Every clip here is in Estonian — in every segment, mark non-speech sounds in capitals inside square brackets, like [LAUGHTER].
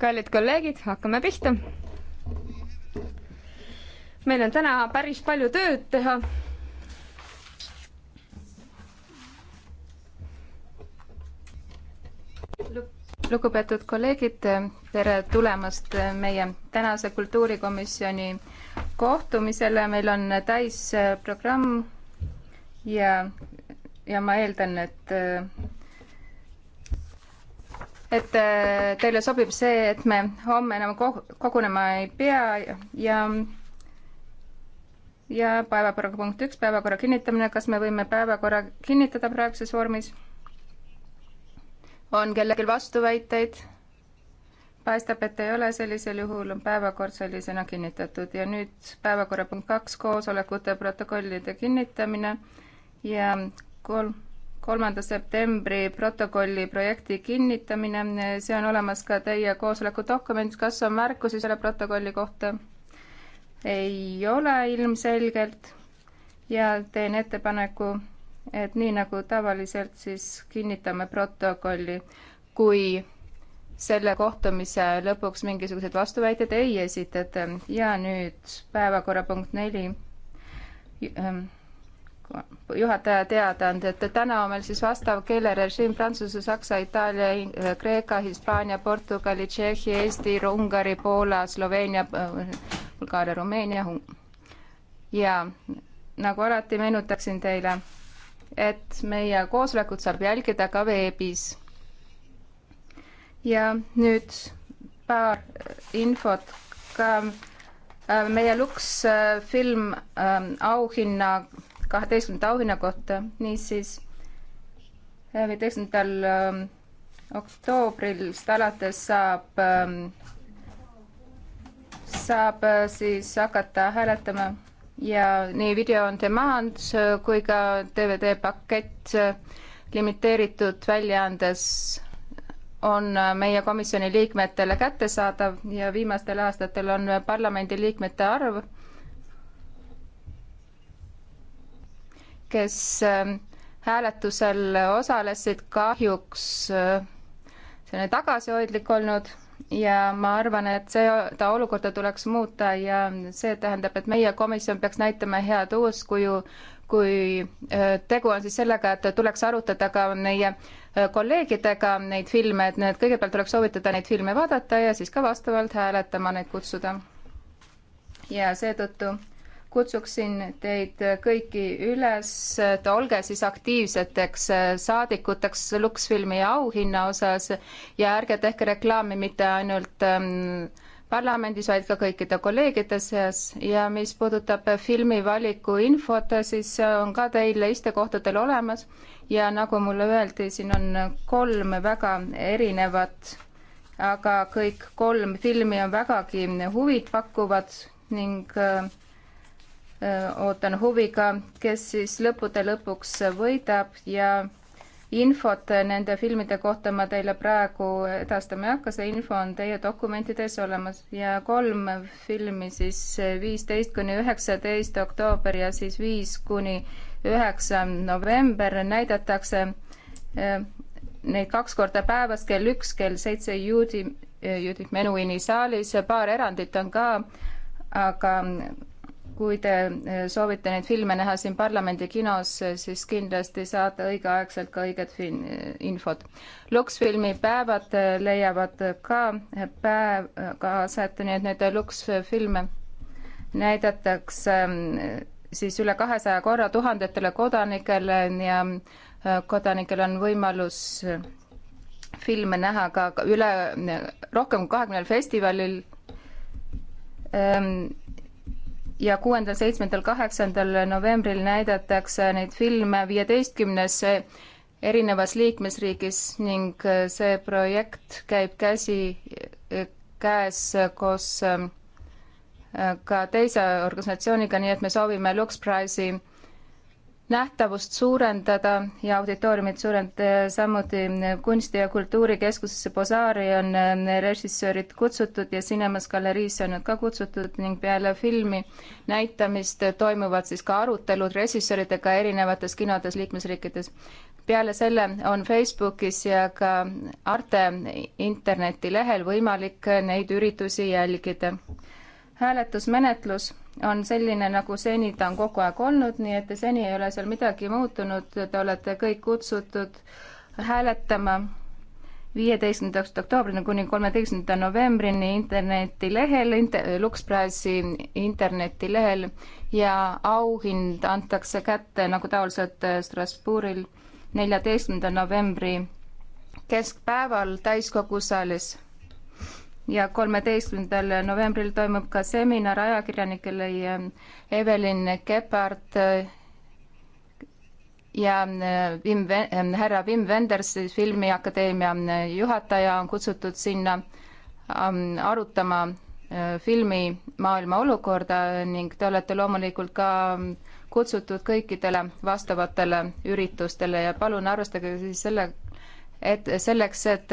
kallid kolleegid, hakkame pihta. meil on täna päris palju tööd teha. lugupeetud kolleegid, tere tulemast meie tänase kultuurikomisjoni kohtumisele, meil on täisprogramm ja, ja ma eeldan, et et äh, teile sobib see, et me homme enam kogunema ei pea ja ja päevakorraga punkt üks, päevakorra kinnitamine, kas me võime päevakorra kinnitada praeguses vormis? on kellelgi vastuväiteid? paistab, et ei ole, sellisel juhul on päevakord sellisena kinnitatud ja nüüd päevakorrapunkt kaks, koosolekute protokollide kinnitamine ja kolm kolmanda septembri protokolli projekti kinnitamine, see on olemas ka teie koosoleku dokument, kas on märkusi selle protokolli kohta? ei ole ilmselgelt ja teen ettepaneku, et nii nagu tavaliselt, siis kinnitame protokolli, kui selle kohtumise lõpuks mingisuguseid vastuväiteid ei esitata ja nüüd päevakorrapunkt neli ähm, juhataja teadaanded, täna on meil siis vastav keelerežiim Prantsuse, Saksa, Itaalia, äh, Kreeka, Hispaania, Portugali, Tšehhi, Eesti, Ungari, Poola, Sloveenia, Bulgaaria, Rumeenia ja nagu alati meenutaksin teile, et meie koosolekut saab jälgida ka veebis. ja nüüd paar infot ka äh, meie Lux äh, film ähm, auhinna kaheteistkümnenda auhinna kohta, niisiis viieteistkümnendal ähm, oktoobrist alates saab, ähm, saab äh, siis hakata hääletama ja nii video on demand kui ka DVD pakett äh, limiteeritud väljaandes on äh, meie komisjoni liikmetele kättesaadav ja viimastel aastatel on parlamendiliikmete arv kes ähm, hääletusel osalesid, kahjuks äh, see on tagasihoidlik olnud ja ma arvan, et seda olukorda tuleks muuta ja see tähendab, et meie komisjon peaks näitama head eeskuju, kui äh, tegu on siis sellega, et tuleks arutada ka meie äh, kolleegidega neid filme, et need, kõigepealt tuleks soovitada neid filme vaadata ja siis ka vastavalt hääletama neid kutsuda. ja seetõttu kutsuksin teid kõiki üles, et olge siis aktiivseteks saadikuteks Luksfilmi auhinna osas ja ärge tehke reklaami mitte ainult ähm, parlamendis, vaid ka kõikide kolleegide seas ja mis puudutab filmi valiku infot, siis see on ka teil istekohtadel olemas ja nagu mulle öeldi, siin on kolm väga erinevat, aga kõik kolm filmi on vägagi huvitpakkuvad ning äh, Äh, ootan huviga, kes siis lõppude lõpuks võidab ja infot nende filmide kohta ma teile praegu edastama ei hakka, see info on teie dokumentides olemas ja kolm filmi siis viisteist kuni üheksateist oktoober ja siis viis kuni üheksa november näidatakse äh, neid kaks korda päevas, kell üks, kell seitse juudi, juudi menuini saalis, paar erandit on ka, aga kui te eh, soovite neid filme näha siin parlamendi kinos, eh, siis kindlasti saate õigeaegselt ka õiget eh, infot. Luksfilmi päevad leiavad ka päev, ka aset, nii et neid Luksfilme näidatakse siis üle kahesaja korra tuhandetele kodanikele ja kodanikel on võimalus filme näha ka üle, rohkem kui kahekümnel festivalil ehm, ja kuuendal, seitsmendal, kaheksandal novembril näidatakse neid filme viieteistkümnes erinevas liikmesriigis ning äh, see projekt käib käsi, äh, käes koos äh, ka teise organisatsiooniga, nii et me soovime Lux Prize'i nähtavust suurendada ja auditooriumit suurendada, samuti kunsti- ja kultuurikeskusesse Bosaari on äh, režissöörid kutsutud ja Cinemas galeriisse on nad ka kutsutud ning peale filmi näitamist toimuvad siis ka arutelud režissööridega erinevates kinodes liikmesriikides. peale selle on Facebookis ja ka Arte internetilehel võimalik neid üritusi jälgida. hääletusmenetlus on selline, nagu seni ta on kogu aeg olnud, nii et seni ei ole seal midagi muutunud, te olete kõik kutsutud hääletama viieteistkümnendast oktoobrini kuni kolmeteistkümnenda novembrini internetilehel inter,, Luxpressi internetilehel ja auhind antakse kätte nagu tavaliselt Strasbourgil neljateistkümnenda novembri keskpäeval täiskogu saalis ja kolmeteistkümnendal novembril toimub ka seminar ajakirjanikele ja Evelyn Kepard ja äh, Wim, ähm, härra Wim Wenders, Filmiakadeemia äh, juhataja, on kutsutud sinna ähm, arutama äh, filmimaailma olukorda ning te olete loomulikult ka ähm, kutsutud kõikidele vastavatele üritustele ja palun arvestage siis selle, et selleks, et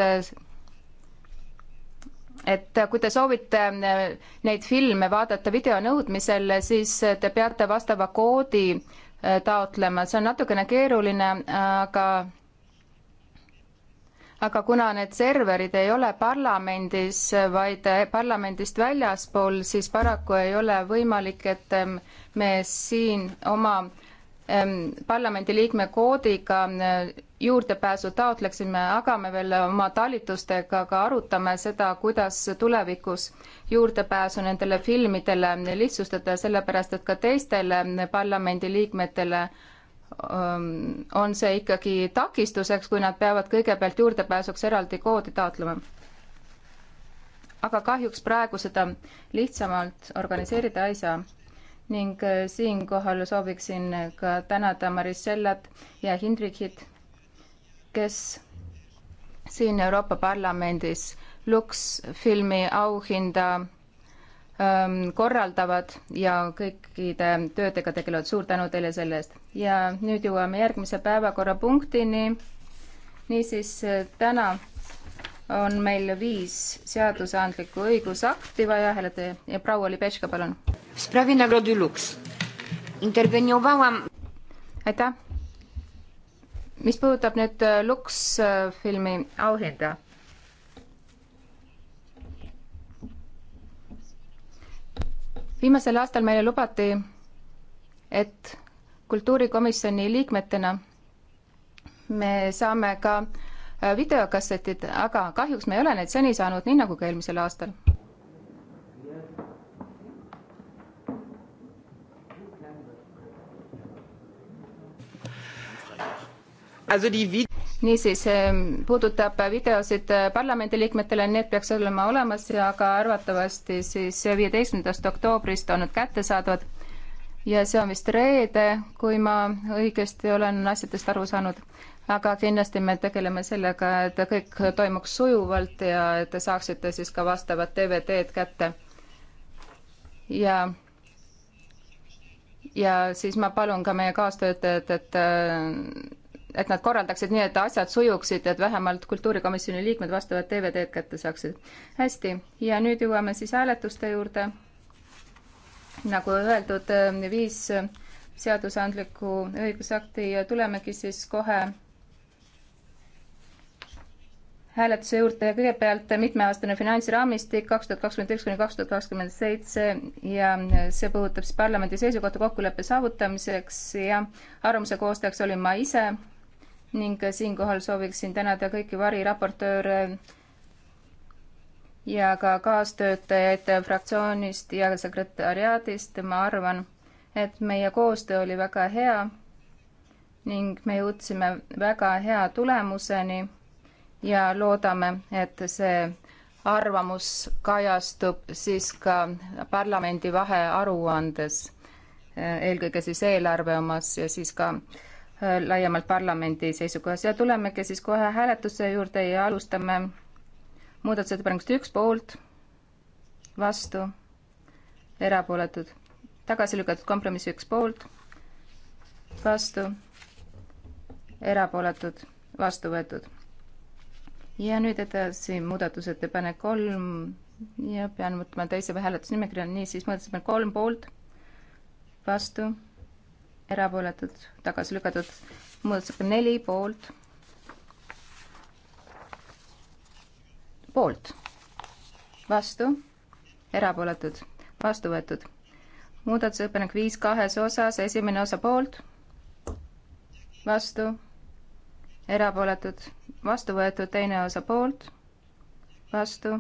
et kui te soovite äh, neid filme vaadata videonõudmisel, siis äh, te peate vastava koodi äh, taotlema, see on natukene keeruline, aga aga kuna need serverid ei ole parlamendis, vaid parlamendist väljaspool, siis paraku ei ole võimalik, et ähm, me siin oma äh, Ehm, parlamendiliikme koodiga eh, juurdepääsu taotleksime, aga me veel oma talitustega ka arutame seda, kuidas tulevikus juurdepääsu nendele filmidele lihtsustada, sellepärast et ka teistele parlamendiliikmetele ehm, on see ikkagi takistuseks, kui nad peavad kõigepealt juurdepääsuks eraldi koodi taotlema. aga kahjuks praegu seda lihtsamalt organiseerida ei saa ning äh, siinkohal sooviksin ka tänada Marisellat ja Hindrikit, kes siin Euroopa Parlamendis Lux filmi auhinda ähm, korraldavad ja kõikide töödega tegelevad. suur tänu teile selle eest. ja nüüd jõuame järgmise päevakorrapunktini. niisiis äh, täna on meil viis seadusandlikku õigusakti vaja, hääletada ja proua Libeška, palun. aitäh. mis puudutab nüüd äh, Lux äh, filmi auhinda viimasel aastal meile lubati, et kultuurikomisjoni liikmetena me saame ka Äh, videokassetid, aga kahjuks me ei ole neid seni saanud, nii nagu ka eelmisel aastal. niisiis, ähm, puudutab videosid äh, parlamendiliikmetele, need peaks olema olemas ja ka arvatavasti siis viieteistkümnendast oktoobrist on need kättesaadavad ja see on vist reede, kui ma õigesti olen asjadest aru saanud aga kindlasti me tegeleme sellega, et kõik toimuks sujuvalt ja te saaksite siis ka vastavad DVD-d kätte. ja, ja siis ma palun ka meie kaastöötajad, et et nad korraldaksid nii, et asjad sujuksid, et vähemalt kultuurikomisjoni liikmed vastavad DVD-d kätte saaksid. hästi, ja nüüd jõuame siis hääletuste juurde. nagu öeldud, viis seadusandliku õigusakti ja tulemegi siis kohe hääletuse juurde kõigepealt mitmeaastane finantsraamistik kaks tuhat kakskümmend üks kuni kaks tuhat kakskümmend seitse ja see puudutab siis parlamendi seisukohta kokkuleppe saavutamiseks ja arvamuse koostajaks olin ma ise ning siinkohal sooviksin tänada kõiki variraportööre ja ka kaastöötajaid fraktsioonist ja sekretariaadist, ma arvan, et meie koostöö oli väga hea ning me jõudsime väga hea tulemuseni ja loodame, et see arvamus kajastub siis ka parlamendi vahearuandes, eelkõige siis eelarve omas ja siis ka äh, laiemalt parlamendi seisukohas ja tulemegi siis kohe hääletuse juurde ja alustame muudatusettepanekust üks poolt, vastu, erapooletud, tagasi lükatud kompromiss üks poolt, vastu, erapooletud, vastu võetud ja nüüd edasi muudatusettepanek kolm ja pean võtma teise hääletusnimekirja, niisiis mõõtsime kolm poolt, vastu, erapooletud, tagasi lükatud, mõõtsime neli poolt, poolt, vastu, erapooletud, vastu võetud. muudatusettepanek viis kahes osas, esimene osa poolt, vastu, erapooletud vastu võetud, teine osa poolt, vastu,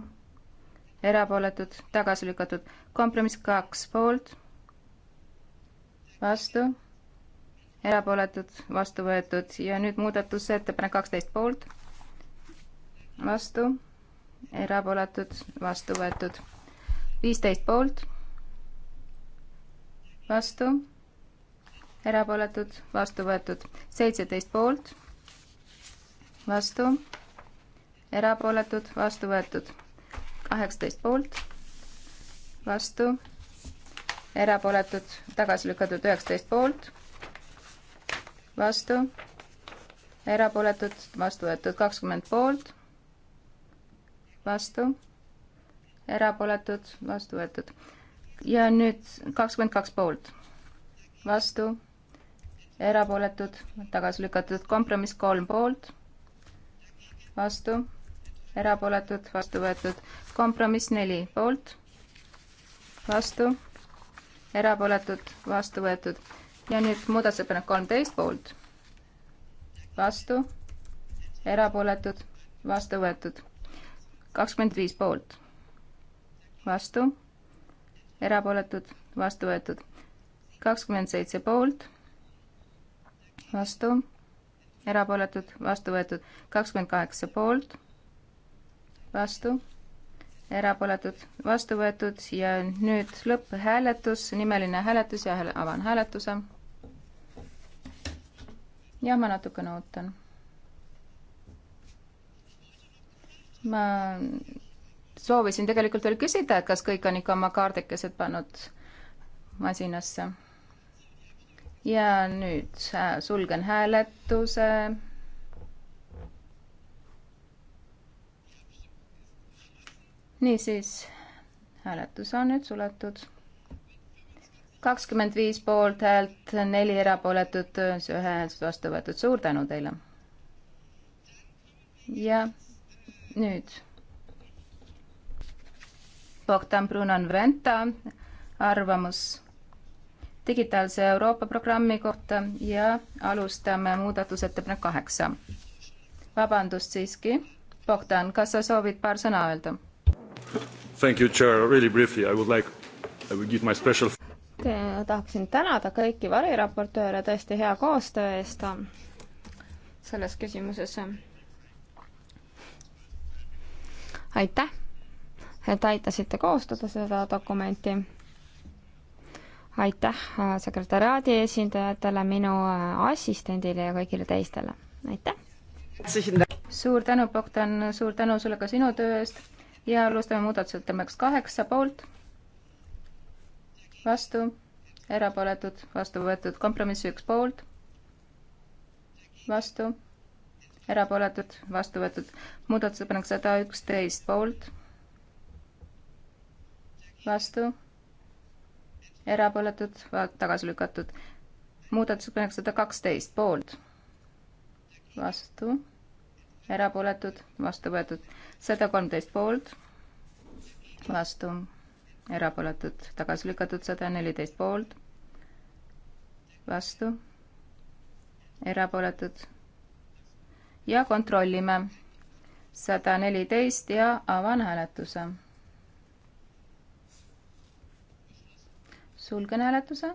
erapooletud, tagasi lükatud. kompromiss kaks poolt, vastu, erapooletud, vastu võetud ja nüüd muudatusettepanek kaksteist poolt, vastu, erapooletud, vastu võetud. viisteist poolt, vastu, erapooletud, vastu võetud. seitseteist poolt vastu, erapooletud, vastu võetud. kaheksateist poolt, vastu, erapooletud, tagasi lükatud üheksateist poolt, vastu, erapooletud, vastu võetud kakskümmend poolt, vastu, erapooletud, vastu võetud. ja nüüd kakskümmend kaks poolt, vastu, erapooletud, tagasi lükatud, kompromiss kolm poolt, vastu, erapooletud, vastu võetud. kompromiss neli poolt, vastu, erapooletud, vastu võetud. ja nüüd muudatusettepanek kolmteist poolt, vastu, erapooletud, vastu võetud. kakskümmend viis poolt, vastu, erapooletud, vastu võetud. kakskümmend seitse poolt, vastu erapooletud, vastu võetud kakskümmend kaheksa poolt, vastu, erapooletud, vastu võetud ja nüüd lõpphääletus, nimeline hääletus ja hääle, avan hääletuse. jah, ma natukene ootan. ma soovisin tegelikult veel küsida, et kas kõik on ikka oma kaardikesed pannud masinasse ja nüüd äh, sulgen hääletuse. niisiis, hääletus on nüüd suletud. kakskümmend viis poolthäält, neli erapooletut, ühehäälselt vastu võetud, suur tänu teile. ja nüüd. Bogdan Brunon-Vrenta arvamus digitaalse Euroopa programmi kohta ja alustame muudatusettepanek kaheksa. vabandust siiski, Bogdan, kas sa soovid paar sõna öelda? Thank you, chair, really briefly I would like, I would give my special tahaksin tänada kõiki variraportööre tõesti hea koostöö eest selles küsimuses. aitäh, et aitasite koostada seda dokumenti aitäh äh, sekretäraadi esindajatele, minu äh, assistendile ja kõigile teistele, aitäh! suur tänu, Bogdan, suur tänu sulle ka sinu töö eest ja alustame muudatusettepanekust kaheksa poolt, vastu, erapooletud, vastu võetud, kompromiss üks poolt, vastu, erapooletud, vastu võetud, muudatusettepanek sada üksteist poolt, vastu erapooletud, tagasi lükatud. muudatusettepanek sada kaksteist, poolt, vastu, erapooletud, vastu võetud. sada kolmteist poolt, vastu, erapooletud, tagasi lükatud, sada neliteist poolt, vastu, erapooletud. ja kontrollime sada neliteist ja avan hääletuse sulgen hääletuse.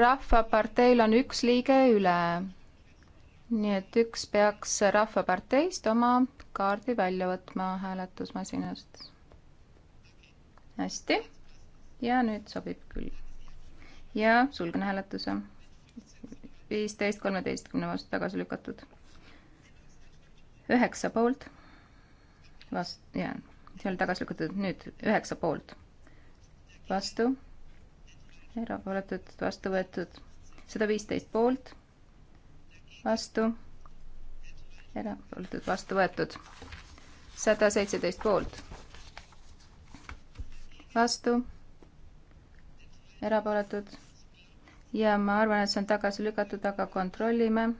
rahvaparteil on üks liige üle. nii et üks peaks Rahvaparteist oma kaardi välja võtma hääletusmasinast. hästi. ja nüüd sobib küll. ja sulgen hääletuse. viisteist kolmeteistkümne vastu tagasi lükatud. üheksa poolt. vast-, jaa, see oli tagasi lükatud, nüüd üheksa poolt vastu, erapooletud, vastu võetud sada viisteist poolt, vastu, erapooletud, vastu võetud sada seitseteist poolt, vastu, erapooletud ja ma arvan, et see on tagasi lükatud, aga kontrollime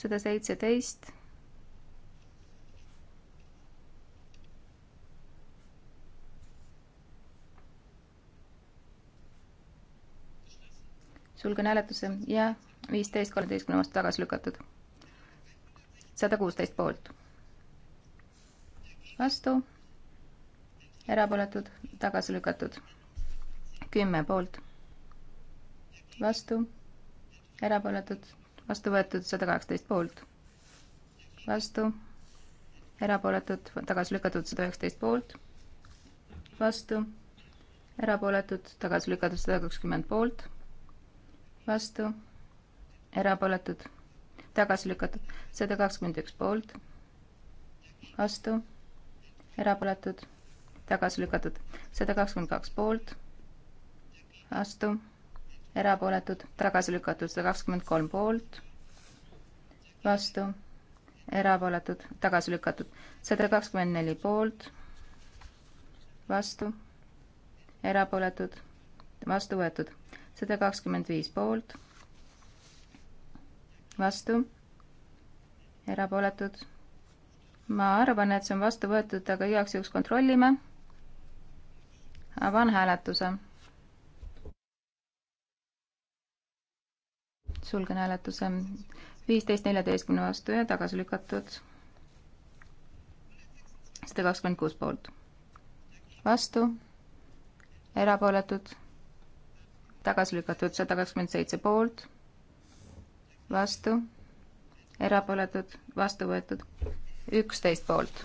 sada seitseteist sulgen hääletuse ja viisteist kolmeteistkümne vastu tagasi lükatud. sada kuusteist poolt. vastu, erapooletud, tagasi lükatud. kümme poolt. vastu, erapooletud, vastu võetud sada kaheksateist poolt. vastu, erapooletud, tagasi lükatud sada üheksateist poolt. vastu, erapooletud, tagasi lükatud sada kakskümmend poolt vastu, erapooletud, tagasi lükatud, sada kakskümmend üks poolt, vastu, erapooletud, tagasi lükatud, sada kakskümmend kaks poolt, vastu, erapooletud, tagasi lükatud, sada kakskümmend kolm poolt, vastu, erapooletud, tagasi lükatud, sada kakskümmend neli poolt, vastu, erapooletud, vastu võetud sada kakskümmend viis poolt, vastu, erapooletud. ma arvan, et see on vastu võetud, aga igaks juhuks kontrollime. avan hääletuse. sulgen hääletuse. viisteist neljateistkümne vastu ja tagasi lükatud. sada kakskümmend kuus poolt, vastu, erapooletud tagasi lükatud sada kakskümmend seitse poolt, vastu, erapooletud, vastu võetud üksteist poolt,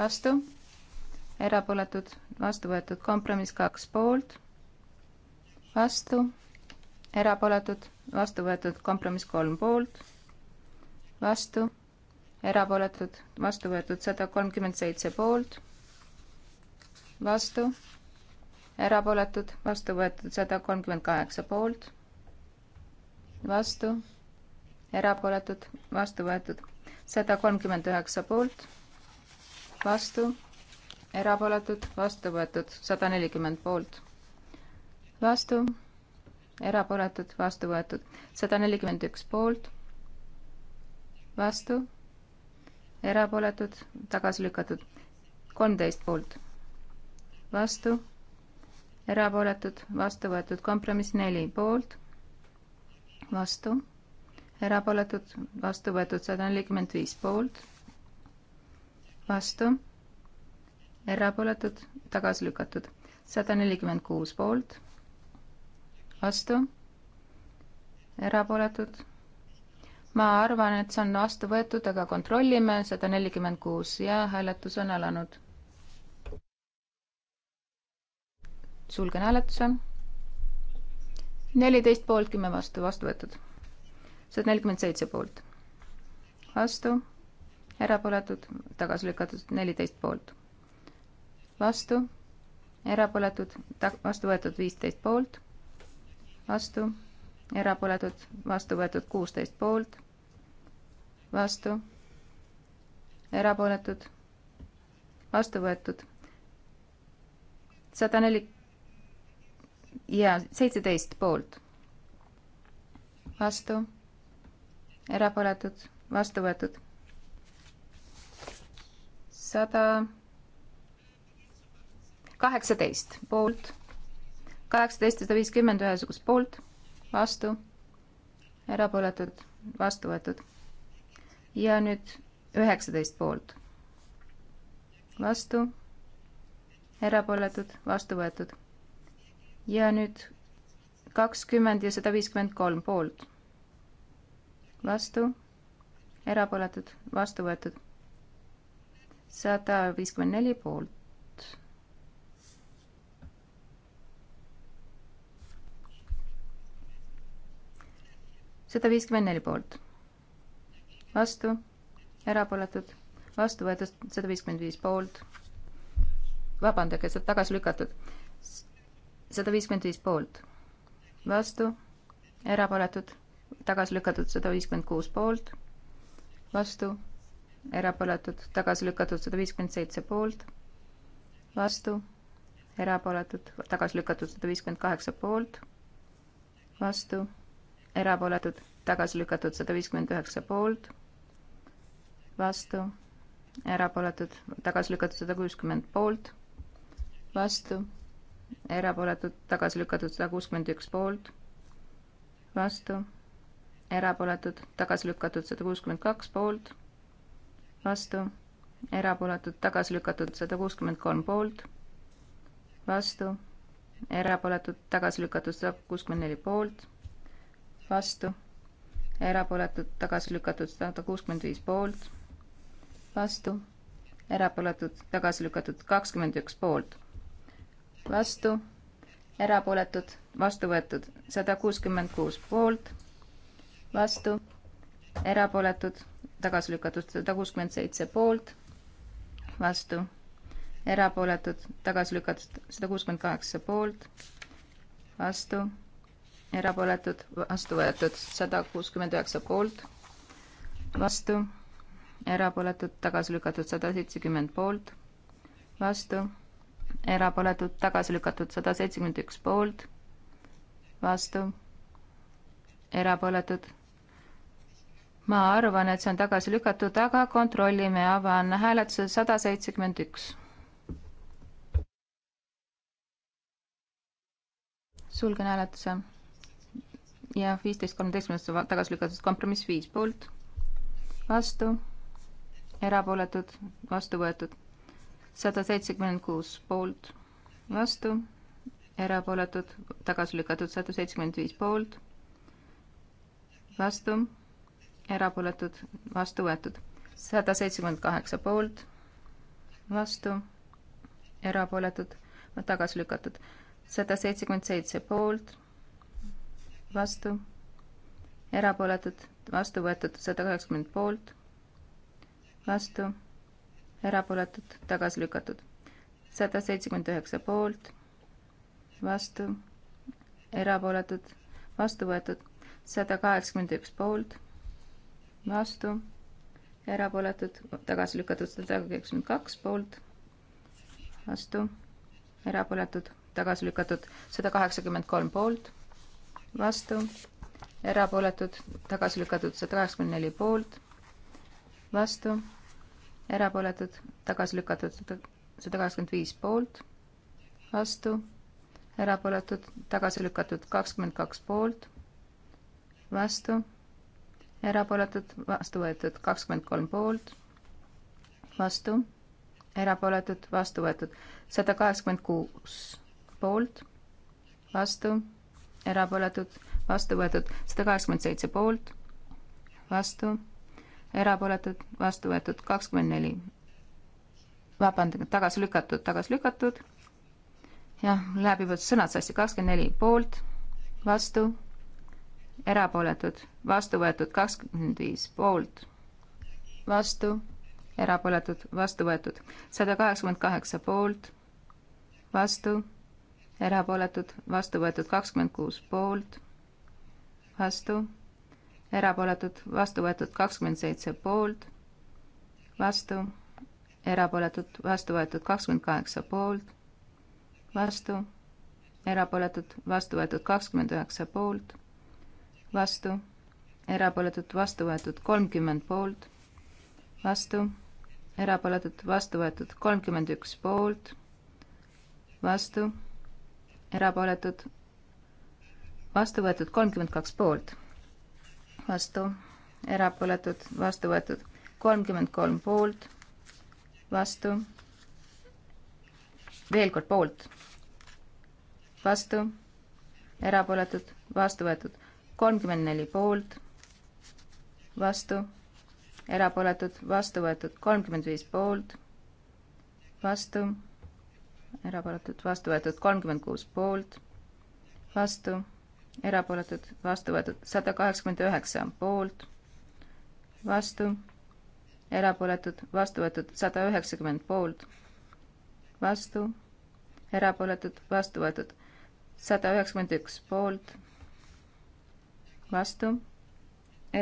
vastu, erapooletud, vastu võetud, kompromiss kaks poolt, vastu, erapooletud, vastu võetud, kompromiss kolm poolt, vastu, erapooletud, vastu võetud sada kolmkümmend seitse poolt, vastu erapooletud, vastu võetud sada kolmkümmend kaheksa poolt, vastu, erapooletud, vastu võetud sada kolmkümmend üheksa poolt, vastu, erapooletud, vastu võetud sada nelikümmend poolt, vastu, erapooletud, vastu võetud sada nelikümmend üks poolt, vastu, erapooletud, tagasi lükatud kolmteist poolt, vastu erapooletud, vastu võetud. kompromiss neli poolt, vastu, erapooletud, vastu võetud. sada nelikümmend viis poolt, vastu, erapooletud, tagasi lükatud. sada nelikümmend kuus poolt, vastu, erapooletud ma arvan, et see on vastu võetud, aga kontrollime, sada nelikümmend kuus ja hääletus on alanud. sulgen hääletuse. neliteist poolt, kümme vastu, vastu võetud. sada nelikümmend seitse poolt, vastu, erapooletud, tagasi lükatud, neliteist poolt, vastu, erapooletud, vastu võetud, viisteist poolt, vastu, erapooletud, vastu võetud, kuusteist poolt, vastu, erapooletud vastu võetud. sada neli, ja seitseteist poolt. vastu, erapooletud, vastu võetud. sada kaheksateist poolt, kaheksateist sada viiskümmend ühesugust poolt, vastu, erapooletud, vastu võetud. ja nüüd üheksateist poolt, vastu, erapooletud, vastu võetud ja nüüd kakskümmend ja sada viiskümmend kolm poolt. vastu, erapooletud, vastu võetud. sada viiskümmend neli poolt. sada viiskümmend neli poolt. vastu, erapooletud, vastu võetud sada viiskümmend viis poolt. vabandage, see on tagasi lükatud sada viiskümmend viis poolt, vastu, erapooletud, tagasi lükatud sada viiskümmend kuus poolt, vastu, erapooletud, tagasi lükatud sada viiskümmend seitse poolt, vastu, erapooletud, tagasi lükatud sada viiskümmend kaheksa poolt, vastu, erapooletud, tagasi lükatud sada viiskümmend üheksa poolt, vastu, erapooletud, tagasi lükatud sada kuuskümmend poolt, vastu erapooletud, tagasi lükatud sada kuuskümmend üks poolt, vastu, erapooletud, tagasi lükatud sada kuuskümmend kaks poolt, vastu, erapooletud, tagasi lükatud sada kuuskümmend kolm poolt, vastu, erapooletud, tagasi lükatud sada kuuskümmend neli poolt, vastu, erapooletud, tagasi lükatud sada kuuskümmend viis poolt, vastu, erapooletud, tagasi lükatud kakskümmend üks poolt vastu, erapooletud, vastu võetud, sada kuuskümmend kuus poolt, vastu, erapooletud, tagasi lükatud, sada kuuskümmend seitse poolt, vastu, erapooletud, tagasi lükatud, sada kuuskümmend kaheksa poolt, vastu, erapooletud, vastu võetud, sada kuuskümmend üheksa poolt, vastu, erapooletud, tagasi lükatud, sada seitsekümmend poolt, vastu erapooletud, tagasi lükatud sada seitsekümmend üks poolt, vastu, erapooletud. ma arvan, et see on tagasi lükatud, aga kontrollime, avan hääletuse sada seitsekümmend üks. sulgen hääletuse ja viisteist kolmeteistkümnendasse tagasi lükatud kompromiss viis poolt, vastu, erapooletud, vastu võetud sada seitsekümmend kuus poolt, vastu, erapooletud, tagasi lükatud sada seitsekümmend viis poolt, vastu, erapooletud, vastu võetud sada seitsekümmend kaheksa poolt, vastu, erapooletud, tagasi lükatud sada seitsekümmend seitse poolt, vastu, erapooletud, vastu võetud sada kaheksakümmend poolt, vastu erapooletud, tagasi lükatud. sada seitsekümmend üheksa poolt, vastu, erapooletud, vastu võetud. sada kaheksakümmend üks poolt, vastu, erapooletud, tagasi lükatud. sada kaheksakümmend kaks poolt, vastu, erapooletud, tagasi lükatud. sada kaheksakümmend kolm poolt, vastu, erapooletud, tagasi lükatud. sada kaheksakümmend neli poolt, vastu erapooletud, tagasi lükatud sada kakskümmend viis poolt, vastu, erapooletud, tagasi lükatud kakskümmend kaks poolt, vastu, erapooletud, vastu võetud kakskümmend kolm poolt, vastu, erapooletud, vastu võetud sada kaheksakümmend kuus poolt, vastu, erapooletud, vastu võetud sada kaheksakümmend seitse poolt, vastu erapooletud, vastu võetud kakskümmend neli. vabandage, tagasi lükatud, tagasi lükatud. jah, läheb juba sõnad sassi, kakskümmend neli poolt, vastu, erapooletud, vastu võetud kakskümmend viis poolt, vastu, erapooletud, vastu võetud, sada kaheksakümmend kaheksa poolt, vastu, erapooletud, vastu võetud kakskümmend kuus poolt, vastu erapooletud, vastu võetud kakskümmend seitse poolt, vastu, erapooletud, vastu võetud kakskümmend kaheksa poolt, vastu, erapooletud, vastu võetud kakskümmend üheksa poolt, vastu, erapooletud, vastu võetud kolmkümmend poolt, vastu, erapooletud, vastu võetud kolmkümmend üks poolt, vastu, erapooletud, vastu võetud kolmkümmend kaks poolt vastu, erapooletud, vastu võetud. kolmkümmend kolm poolt, vastu, veel kord poolt, vastu, erapooletud, vastu võetud. kolmkümmend neli poolt, vastu, erapooletud, vastu võetud. kolmkümmend viis poolt, vastu, erapooletud, vastu võetud. kolmkümmend kuus poolt, vastu erapooletud, vastu võetud sada kaheksakümmend üheksa poolt, vastu, erapooletud, vastu võetud sada üheksakümmend poolt, vastu, erapooletud, vastu võetud sada üheksakümmend üks poolt, vastu,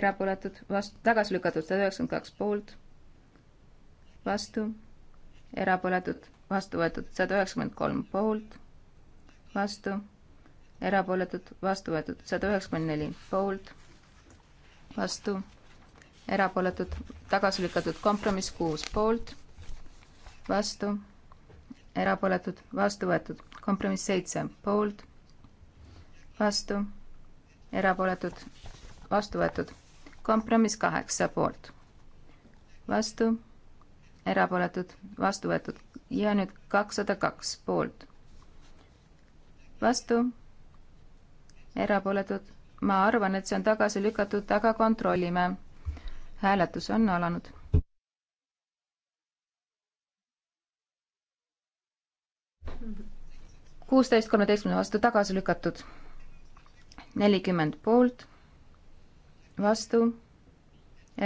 erapooletud, vastu, tagasi lükatud sada üheksakümmend kaks poolt, vastu, erapooletud, vastu võetud sada üheksakümmend kolm poolt, vastu erapooletud, vastu võetud, sada üheksakümmend neli poolt, vastu, erapooletud, tagasi lükatud, kompromiss kuus poolt, vastu, erapooletud, vastu võetud, kompromiss seitse poolt, vastu, erapooletud, vastu võetud, kompromiss kaheksa poolt, vastu, erapooletud, vastu võetud ja nüüd kakssada kaks poolt, vastu erapooletud. ma arvan, et see on tagasi lükatud, aga kontrollime. hääletus on alanud. kuusteist kolmeteistkümne vastu tagasi lükatud. nelikümmend poolt, vastu,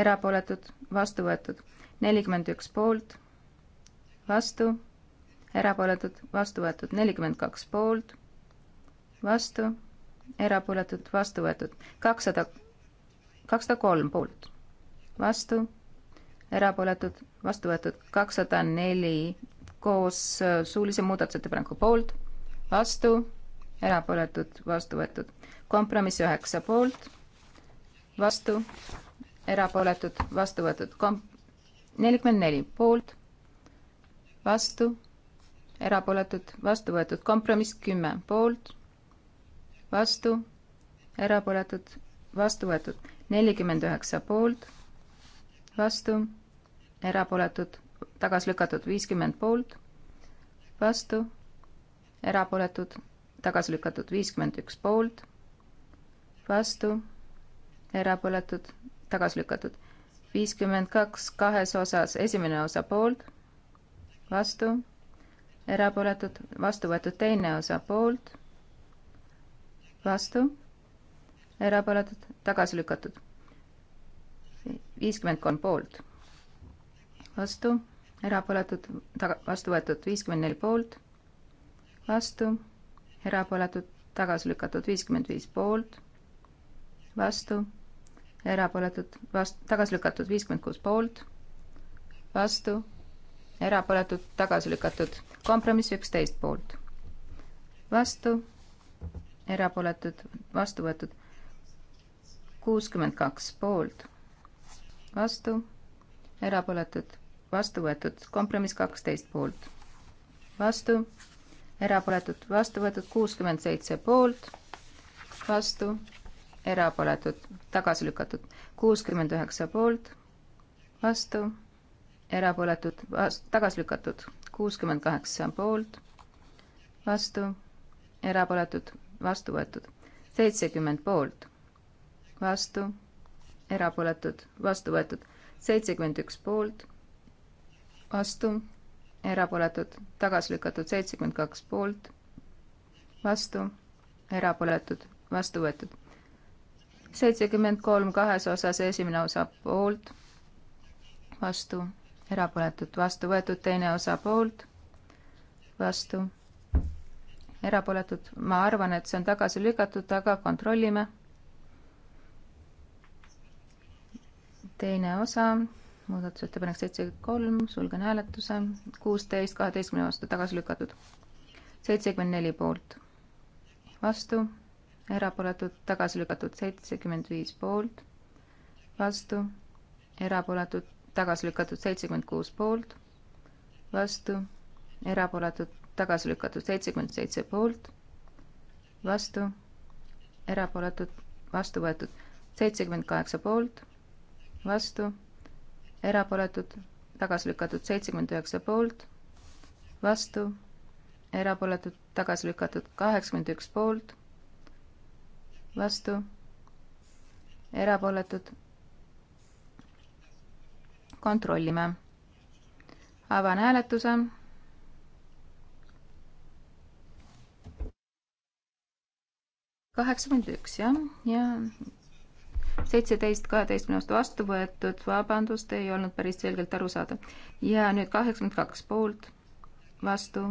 erapooletud, vastu võetud. nelikümmend üks poolt, vastu erapooletud, vastu võetud nelikümmend kaks poolt, vastu, erapooletud, vastu võetud. kakssada, kakssada kolm poolt, vastu, erapooletud, vastu võetud. kakssada neli koos äh, suulise muudatusettepaneku poolt, vastu, erapooletud, vastu võetud. kompromiss üheksa poolt, vastu, erapooletud, vastu võetud. kom-, nelikümmend neli poolt, vastu, erapooletud, vastu võetud. kompromiss kümme poolt vastu, erapooletud, vastu võetud. nelikümmend üheksa poolt, vastu, erapooletud, tagasi lükatud. viiskümmend poolt, vastu, erapooletud, tagasi lükatud. viiskümmend üks poolt, vastu, erapooletud, tagasi lükatud. viiskümmend kaks kahes osas, esimene osa poolt, vastu erapooletud, vastu võetud teine osa poolt, vastu, erapooletud, tagasi lükatud. viiskümmend kolm poolt, vastu, erapooletud, taga, vastu võetud viiskümmend neli poolt, vastu, erapooletud, tagasi lükatud viiskümmend viis poolt, vastu, erapooletud, vast-, tagasi lükatud viiskümmend kuus poolt, vastu, erapooletud, tagasi lükatud, kompromiss üksteist poolt, vastu erapooletud, vastu võetud. kuuskümmend kaks poolt, vastu, erapooletud, vastu võetud, kompromiss kaksteist poolt, vastu, erapooletud, vastu võetud, kuuskümmend seitse poolt, vastu, erapooletud, tagasi lükatud, kuuskümmend üheksa poolt, vastu, erapooletud, tagasi lükatud, kuuskümmend kaheksa poolt, vastu, erapooletud, vastu võetud. seitsekümmend poolt, vastu, erapooletud, vastu võetud. seitsekümmend üks poolt, vastu, erapooletud, tagasi lükatud. seitsekümmend kaks poolt, vastu, erapooletud, vastu võetud. seitsekümmend kolm kahes osas, esimene osa poolt, vastu, erapooletud, vastu võetud, teine osa poolt, vastu erapooletud, ma arvan, et see on tagasi lükatud, aga kontrollime. teine osa, muudatusettepanek seitsekümmend kolm, sulgen hääletuse, kuusteist kaheteistkümne vastu tagasi lükatud, seitsekümmend neli poolt, vastu, erapooletud, tagasi lükatud, seitsekümmend viis poolt, vastu, erapooletud, tagasi lükatud, seitsekümmend kuus poolt, vastu, erapooletud, tagasi lükatud seitsekümmend seitse poolt, vastu, erapooletud, vastu võetud seitsekümmend kaheksa poolt, vastu, erapooletud, tagasi lükatud seitsekümmend üheksa poolt, vastu, erapooletud, tagasi lükatud kaheksakümmend üks poolt, vastu, erapooletud. kontrollime. avan hääletuse kaheksakümmend üks, jah, ja seitseteist kaheteist minu arust vastu võetud, vabandust, ei olnud päris selgelt aru saada. ja nüüd kaheksakümmend kaks poolt, vastu,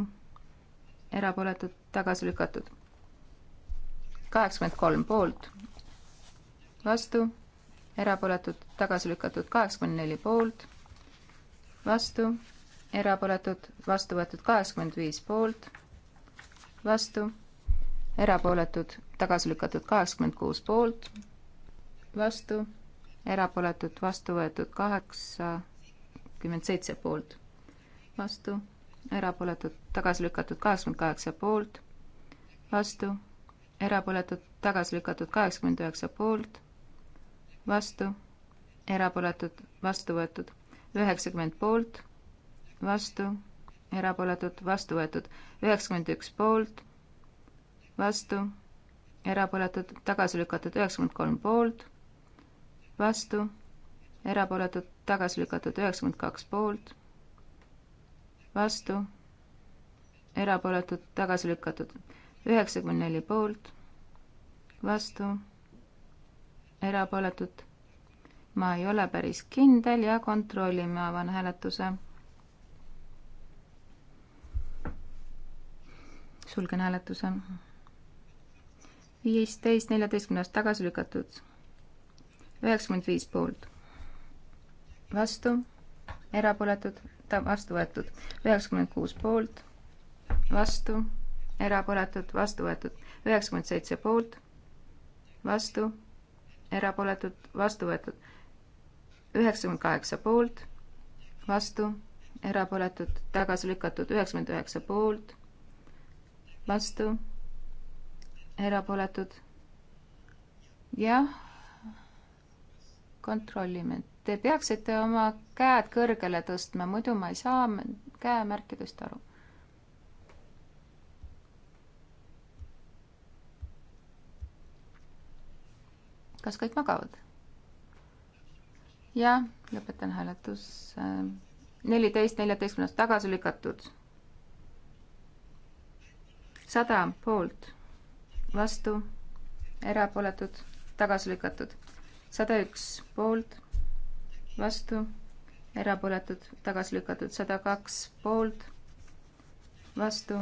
erapooletud, tagasi lükatud. kaheksakümmend kolm poolt, vastu, erapooletud, tagasi lükatud, kaheksakümmend neli poolt, vastu, erapooletud, vastu võetud kaheksakümmend viis poolt, vastu, erapooletud, tagasi lükatud kaheksakümmend kuus poolt, vastu, erapooletud, vastu võetud kaheksakümmend seitse poolt, vastu, erapooletud, tagasi lükatud kaheksakümmend kaheksa poolt, vastu, erapooletud, tagasi lükatud kaheksakümmend üheksa poolt, vastu, erapooletud, vastu võetud üheksakümmend poolt, vastu, erapooletud, vastu võetud üheksakümmend üks poolt, vastu erapooletud, tagasi lükatud üheksakümmend kolm poolt, vastu, erapooletud, tagasi lükatud üheksakümmend kaks poolt, vastu, erapooletud, tagasi lükatud üheksakümmend neli poolt, vastu, erapooletud. ma ei ole päris kindel ja kontrollime, avan hääletuse. sulgen hääletuse viisteist neljateistkümnest tagasi lükatud. üheksakümmend viis poolt. vastu, erapooletud, ta vastu võetud. üheksakümmend kuus poolt, vastu, erapooletud, vastu võetud. üheksakümmend seitse poolt, vastu, erapooletud, vastu võetud. üheksakümmend kaheksa poolt, vastu, erapooletud, tagasi lükatud. üheksakümmend üheksa poolt, vastu erapooletud. jah, kontrollime. Te peaksite oma käed kõrgele tõstma, muidu ma ei saa käemärkidest aru. kas kõik magavad? jah, lõpetan hääletuse. neliteist neljateistkümnest tagasi lükatud. sada poolt vastu, erapooletud, tagasi lükatud. sada üks poolt, vastu, erapooletud, tagasi lükatud. sada kaks poolt, vastu,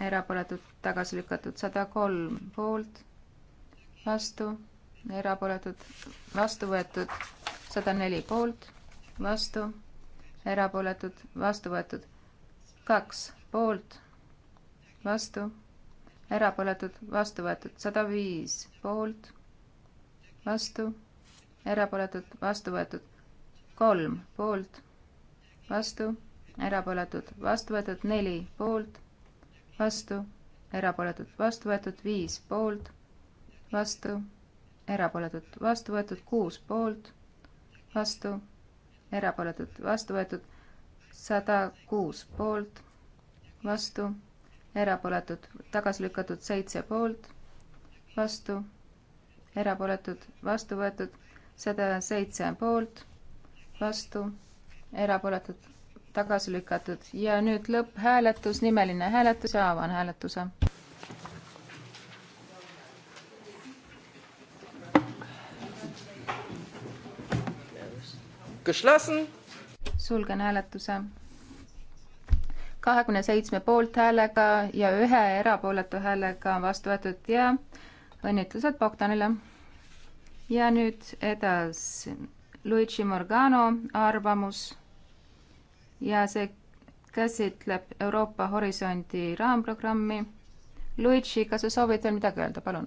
erapooletud, tagasi lükatud. sada kolm poolt, vastu, erapooletud, vastu võetud. sada neli poolt, vastu, erapooletud, vastu võetud. kaks poolt, vastu erapooletud, vastu võetud sada viis poolt, vastu, erapooletud, vastu võetud kolm poolt, vastu, erapooletud, vastu võetud neli poolt, vastu, erapooletud, vastu võetud viis poolt, vastu, erapooletud, vastu võetud kuus poolt, vastu, erapooletud, vastu võetud sada kuus poolt, vastu erapooletud, tagasi lükatud seitse poolt, vastu, erapooletud, vastu võetud, sada seitse poolt, vastu, erapooletud, tagasi lükatud ja nüüd lõpphääletus, nimeline hääletus ja avan hääletuse. Geschlossen. sulgen hääletuse kahekümne seitsme poolthäälega ja ühe erapooletu häälega vastu võetud ja õnnitlused Bogdanile. ja nüüd edasi Luigi Morgano arvamus ja see käsitleb Euroopa Horisondi raamprogrammi. Luigi, kas sa soovid veel midagi öelda, palun?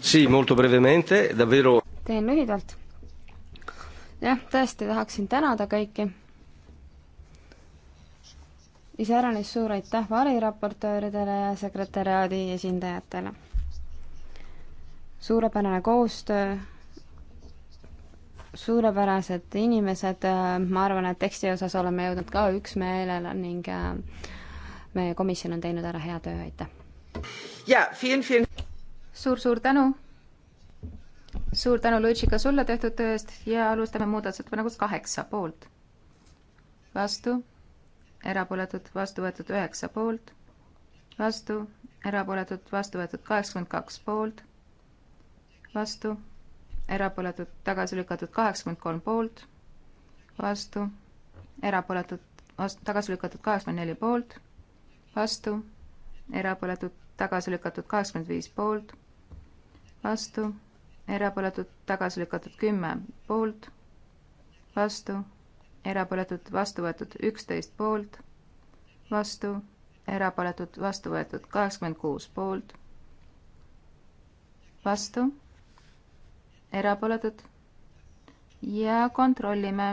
Sì, molto brevemente, davvero. teen lühidalt. jah, tõesti tahaksin tänada kõiki iseäranis suur aitäh variraportööridele ja sekretäriaadi esindajatele. suurepärane koostöö, suurepärased inimesed, ma arvan, et teksti osas oleme jõudnud ka üksmeelele ning äh, meie komisjon on teinud ära hea töö, aitäh! jaa, suur-suur tänu! suur tänu, Luigi, ka sulle tehtud töö eest ja alustame muudatusettepanekust kaheksa poolt. vastu erapooletud, vastu võetud üheksa poolt, vastu, erapooletud, vastu võetud kaheksakümmend kaks poolt, vastu, erapooletud, tagasi lükatud kaheksakümmend kolm poolt, vastu, erapooletud, vastu, tagasi lükatud kaheksakümmend neli poolt, vastu, erapooletud, tagasi lükatud kaheksakümmend viis poolt, vastu, erapooletud, tagasi lükatud kümme poolt, vastu erapooletud, vastu võetud üksteist poolt, vastu, erapooletud, vastu võetud kaheksakümmend kuus poolt, vastu, erapooletud ja kontrollime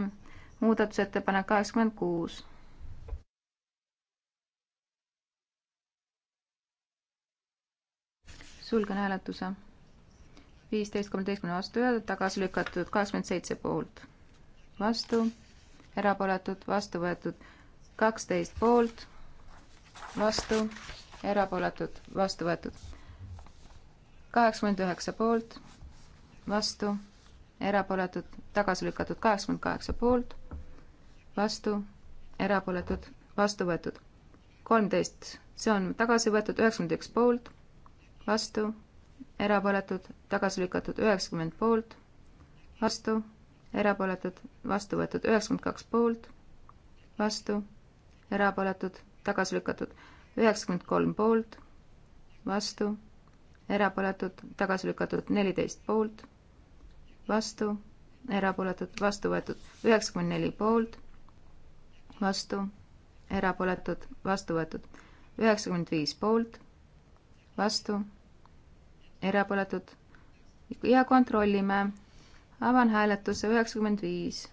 muudatusettepanek kaheksakümmend kuus. sulgen hääletuse. viisteist kolmeteistkümne vastu ja tagasi lükatud kaheksakümmend seitse poolt, vastu erapooletud, vastu võetud kaksteist poolt, vastu, erapooletud, vastu võetud kaheksakümmend üheksa poolt, vastu, erapooletud, tagasi lükatud kaheksakümmend kaheksa poolt, vastu, erapooletud, vastu võetud kolmteist, see on tagasi võetud üheksakümmend üks poolt, vastu, erapooletud, tagasi lükatud üheksakümmend poolt, vastu erapooletud, vastu võetud üheksakümmend kaks poolt, vastu, erapooletud, tagasi lükatud üheksakümmend kolm poolt, vastu, erapooletud, tagasi lükatud neliteist poolt, vastu, erapooletud, vastu võetud üheksakümmend neli poolt, vastu, erapooletud, vastu võetud üheksakümmend viis poolt, vastu, erapooletud ja kontrollime avan hääletuse üheksakümmend viis.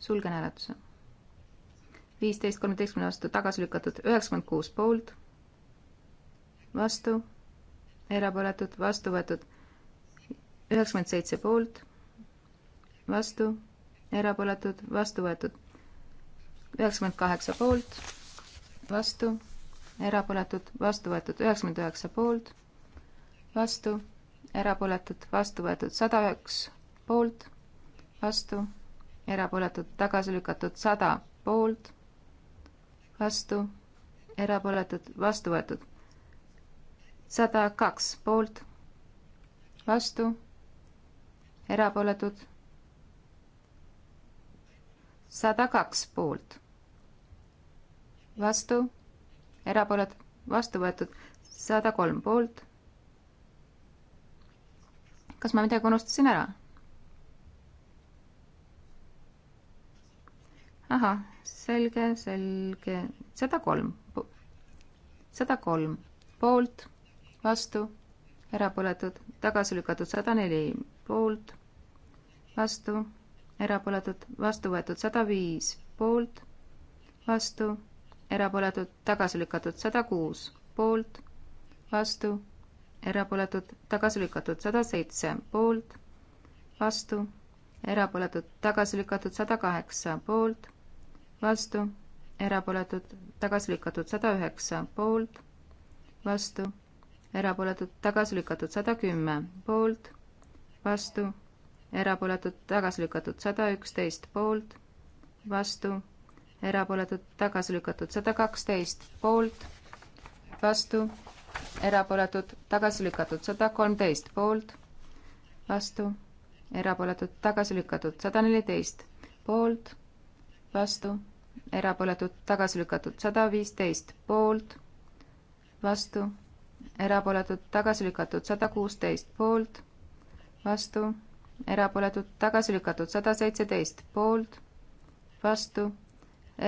sulgen hääletuse. viisteist kolmeteistkümne vastu tagasi lükatud üheksakümmend kuus poolt, vastu, erapooletud, vastu võetud üheksakümmend seitse poolt, vastu, erapooletud, vastu võetud üheksakümmend kaheksa poolt, vastu, erapooletud, vastu võetud üheksakümmend üheksa poolt, vastu erapooletud, vastu võetud sada üks poolt, vastu, erapooletud, tagasi lükatud sada poolt, vastu, erapooletud, vastu võetud sada kaks poolt, vastu, erapooletud, sada kaks poolt, vastu, erapooletud, vastu võetud, sada kolm poolt kas ma midagi unustasin ära? ahah, selge, selge, sada kolm, sada kolm poolt, vastu, erapooletud, tagasi lükatud sada neli poolt, vastu, erapooletud, vastu võetud sada viis poolt, vastu, erapooletud, tagasi lükatud sada kuus poolt, vastu erapooletud, tagasi lükatud sada seitse poolt, vastu, erapooletud, tagasi lükatud sada kaheksa poolt, vastu, erapooletud, tagasi lükatud sada üheksa poolt, vastu, erapooletud, tagasi lükatud sada kümme poolt, vastu, erapooletud, tagasi lükatud sada üksteist poolt, vastu, erapooletud, tagasi lükatud sada kaksteist poolt, vastu, erapooletud, tagasi lükatud, sada kolmteist poolt, vastu, erapooletud, tagasi lükatud, sada neliteist poolt, vastu, erapooletud, tagasi lükatud, sada viisteist poolt, vastu, erapooletud, tagasi lükatud, sada kuusteist poolt, vastu, erapooletud, tagasi lükatud, sada seitseteist poolt, vastu,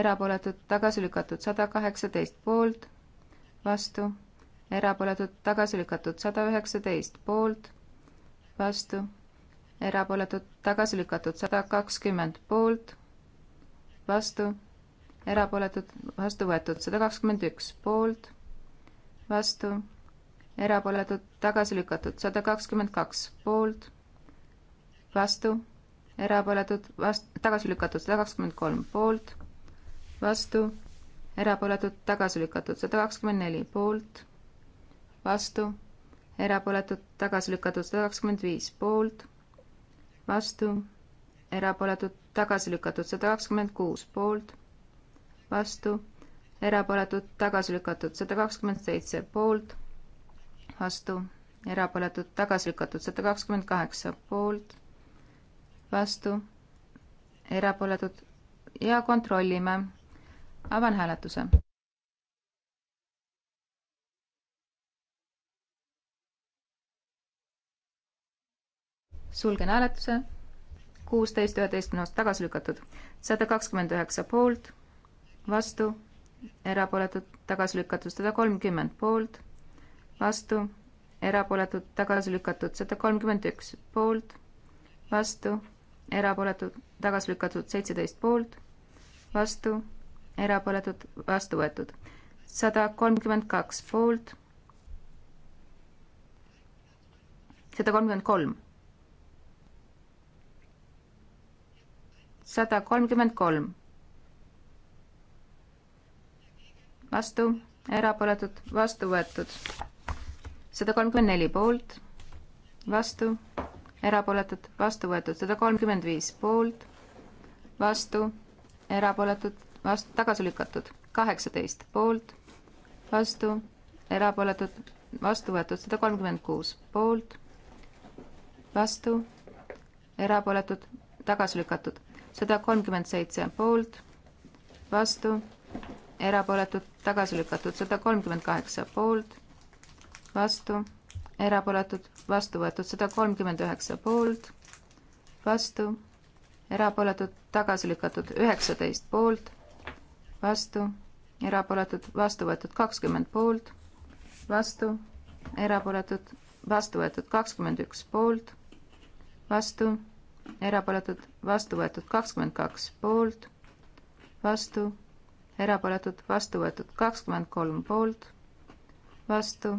erapooletud, tagasi lükatud, sada kaheksateist poolt, vastu erapooletud, tagasi lükatud, sada üheksateist poolt, vastu, erapooletud, tagasi lükatud, sada kakskümmend poolt, vastu, erapooletud, vastu võetud, sada kakskümmend üks poolt, vastu, erapooletud, tagasi lükatud, sada kakskümmend kaks poolt, vastu, erapooletud, vast-, tagasi lükatud, sada kakskümmend kolm poolt, vastu, erapooletud, tagasi lükatud, sada kakskümmend neli poolt vastu, erapooletud, tagasi lükatud sada kakskümmend viis poolt, vastu, erapooletud, tagasi lükatud sada kakskümmend kuus poolt, vastu, erapooletud, tagasi lükatud sada kakskümmend seitse poolt, vastu, erapooletud, tagasi lükatud sada kakskümmend kaheksa poolt, vastu, erapooletud ja kontrollime. avan hääletuse. sulgen hääletuse. kuusteist üheteistkümnest tagasi lükatud. sada kakskümmend üheksa poolt, vastu, erapooletud, tagasi lükatud, sada kolmkümmend poolt, vastu, erapooletud, tagasi lükatud, sada kolmkümmend üks poolt, vastu, erapooletud, tagasi lükatud, seitseteist poolt, vastu, erapooletud, vastu võetud, sada kolmkümmend kaks poolt, sada kolmkümmend kolm sada kolmkümmend kolm. vastu, erapooletud, vastu võetud. sada kolmkümmend neli poolt, vastu, erapooletud, vastu võetud, sada kolmkümmend viis poolt, vastu, erapooletud, vastu, tagasi lükatud, kaheksateist poolt, vastu, erapooletud, vastu võetud, sada kolmkümmend kuus poolt, vastu, erapooletud, tagasi lükatud, sada kolmkümmend seitse poolt, vastu, erapooletud, tagasi lükatud, sada kolmkümmend kaheksa poolt, vastu, erapooletud, vastu võetud, sada kolmkümmend üheksa poolt, vastu, erapooletud, tagasi lükatud, üheksateist poolt, vastu, erapooletud, vastu võetud, kakskümmend poolt, vastu, erapooletud, vastu võetud, kakskümmend üks poolt, vastu erapooletud, vastu võetud kakskümmend kaks poolt, vastu, erapooletud, vastu võetud kakskümmend kolm poolt, vastu,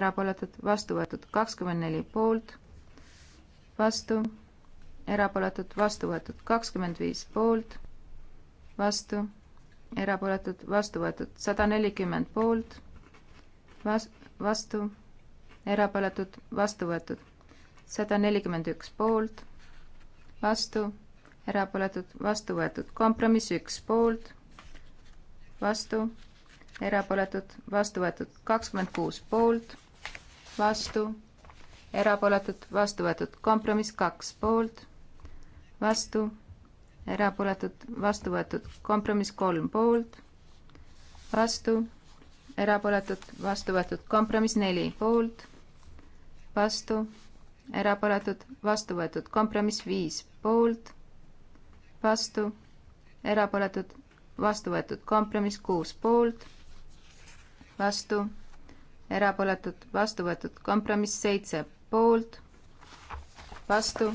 erapooletud, vastu võetud kakskümmend neli poolt, vastu, erapooletud, vastu võetud kakskümmend viis poolt, vastu, erapooletud, vastu võetud sada nelikümmend poolt, vas-, vastu, erapooletud, vastu võetud sada nelikümmend üks poolt vastu, erapooletud, vastu võetud. kompromiss üks poolt, vastu, erapooletud, vastu võetud. kakskümmend kuus poolt, vastu, erapooletud, vastu võetud. kompromiss kaks poolt, vastu, erapooletud, vastu võetud. kompromiss kolm poolt, vastu, erapooletud, vastu võetud. kompromiss neli poolt, vastu erapooletud, vastu võetud. kompromiss viis poolt, vastu, erapooletud, vastu võetud. kompromiss kuus poolt, vastu, erapooletud, vastu võetud. kompromiss seitse poolt, vastu,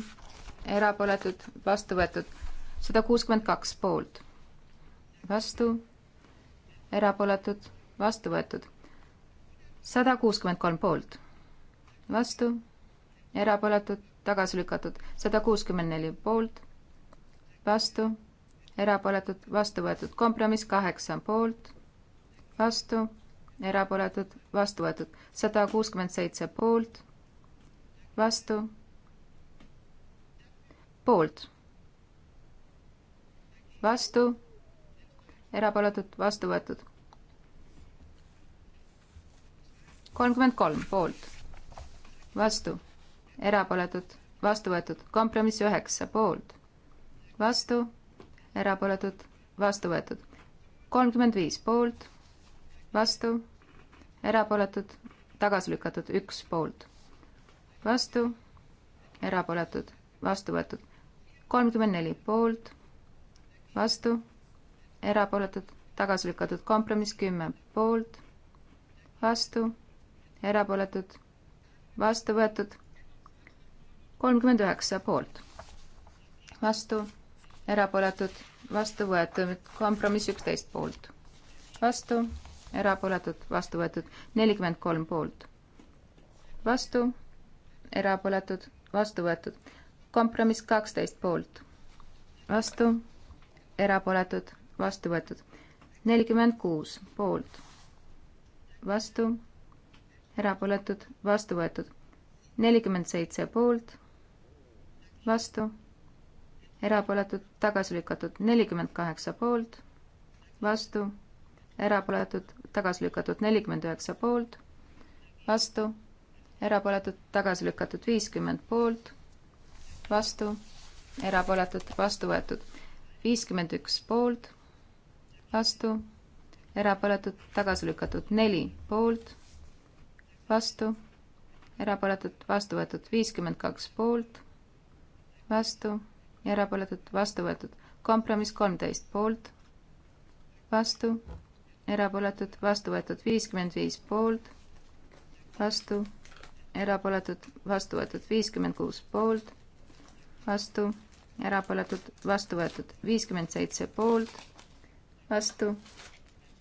erapooletud, vastu võetud. sada kuuskümmend kaks poolt, vastu, erapooletud, vastu võetud. sada kuuskümmend kolm poolt, vastu erapooletud, tagasi lükatud. sada kuuskümmend neli poolt, vastu, erapooletud, vastu võetud. kompromiss kaheksa poolt, vastu, erapooletud, vastu võetud. sada kuuskümmend seitse poolt, vastu, poolt, vastu, erapooletud, vastu võetud. kolmkümmend kolm poolt, vastu erapooletud, vastu võetud. kompromiss üheksa poolt, vastu, erapooletud, vastu võetud. kolmkümmend viis poolt, vastu, erapooletud, tagasi lükatud, üks poolt, vastu, erapooletud, vastu võetud. kolmkümmend neli poolt, vastu, erapooletud, tagasi lükatud. kompromiss kümme poolt, vastu, erapooletud, vastu võetud kolmkümmend üheksa poolt, vastu, erapooletud, vastu võetud, kompromiss üksteist poolt, vastu, erapooletud, vastu võetud, nelikümmend kolm poolt, vastu, erapooletud, vastu võetud, kompromiss kaksteist poolt, vastu, erapooletud, vastu võetud, nelikümmend kuus poolt, vastu, erapooletud, vastu võetud, nelikümmend seitse poolt vastu, erapooletud, tagasi lükatud nelikümmend kaheksa poolt, vastu, erapooletud, tagasi lükatud nelikümmend üheksa poolt, vastu, erapooletud, tagasi lükatud viiskümmend poolt, vastu, erapooletud, vastu võetud viiskümmend üks poolt, vastu, erapooletud, tagasi lükatud neli poolt, vastu, erapooletud, vastu võetud viiskümmend kaks poolt vastu, erapooletud, vastu võetud. kompromiss kolmteist poolt, vastu, erapooletud, vastu võetud. viiskümmend viis poolt, vastu, erapooletud, vastu võetud. viiskümmend kuus poolt, vastu, erapooletud, vastu võetud. viiskümmend seitse poolt, vastu,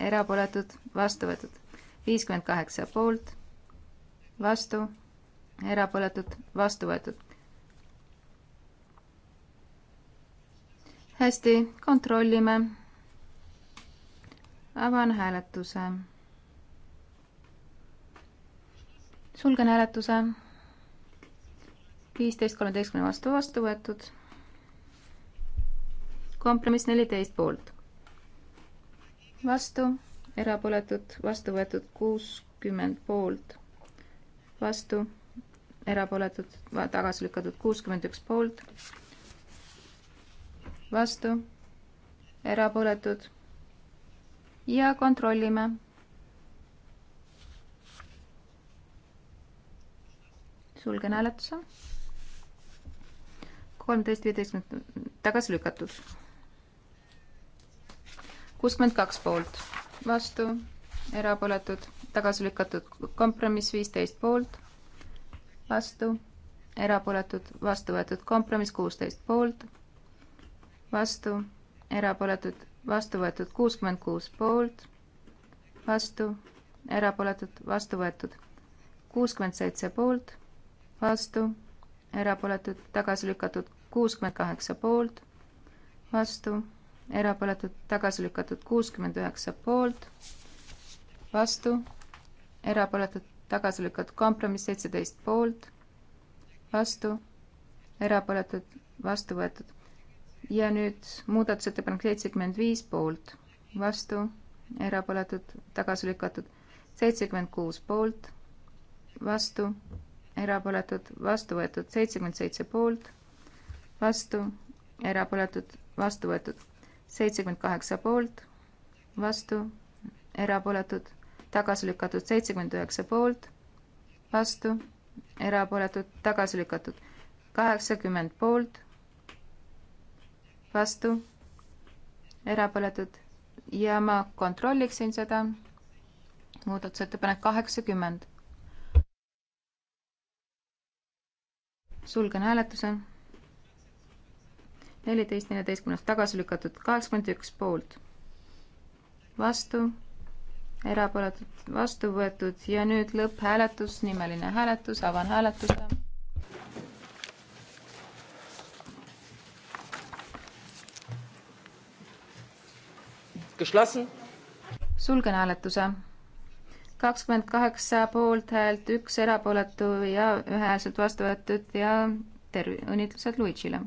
erapooletud, vastu võetud. viiskümmend kaheksa poolt, vastu, erapooletud, vastu võetud hästi, kontrollime. avan hääletuse. sulgen hääletuse. viisteist kolmeteistkümne vastu vastu võetud. kompromiss neliteist poolt. vastu, erapooletud, vastu võetud kuuskümmend poolt. vastu, erapooletud, tagasi lükatud kuuskümmend üks poolt vastu, erapooletud ja kontrollime. sulgen hääletuse. kolmteist, viieteistkümnendat tagasi lükatud. kuuskümmend kaks poolt, vastu, erapooletud, tagasi lükatud, kompromiss viisteist poolt, vastu, erapooletud, vastu võetud, kompromiss kuusteist poolt vastu, erapooletud, vastu võetud kuuskümmend kuus poolt, vastu, erapooletud, vastu võetud kuuskümmend seitse poolt, vastu, erapooletud, tagasi lükatud kuuskümmend kaheksa poolt, vastu, erapooletud, tagasi lükatud kuuskümmend üheksa poolt, vastu, erapooletud, tagasi lükatud kompromiss seitseteist poolt, vastu, erapooletud, vastu võetud ja nüüd muudatusettepanek seitsekümmend viis poolt, vastu, erapooletud, tagasi lükatud, seitsekümmend kuus poolt, vastu, erapooletud, vastu võetud, seitsekümmend seitse poolt, vastu, erapooletud, vastu võetud, seitsekümmend kaheksa poolt, vastu, erapooletud, tagasi lükatud, seitsekümmend üheksa poolt, vastu, erapooletud, tagasi lükatud, kaheksakümmend poolt vastu, erapooletud ja ma kontrolliksin seda. muudatusettepanek kaheksakümmend. sulgen hääletuse. neliteist neljateistkümnest tagasi lükatud kaheksakümmend üks poolt, vastu, erapooletud, vastu võetud ja nüüd lõpphääletus, nimeline hääletus, avan hääletuse sulgen hääletuse. kakskümmend kaheksa poolthäält, üks erapooletu ja ühehäälselt vastu võetud ja terv-, õnnitlused Luigile.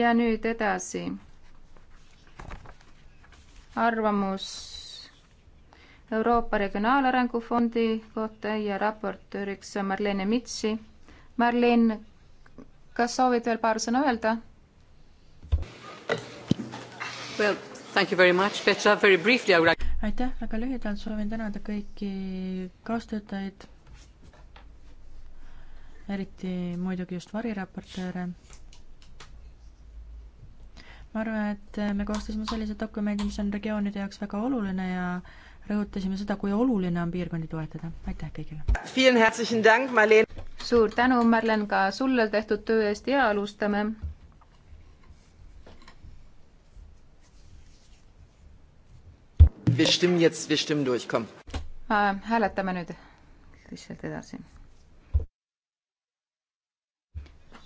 ja nüüd edasi. arvamus Euroopa Regionaalarengu Fondi kohta ja raportööriks on Marlene Mitsi. Marlen, kas soovid veel paar sõna öelda? Well, thank you very much, Petra, very briefly I would like aitäh, väga lühidalt soovin tänada kõiki kaastöötajaid, eriti muidugi just variraportööre. ma arvan, et me koostasime sellise dokumendi, mis on regioonide jaoks väga oluline ja äh, rõhutasime seda, kui oluline on piirkondi toetada. aitäh kõigile! suur tänu, Marlen, ka sulle tehtud töö eest ja alustame. Äh, hääletame nüüd lihtsalt edasi.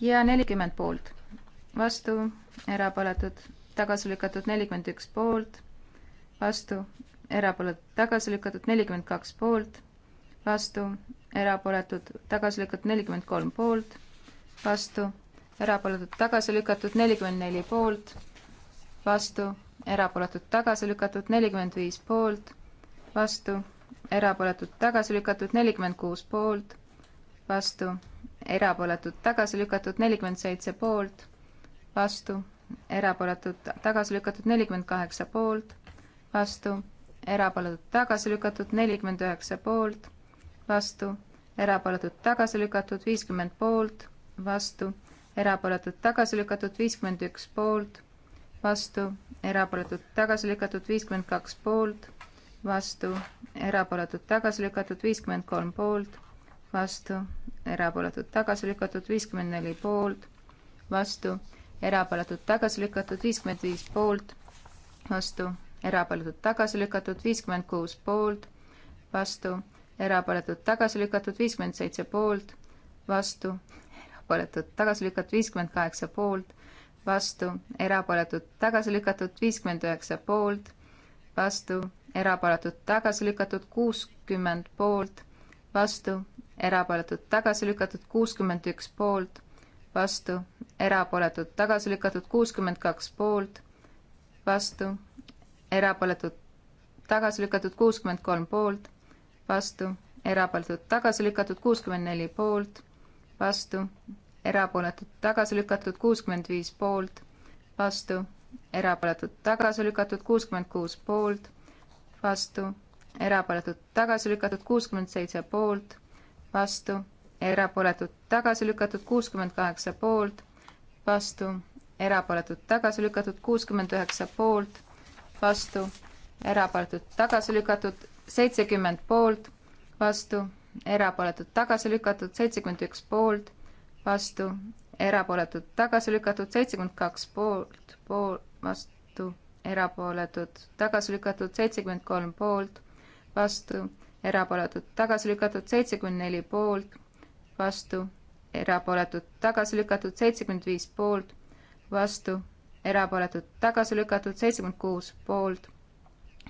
ja nelikümmend poolt, vastu, erapooletud, tagasi lükatud nelikümmend üks poolt, vastu, erapooletud tagasi lükatud, nelikümmend kaks poolt, vastu, erapooletud tagasi lükatud, nelikümmend kolm poolt, vastu, erapooletud tagasi lükatud, nelikümmend neli poolt, vastu, erapooletud tagasi lükatud, nelikümmend viis poolt, vastu, erapooletud tagasi lükatud, nelikümmend kuus poolt, vastu, erapooletud tagasi lükatud, nelikümmend seitse poolt, vastu, erapooletud tagasi lükatud, nelikümmend kaheksa poolt, vastu, erapooletud tagasi lükatud, nelikümmend üheksa poolt, vastu, erapooletud tagasi lükatud, viiskümmend poolt, vastu, erapooletud tagasi lükatud, viiskümmend üks poolt, vastu, erapooletud tagasi lükatud, viiskümmend kaks poolt, vastu, erapooletud tagasi lükatud, viiskümmend kolm poolt, vastu, erapooletud tagasi lükatud, viiskümmend neli poolt, vastu, erapooletud tagasi lükatud, viiskümmend viis poolt, vastu, erapooletud tagasi lükatud, viiskümmend kuus poolt, vastu, erapooletud tagasi lükatud, viiskümmend seitse poolt, vastu, erapooletud tagasi lükatud, viiskümmend kaheksa poolt, vastu, erapooletud tagasi lükatud, viiskümmend üheksa poolt, vastu, erapooletud tagasi lükatud, kuuskümmend poolt, vastu, erapooletud tagasi lükatud, kuuskümmend üks poolt, vastu, erapooletud tagasi lükatud, kuuskümmend kaks poolt, vastu, erapooletud, tagasi lükatud kuuskümmend kolm poolt, vastu, erapooletud, tagasi lükatud kuuskümmend neli poolt, vastu, erapooletud, tagasi lükatud kuuskümmend viis poolt, vastu, erapooletud, tagasi lükatud kuuskümmend kuus poolt, vastu, erapooletud, tagasi lükatud kuuskümmend seitse poolt, vastu, erapooletud, tagasi lükatud kuuskümmend kaheksa poolt, vastu, erapooletud, tagasi lükatud kuuskümmend üheksa poolt vastu, erapooletud, tagasi lükatud, seitsekümmend poolt, vastu, erapooletud, tagasi lükatud, seitsekümmend üks poolt, vastu, erapooletud, tagasi lükatud, seitsekümmend kaks poolt, pool, vastu, erapooletud, tagasi lükatud, seitsekümmend kolm poolt, vastu, erapooletud, tagasi lükatud, seitsekümmend neli poolt, vastu, erapooletud, tagasi lükatud, seitsekümmend viis poolt, vastu erapooletud, tagasi lükatud, seitsekümmend kuus poolt,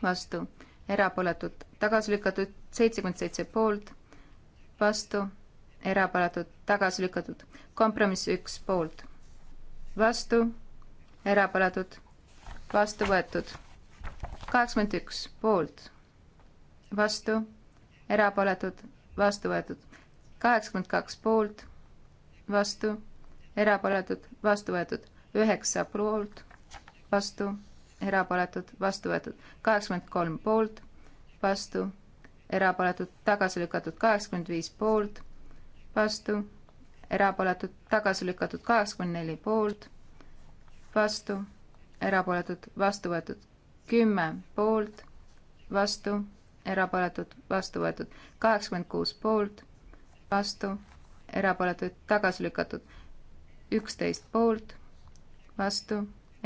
vastu, erapooletud, tagasi lükatud, seitsekümmend seitse poolt, vastu, erapooletud, tagasi lükatud, kompromiss üks poolt, vastu, erapooletud, vastu võetud, kaheksakümmend üks poolt, vastu, erapooletud, vastu võetud, kaheksakümmend kaks poolt, vastu, erapooletud, vastu võetud, üheksa poolt, vastu, erapooletud, vastu võetud. kaheksakümmend kolm poolt, vastu, erapooletud, tagasi lükatud. kaheksakümmend viis poolt, vastu, erapooletud, tagasi lükatud. kaheksakümmend neli poolt, vastu, erapooletud, vastu võetud. kümme poolt, vastu, erapooletud, vastu võetud. kaheksakümmend kuus poolt, vastu, erapooletuid tagasi lükatud. üksteist poolt vastu,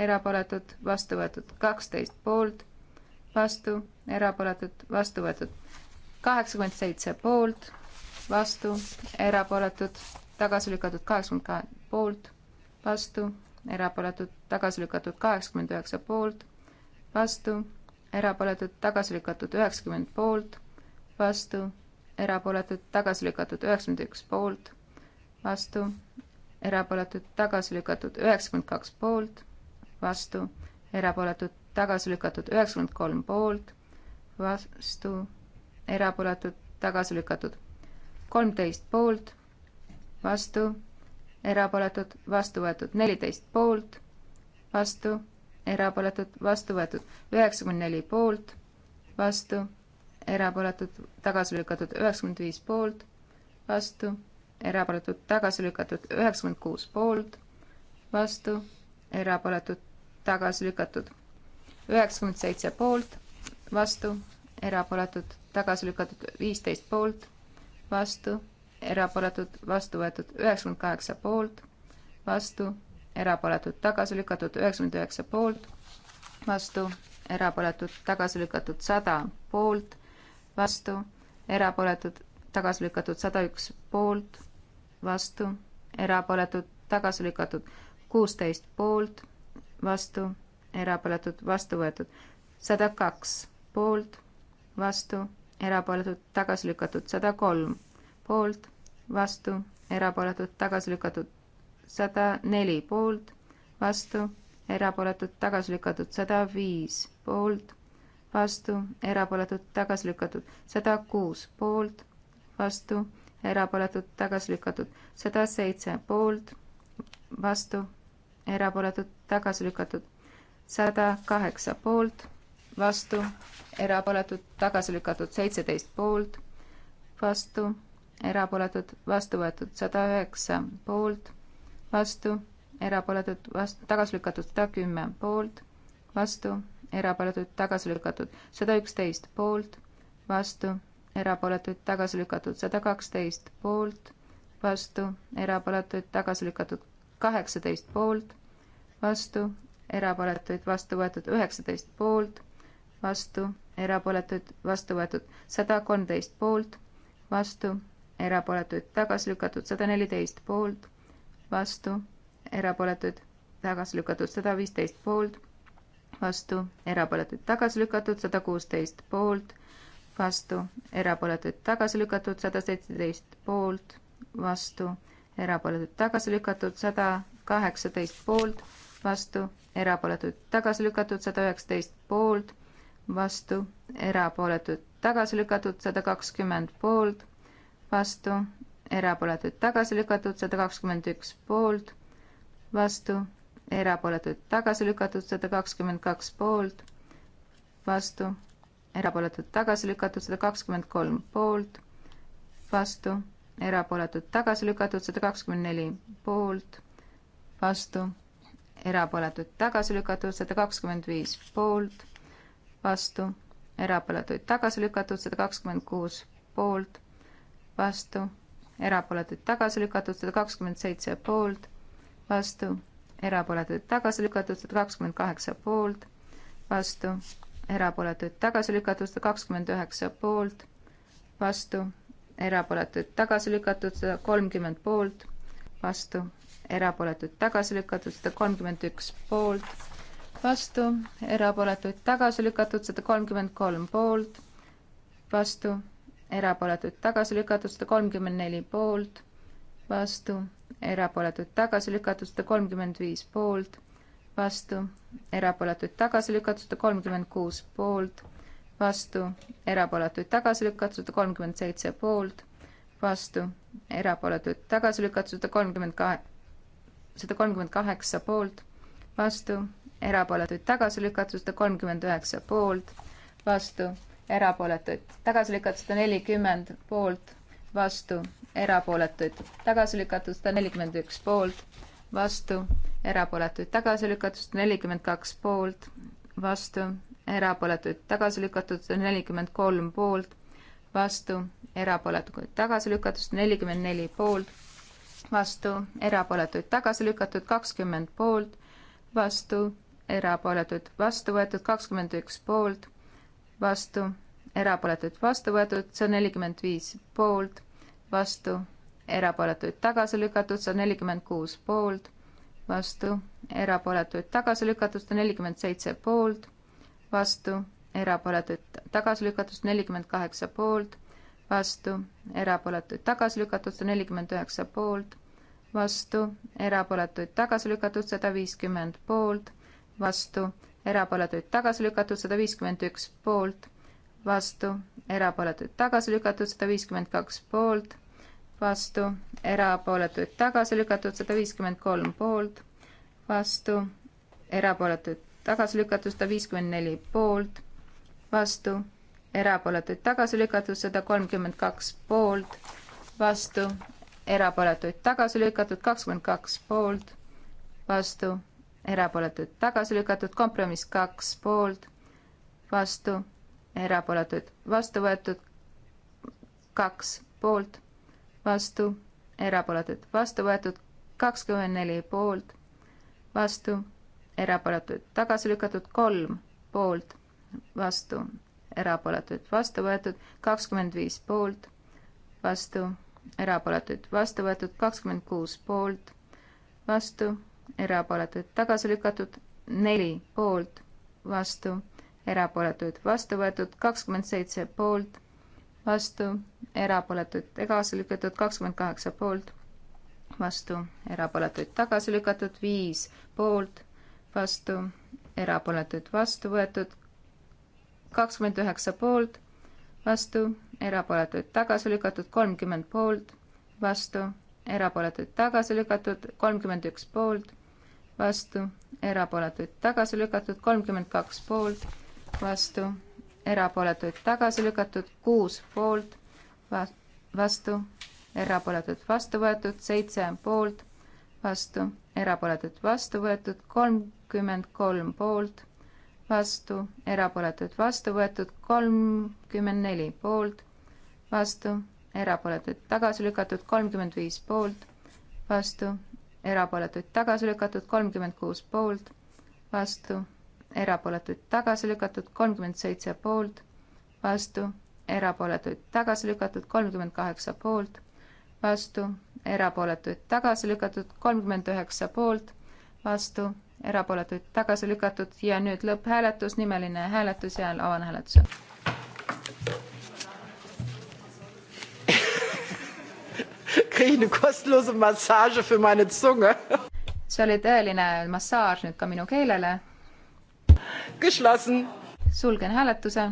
erapooletud, vastu võetud. kaksteist poolt, vastu, erapooletud, vastu võetud. kaheksakümmend seitse poolt, vastu, erapooletud, tagasi lükatud. kaheksakümmend kahe poolt, vastu, erapooletud, tagasi lükatud. kaheksakümmend üheksa poolt, vastu, erapooletud, tagasi lükatud. üheksakümmend poolt, vastu, erapooletud, tagasi lükatud. üheksakümmend üks poolt vastu, erapooletud, tagasi lükatud üheksakümmend kaks poolt, vastu, erapooletud, tagasi lükatud üheksakümmend kolm poolt, vastu, erapooletud, tagasi lükatud kolmteist poolt, vastu, erapooletud, vastu võetud neliteist poolt, vastu, erapooletud, vastu võetud üheksakümmend neli poolt, vastu, erapooletud, tagasi lükatud üheksakümmend viis poolt, vastu erapooletud tagasi lükatud üheksakümmend kuus poolt, vastu, erapooletud tagasi lükatud üheksakümmend seitse poolt, vastu, erapooletud tagasi lükatud viisteist poolt, vastu, erapooletud vastu võetud üheksakümmend kaheksa poolt, vastu, erapooletud tagasi lükatud üheksakümmend üheksa poolt, vastu, erapooletud tagasi lükatud sada poolt, vastu, erapooletud tagasi lükatud sada üks poolt vastu, erapooletud, tagasi lükatud. kuusteist poolt, vastu, erapooletud, vastu võetud. sada kaks poolt, vastu, erapooletud, tagasi lükatud. sada kolm poolt, vastu, erapooletud, tagasi lükatud. sada neli poolt, vastu, erapooletud, tagasi lükatud. sada viis poolt vastu, erapooletud, tagasi lükatud, sada kuus poolt, vastu, erapooletud, tagasi lükatud. sada seitse poolt, vastu, erapooletud, tagasi lükatud. sada kaheksa poolt, vastu, erapooletud, tagasi lükatud. seitseteist poolt, vastu, erapooletud, vastu võetud. sada üheksa poolt, vastu, erapooletud, vastu, tagasi lükatud. sada kümme poolt, vastu, erapooletud, tagasi lükatud. sada üksteist poolt, vastu, erapooletuid tagasi lükatud sada kaksteist poolt, vastu, erapooletuid tagasi lükatud kaheksateist poolt, vastu, erapooletuid vastu võetud üheksateist poolt, vastu, erapooletuid vastu võetud sada kolmteist poolt, vastu, erapooletuid tagasi lükatud sada neliteist poolt, vastu, erapooletuid tagasi lükatud sada viisteist poolt, vastu, erapooletuid tagasi lükatud sada kuusteist poolt, vastu, erapooletuid tagasi lükatud, sada seitseteist poolt, vastu, erapooletuid tagasi lükatud, sada kaheksateist poolt, vastu, erapooletuid tagasi lükatud, sada üheksateist poolt, vastu, erapooletuid tagasi lükatud, sada kakskümmend poolt, vastu, erapooletuid tagasi lükatud, sada kakskümmend üks poolt, vastu, erapooletuid tagasi lükatud, sada kakskümmend kaks poolt, vastu erapooletud tagasi lükatud sada kakskümmend kolm poolt, vastu, erapooletud tagasi lükatud sada kakskümmend neli poolt, vastu, erapooletud tagasi lükatud sada kakskümmend viis poolt, vastu, erapooletuid tagasi lükatud sada kakskümmend kuus poolt, vastu, erapooletuid tagasi lükatud sada kakskümmend seitse poolt, vastu, erapooletuid tagasi lükatud sada kakskümmend kaheksa poolt, vastu, erapooletuid tagasi lükatud, sada kakskümmend üheksa poolt, vastu, erapooletuid tagasi lükatud, sada kolmkümmend poolt, vastu, erapooletuid tagasi lükatud, sada kolmkümmend üks poolt, vastu, erapooletuid tagasi lükatud, sada kolmkümmend kolm poolt, vastu, erapooletuid tagasi lükatud, sada kolmkümmend neli poolt, vastu, erapooletuid tagasi lükatud, sada kolmkümmend viis poolt vastu, erapooletuid tagasi lükatud, sada kolmkümmend kuus poolt, vastu, erapooletuid tagasi lükatud, sada kolmkümmend seitse poolt, vastu, erapooletuid tagasi lükatud, sada kolmkümmend kahe, sada kolmkümmend kaheksa poolt, vastu, erapooletuid tagasi lükatud, sada kolmkümmend üheksa poolt, vastu, erapooletuid tagasi lükatud, sada nelikümmend poolt, vastu, erapooletuid tagasi lükatud, sada nelikümmend üks poolt, vastu, erapooletuid tagasi lükatud, nelikümmend kaks poolt, vastu, erapooletuid tagasi lükatud, nelikümmend kolm poolt, vastu, erapooletuid tagasi lükatud, nelikümmend neli poolt, vastu, erapooletuid tagasi lükatud, kakskümmend poolt, vastu, erapooletuid vastu võetud, kakskümmend üks poolt, vastu, erapooletuid vastu võetud, see on nelikümmend viis poolt, vastu, erapooletuid tagasi lükatud, see on nelikümmend kuus poolt, vastu, erapooletuid tagasi lükatud sada nelikümmend seitse poolt, vastu, erapooletuid tagasi lükatud sada nelikümmend kaheksa poolt, vastu, erapooletuid tagasi lükatud sada nelikümmend üheksa poolt, vastu, erapooletuid tagasi lükatud sada viiskümmend poolt, vastu, erapooletuid tagasi lükatud sada viiskümmend üks poolt, vastu, erapooletuid tagasi lükatud sada viiskümmend kaks poolt vastu, erapooletuid tagasi lükatud, sada viiskümmend kolm poolt, vastu, erapooletuid tagasi lükatud, sada viiskümmend neli poolt, vastu, erapooletuid tagasi lükatud, sada kolmkümmend kaks poolt, vastu, erapooletuid tagasi lükatud, kakskümmend kaks poolt, vastu, erapooletuid tagasi lükatud, kompromiss kaks poolt, vastu, erapooletuid vastu võetud, kaks poolt vastu, erapooletud, vastu võetud kakskümmend neli poolt, vastu, erapooletud, tagasi lükatud kolm poolt, vastu, erapooletud, vastu võetud kakskümmend viis poolt, vastu, erapooletud, vastu võetud kakskümmend kuus poolt, vastu, erapooletud, tagasi lükatud neli poolt, vastu, erapooletud, vastu võetud kakskümmend seitse poolt vastu, erapooletuid tagasi lükatud kakskümmend kaheksa poolt, vastu, erapooletuid tagasi lükatud viis poolt, vastu, erapooletuid vastu võetud kakskümmend üheksa poolt, vastu, erapooletuid tagasi lükatud kolmkümmend poolt, vastu, erapooletuid tagasi lükatud kolmkümmend üks poolt, vastu, erapooletuid tagasi lükatud kolmkümmend kaks poolt, vastu, erapooletuid tagasi lükatud, kuus poolt, vastu, erapooletud vastu võetud, seitse poolt, vastu, erapooletud vastu võetud, kolmkümmend kolm poolt, vastu, erapooletud vastu võetud, kolmkümmend neli poolt, vastu, erapooletuid tagasi lükatud, kolmkümmend viis poolt, vastu, erapooletuid tagasi lükatud, kolmkümmend kuus poolt, vastu erapooletuid tagasi lükatud, kolmkümmend seitse poolt, vastu, erapooletuid tagasi lükatud, kolmkümmend kaheksa poolt, vastu, erapooletuid tagasi lükatud, kolmkümmend üheksa poolt, vastu, erapooletuid tagasi lükatud ja nüüd lõpphääletus, nimeline hääletus ja avan hääletuse. [LAUGHS] Kriege eine kostenlose Massage für meine Zunge. see oli tõeline massaaž nüüd ka minu keelele geschlossen. sulgen hääletuse.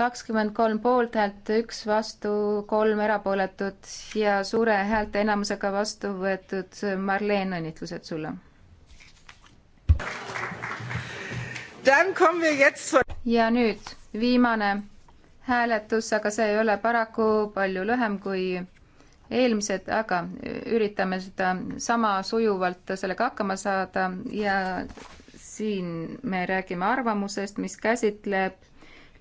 kakskümmend kolm poolthäält, üks vastu, kolm erapooletut ja suure häälteenamusega vastu võetud. Marleen, õnnitlused sulle. ja nüüd viimane hääletus, aga see ei ole paraku palju lühem kui eelmised, aga üritame seda sama sujuvalt sellega hakkama saada ja siin me räägime arvamusest, mis käsitleb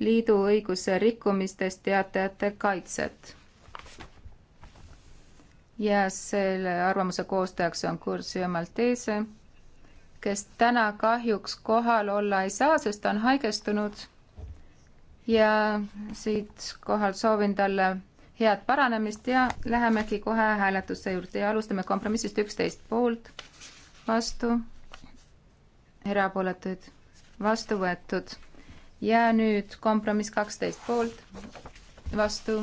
liidu õiguse rikkumistest teatajate kaitset. ja selle arvamuse koostajaks on Kursio Maltese, kes täna kahjuks kohal olla ei saa, sest ta on haigestunud. ja siitkohal soovin talle head paranemist ja lähemegi kohe hääletuse juurde ja alustame kompromissist üksteist poolt, vastu erapooletuid, vastu võetud. ja nüüd kompromiss kaksteist poolt, vastu,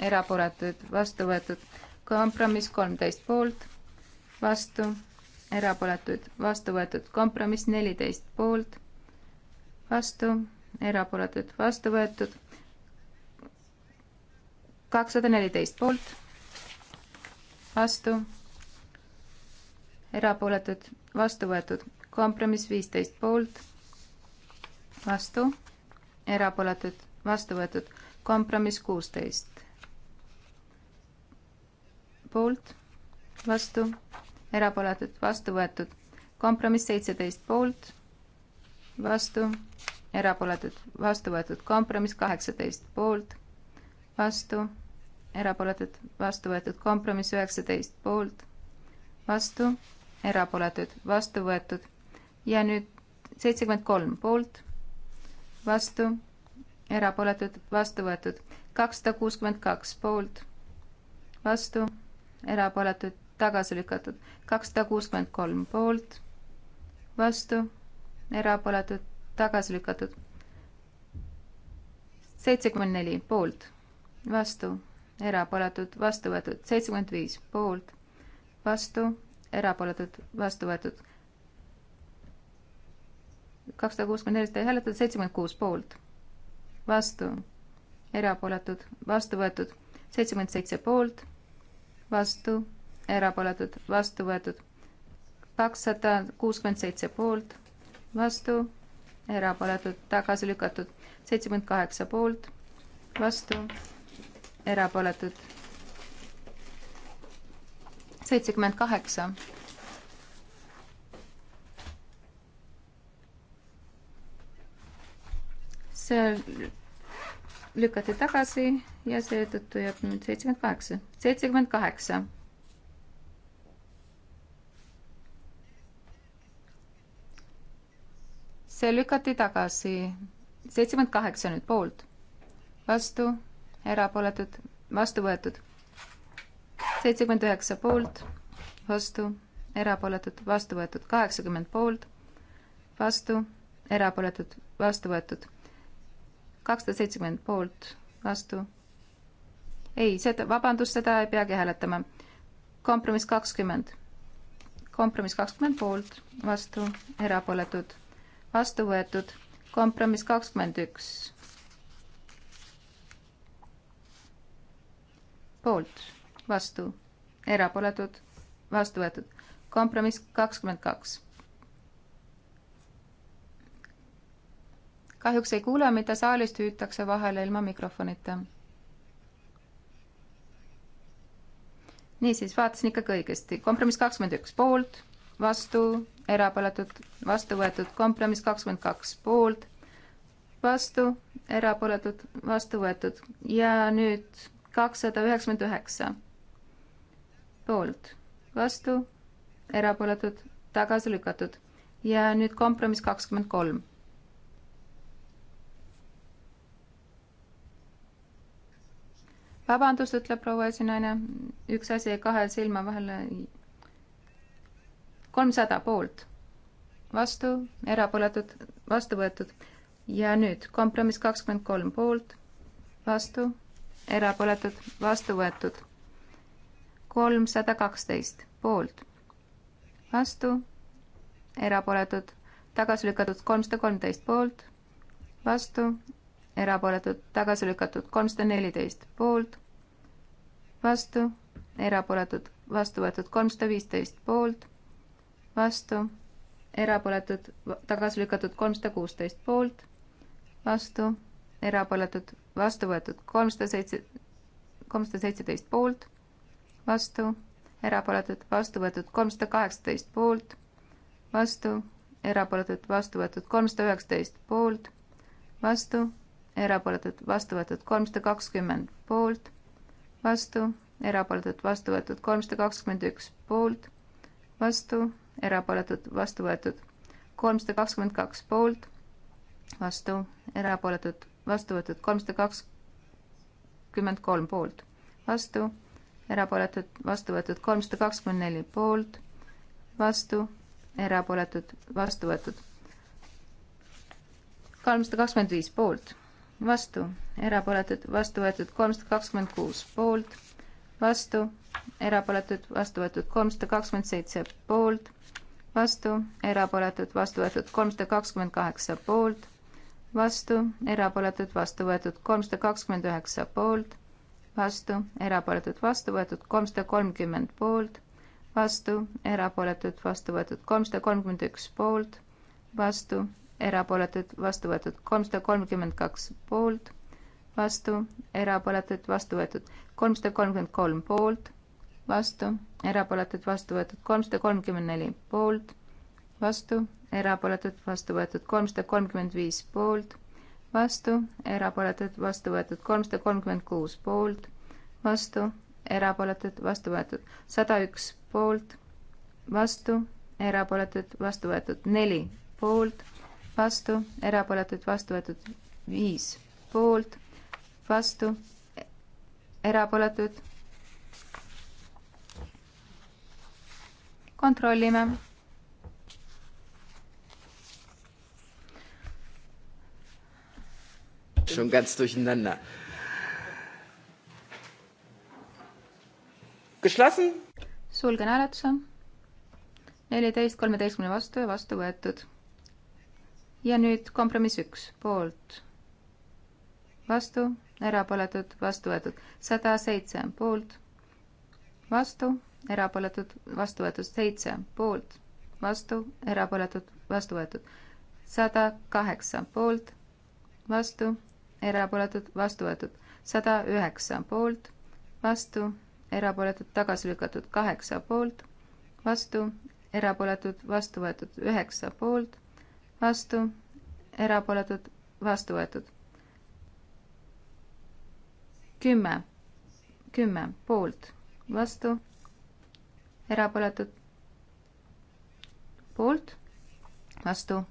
erapooletuid, vastu võetud. kompromiss kolmteist poolt, vastu, erapooletuid, vastu võetud. kompromiss neliteist poolt, vastu, erapooletuid, vastu võetud. kakssada neliteist poolt, vastu, erapooletuid, vastu võetud kompromiss viisteist poolt, vastu, erapooletud, vastu võetud, kompromiss kuusteist poolt, vastu, erapooletud, vastu võetud, kompromiss seitseteist poolt, vastu, erapooletud, vastu võetud, kompromiss kaheksateist poolt, vastu, erapooletud, vastu võetud, kompromiss üheksateist poolt, vastu, erapooletud, vastu võetud ja nüüd seitsekümmend kolm poolt, vastu, erapooletud, vastu võetud. kakssada kuuskümmend kaks poolt, vastu, erapooletud, tagasi lükatud. kakssada kuuskümmend kolm poolt, vastu, erapooletud, tagasi lükatud. seitsekümmend neli poolt, vastu, erapooletud, vastu võetud. seitsekümmend viis poolt, vastu, erapooletud, vastu võetud kakssada kuuskümmend neli sai hääletatud, seitsekümmend kuus poolt, vastu, erapooletud, vastu võetud, seitsekümmend seitse poolt, vastu, erapooletud, vastu võetud, kakssada kuuskümmend seitse poolt, vastu, erapooletud, tagasi lükatud, seitsekümmend kaheksa poolt, vastu, erapooletud, seitsekümmend kaheksa see äh, lükati tagasi ja seetõttu jääb nüüd seitsekümmend kaheksa, seitsekümmend kaheksa. see lükati tagasi, seitsekümmend kaheksa nüüd poolt, vastu, erapooletud, vastu võetud. seitsekümmend üheksa poolt, vastu, erapooletud, vastu võetud, kaheksakümmend poolt, vastu, erapooletud, vastu võetud kakssada seitsekümmend poolt, vastu. ei, seda, vabandust, seda ei peagi hääletama. kompromiss kakskümmend. kompromiss kakskümmend poolt, vastu, erapooletud, vastu võetud. kompromiss kakskümmend üks. poolt, vastu, erapooletud, vastu võetud. kompromiss kakskümmend kaks kahjuks ei kuule, mida saalist hüütakse vahele ilma mikrofonita. niisiis, vaatasin ikkagi õigesti. kompromiss kakskümmend üks poolt, vastu, erapooletud, vastu võetud. kompromiss kakskümmend kaks poolt, vastu, erapooletud, vastu võetud. ja nüüd kakssada üheksakümmend üheksa poolt, vastu, erapooletud, tagasi lükatud. ja nüüd kompromiss kakskümmend kolm vabandust, ütleb proua esinaine, üks asi jäi kahe silma vahele. kolmsada poolt, vastu, erapooletud, vastu võetud ja nüüd kompromiss kakskümmend kolm poolt, vastu, erapooletud, vastu võetud. kolmsada kaksteist poolt, vastu, erapooletud, tagasi lükatud kolmsada kolmteist poolt, vastu, erapooletud, tagasi lükatud, kolmsada neliteist poolt, vastu, erapooletud, vastu võetud, kolmsada viisteist poolt, vastu, erapooletud, tagasi lükatud, kolmsada kuusteist poolt, vastu, erapooletud, vastu võetud, kolmsada seitse, kolmsada seitseteist poolt, vastu, erapooletud, vastu võetud, kolmsada kaheksateist poolt, vastu, erapooletud, vastu võetud, kolmsada üheksateist poolt, vastu, erapooletud, vastu võetud kolmsada kakskümmend poolt, vastu, erapooletud, vastu võetud kolmsada kakskümmend üks poolt, vastu, erapooletud, vastu võetud kolmsada kakskümmend kaks poolt, vastu, erapooletud, vastu võetud kolmsada kakskümmend kolm poolt, vastu, erapooletud, vastu võetud kolmsada kakskümmend neli poolt, vastu, erapooletud, vastu võetud kolmsada kakskümmend viis poolt vastu, erapooletud, vastu võetud kolmsada kakskümmend kuus poolt, vastu, erapooletud, vastu võetud kolmsada kakskümmend seitse poolt, vastu, erapooletud, vastu võetud kolmsada kakskümmend kaheksa poolt, vastu, erapooletud, vastu võetud kolmsada kakskümmend üheksa poolt, vastu, erapooletud, vastu võetud kolmsada kolmkümmend poolt, vastu, erapooletud, vastu võetud kolmsada kolmkümmend üks poolt, vastu, erapooletud, vastu võetud. kolmsada kolmkümmend kaks poolt, vastu, erapooletud, vastu võetud. kolmsada kolmkümmend kolm poolt, vastu, erapooletud, vastu võetud. kolmsada kolmkümmend neli poolt, vastu, erapooletud, vastu võetud. kolmsada kolmkümmend viis poolt, vastu, erapooletud, vastu võetud. kolmsada kolmkümmend kuus poolt, vastu, erapooletud, vastu võetud. sada üks poolt, vastu, erapooletud, vastu võetud. neli poolt vastu, erapooletud, vastu võetud viis poolt, vastu, erapooletud. kontrollime. Schon ganz durcheinander. Geschlossen. sulgen hääletuse. neliteist kolmeteistkümne vastu ja vastu võetud ja nüüd kompromiss üks, poolt, vastu, erapooletud, vastu võetud, sada seitse, poolt, vastu, erapooletud, vastu võetud, seitse, poolt, vastu, erapooletud, vastu võetud, sada kaheksa, poolt, vastu, erapooletud, vastu võetud, sada üheksa, poolt, vastu, erapooletud, tagasi lükatud, kaheksa, poolt, vastu, erapooletud, vastu võetud, üheksa, poolt vastu, erapooletud, vastu võetud. kümme, kümme poolt, vastu, erapooletud, poolt, vastu.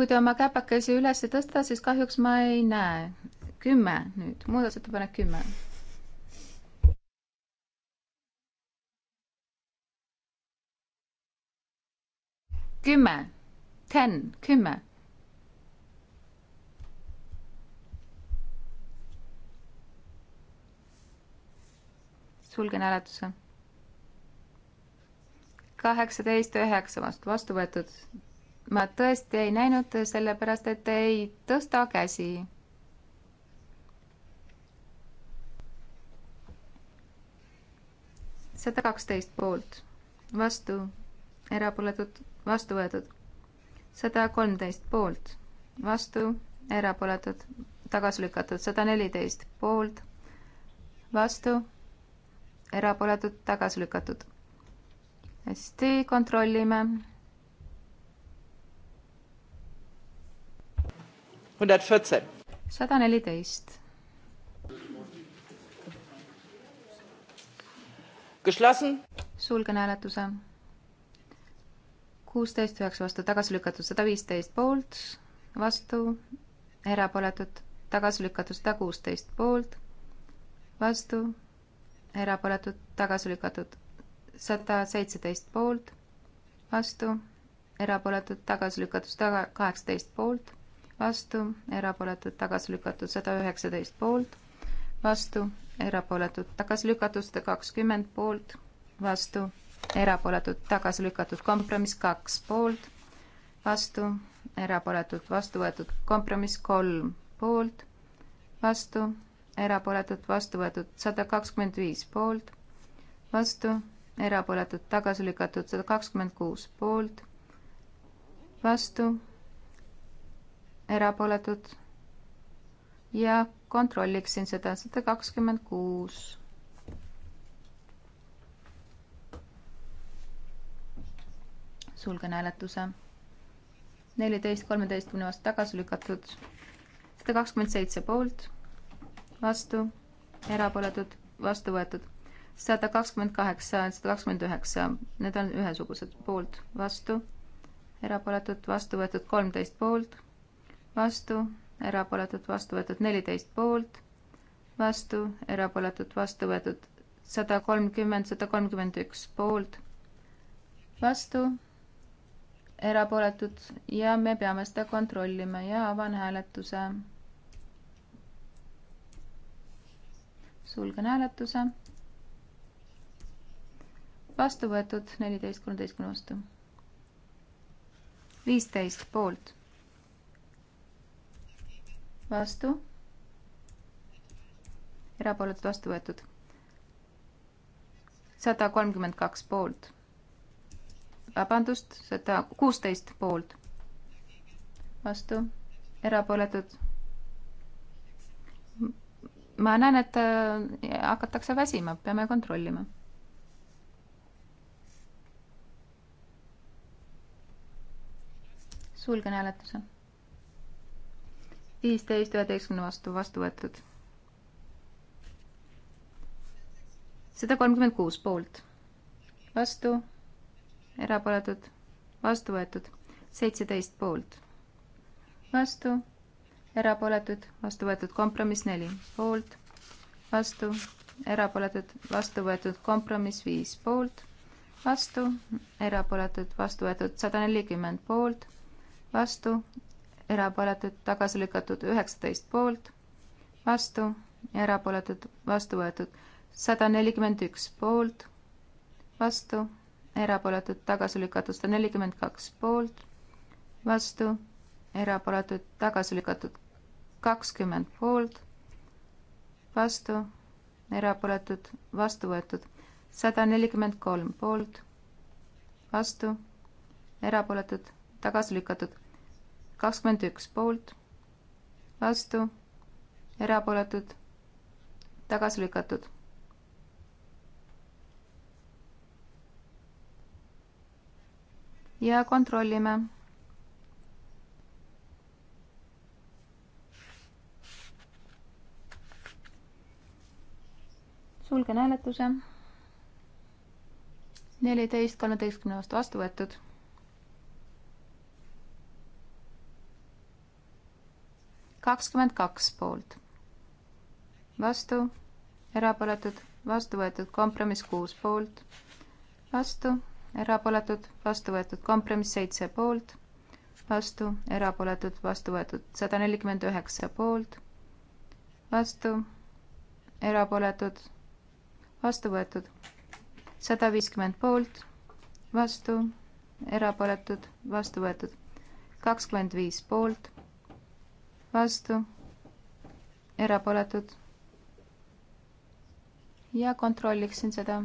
kui te oma käpakesi üles ei tõsta, siis kahjuks ma ei näe. kümme nüüd, muudatusettepanek kümme kümme, ten, kümme. sulgen hääletuse. kaheksateist üheksa vastu, vastu võetud. ma tõesti ei näinud, sellepärast et ei tõsta käsi. sada kaksteist poolt, vastu, erapooletud vastu võetud. sada kolmteist poolt, vastu, erapooletud, tagasi lükatud, sada neliteist poolt, vastu, erapooletud, tagasi lükatud. hästi, kontrollime. sada neliteist. Geschlossen. sulgen hääletuse kuusteist üheksa vastu tagasi lükatud, sada viisteist poolt, vastu, erapooletud, tagasi lükatud, sada kuusteist poolt, vastu, erapooletud, tagasi lükatud, sada seitseteist poolt, vastu, erapooletud, tagasi lükatud, sada kaheksateist poolt, vastu, erapooletud, tagasi lükatud, sada üheksateist poolt, vastu, erapooletud, tagasi lükatud, sada kakskümmend poolt, vastu erapooletud tagasi lükatud kompromiss kaks poolt, vastu, erapooletud vastu võetud kompromiss kolm poolt, vastu, erapooletud vastu võetud sada kakskümmend viis poolt, vastu, erapooletud tagasi lükatud sada kakskümmend kuus poolt, vastu, erapooletud ja kontrolliksin seda sada kakskümmend kuus sulgen hääletuse. neliteist kolmeteistkümne vastu tagasi lükatud. sada kakskümmend seitse poolt, vastu, erapooletud, vastu võetud. sada kakskümmend kaheksa, sada kakskümmend üheksa, need on ühesugused, poolt, vastu, erapooletud, vastu võetud, kolmteist poolt, vastu, erapooletud, vastu võetud, neliteist poolt, vastu, erapooletud, vastu võetud, sada kolmkümmend, sada kolmkümmend üks poolt vastu, erapooletud ja me peame seda kontrollima ja avan hääletuse. sulgen hääletuse. vastu võetud neliteist kolmeteistkümne vastu. viisteist poolt. vastu. erapooletud vastu võetud. sada kolmkümmend kaks poolt vabandust, sada kuusteist poolt, vastu, erapooletud. ma näen, et äh, hakatakse väsima, peame kontrollima. sulgen hääletuse. viisteist üheteistkümne vastu, vastu võetud. sada kolmkümmend kuus poolt, vastu erapooletud, vastu võetud. seitseteist poolt, vastu, erapooletud, vastu võetud. kompromiss neli poolt, vastu, erapooletud, vastu võetud. kompromiss viis poolt, vastu, erapooletud, vastu võetud. sada nelikümmend poolt, vastu, erapooletud, tagasi lükatud. üheksateist poolt, vastu, erapooletud, vastu võetud sada nelikümmend üks poolt, vastu, erapooletud, tagasi lükatud sada nelikümmend kaks poolt, vastu, erapooletud, tagasi lükatud kakskümmend poolt, vastu, erapooletud, vastu võetud sada nelikümmend kolm poolt, vastu, erapooletud, tagasi lükatud kakskümmend üks poolt, vastu, erapooletud, tagasi lükatud ja kontrollime. sulgen hääletuse. neliteist kolmeteistkümne vastu vastu võetud. kakskümmend kaks poolt, vastu, erapooletud, vastu võetud, kompromiss kuus poolt, vastu erapooletud, vastu võetud, kompromiss seitse poolt, vastu, erapooletud, vastu võetud, sada nelikümmend üheksa poolt, vastu, erapooletud, vastu võetud, sada viiskümmend poolt, vastu, erapooletud, vastu võetud, kakskümmend viis poolt, vastu, erapooletud ja kontrolliksin seda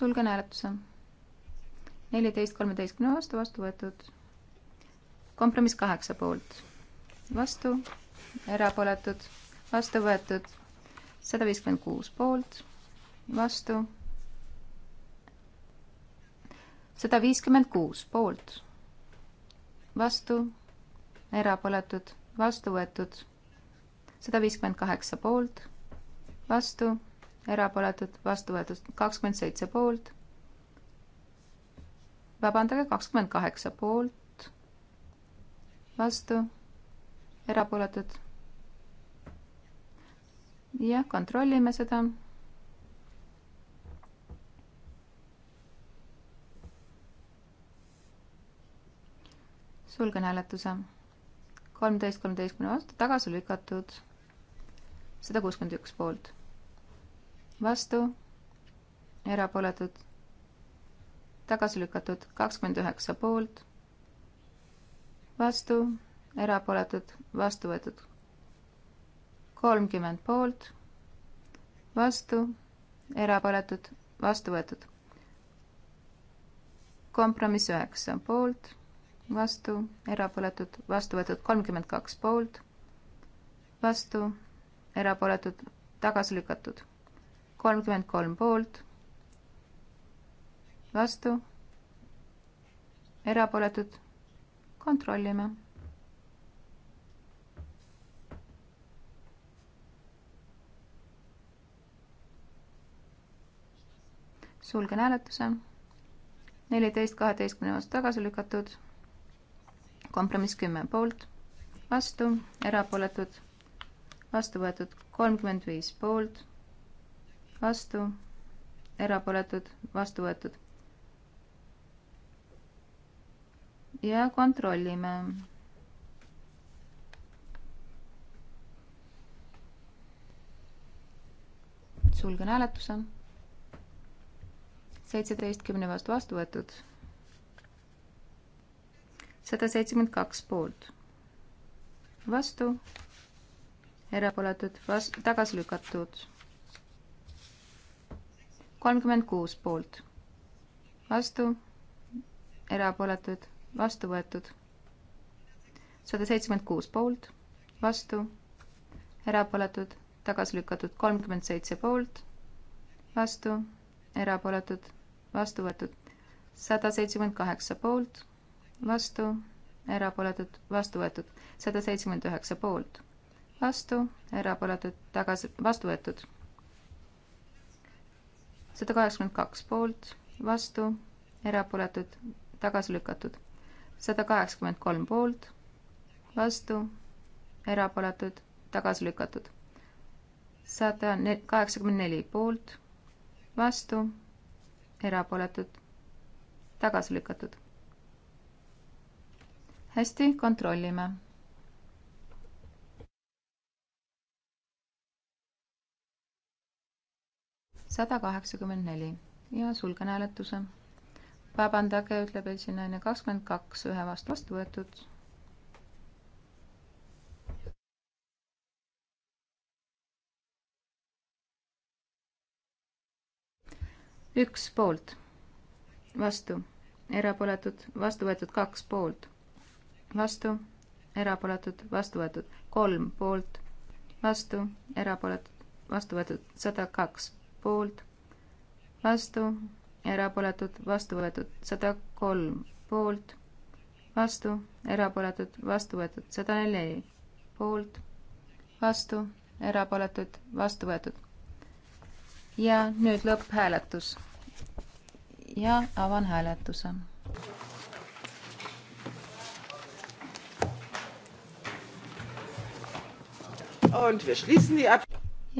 sulgen hääletuse. neliteist kolmeteistkümne vastu, vastu võetud. kompromiss kaheksa poolt, vastu, erapooletud, vastu võetud, sada viiskümmend kuus poolt, vastu, sada viiskümmend kuus poolt, vastu, erapooletud, vastu võetud, sada viiskümmend kaheksa poolt, vastu erapooletud, vastu võetud kakskümmend seitse poolt. vabandage, kakskümmend kaheksa poolt, vastu, erapooletud. jah, kontrollime seda. sulgen hääletuse. kolmteist, kolmeteistkümne vastu, tagasi lükatud sada kuuskümmend üks poolt vastu, erapooletud, tagasi lükatud, kakskümmend üheksa poolt, vastu, erapooletud, vastu võetud, kolmkümmend poolt, vastu, erapooletud, vastu võetud. kompromiss üheksa poolt, vastu, erapooletud, vastu võetud, kolmkümmend kaks poolt, vastu, erapooletud, tagasi lükatud kolmkümmend kolm poolt, vastu, erapooletud, kontrollime. sulgen hääletuse. neliteist kaheteistkümne vastu tagasi lükatud. kompromiss kümme poolt, vastu, erapooletud, vastu võetud kolmkümmend viis poolt vastu, erapooletud, vastu võetud. ja kontrollime. sulgen hääletuse. seitseteist kümne vastu vastu võetud. sada seitsekümmend kaks poolt. vastu, erapooletud, vastu, tagasi lükatud kolmkümmend kuus poolt, vastu, erapooletud, vastu võetud. sada seitsekümmend kuus poolt, vastu, erapooletud, tagasi lükatud, kolmkümmend seitse poolt, vastu, erapooletud, vastu võetud. sada seitsekümmend kaheksa poolt, vastu, erapooletud, vastu võetud. sada seitsekümmend üheksa poolt, vastu, erapooletud, tagasi, vastu võetud sada kaheksakümmend kaks poolt, vastu, erapooletud, tagasi lükatud. sada kaheksakümmend kolm poolt, vastu, erapooletud, tagasi lükatud. sada kaheksakümmend neli poolt, vastu, erapooletud, tagasi lükatud. hästi, kontrollime sada kaheksakümmend neli ja sulgen hääletuse. vabandage, ütleb esinaine kakskümmend kaks, ühe vastu vastu võetud. üks poolt, vastu, erapooletud, vastu võetud kaks poolt, vastu, erapooletud, vastu võetud kolm poolt, vastu, erapooletud, vastu võetud sada kaks poolt, vastu, erapooletud, vastu võetud, sada kolm poolt, vastu, erapooletud, vastu võetud, sada neli poolt, vastu, erapooletud, vastu võetud. ja nüüd lõpphääletus. ja avan hääletuse.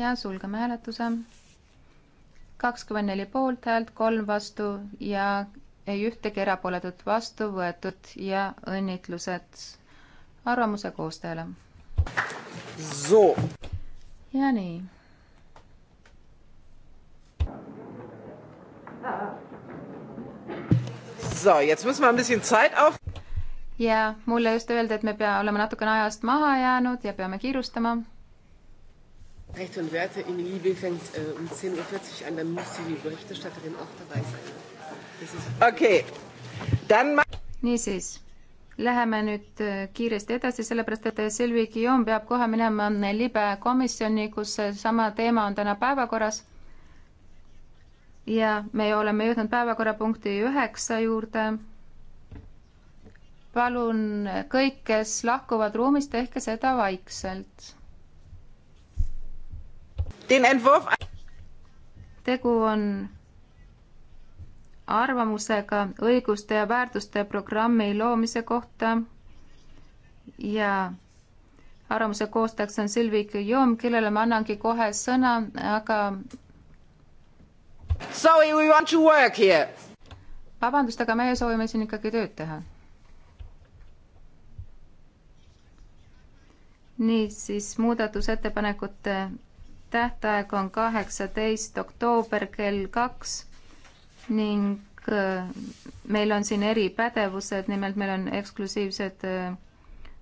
ja sulgeme hääletuse kakskümmend neli poolthäält, kolm vastu ja ei ühtegi erapooletut vastu võetud ja õnnitlused arvamuse koostajale. ja nii. So, jetzt müssen wir ein bisschen Zeit auf ja mulle just öeldi, et me pea, oleme natukene ajast maha jäänud ja peame kiirustama Recht und Werte in Liebe fängt äh, um 10.40 Uhr an, dann muss die Berichterstatterin auch dabei sein. okei okay., dann. niisiis, läheme nüüd äh, kiiresti edasi, sellepärast et äh, Silvi Guillaume peab kohe minema äh, libe komisjoni, kus seesama teema on täna päevakorras. ja me oleme jõudnud päevakorrapunkti üheksa juurde. palun kõik, kes lahkuvad ruumist, tehke seda vaikselt den Entwurf tegu on arvamusega õiguste ja väärtuste programmi loomise kohta ja arvamuse koostajaks on Silvi Guillaume, kellele ma annangi kohe sõna, aga Sorry, we want to work here. vabandust, aga meie soovime siin ikkagi tööd teha. niisiis muudatusettepanekute tähtaeg on kaheksateist oktoober kell kaks ning äh, meil on siin eripädevused, nimelt meil on eksklusiivsed äh,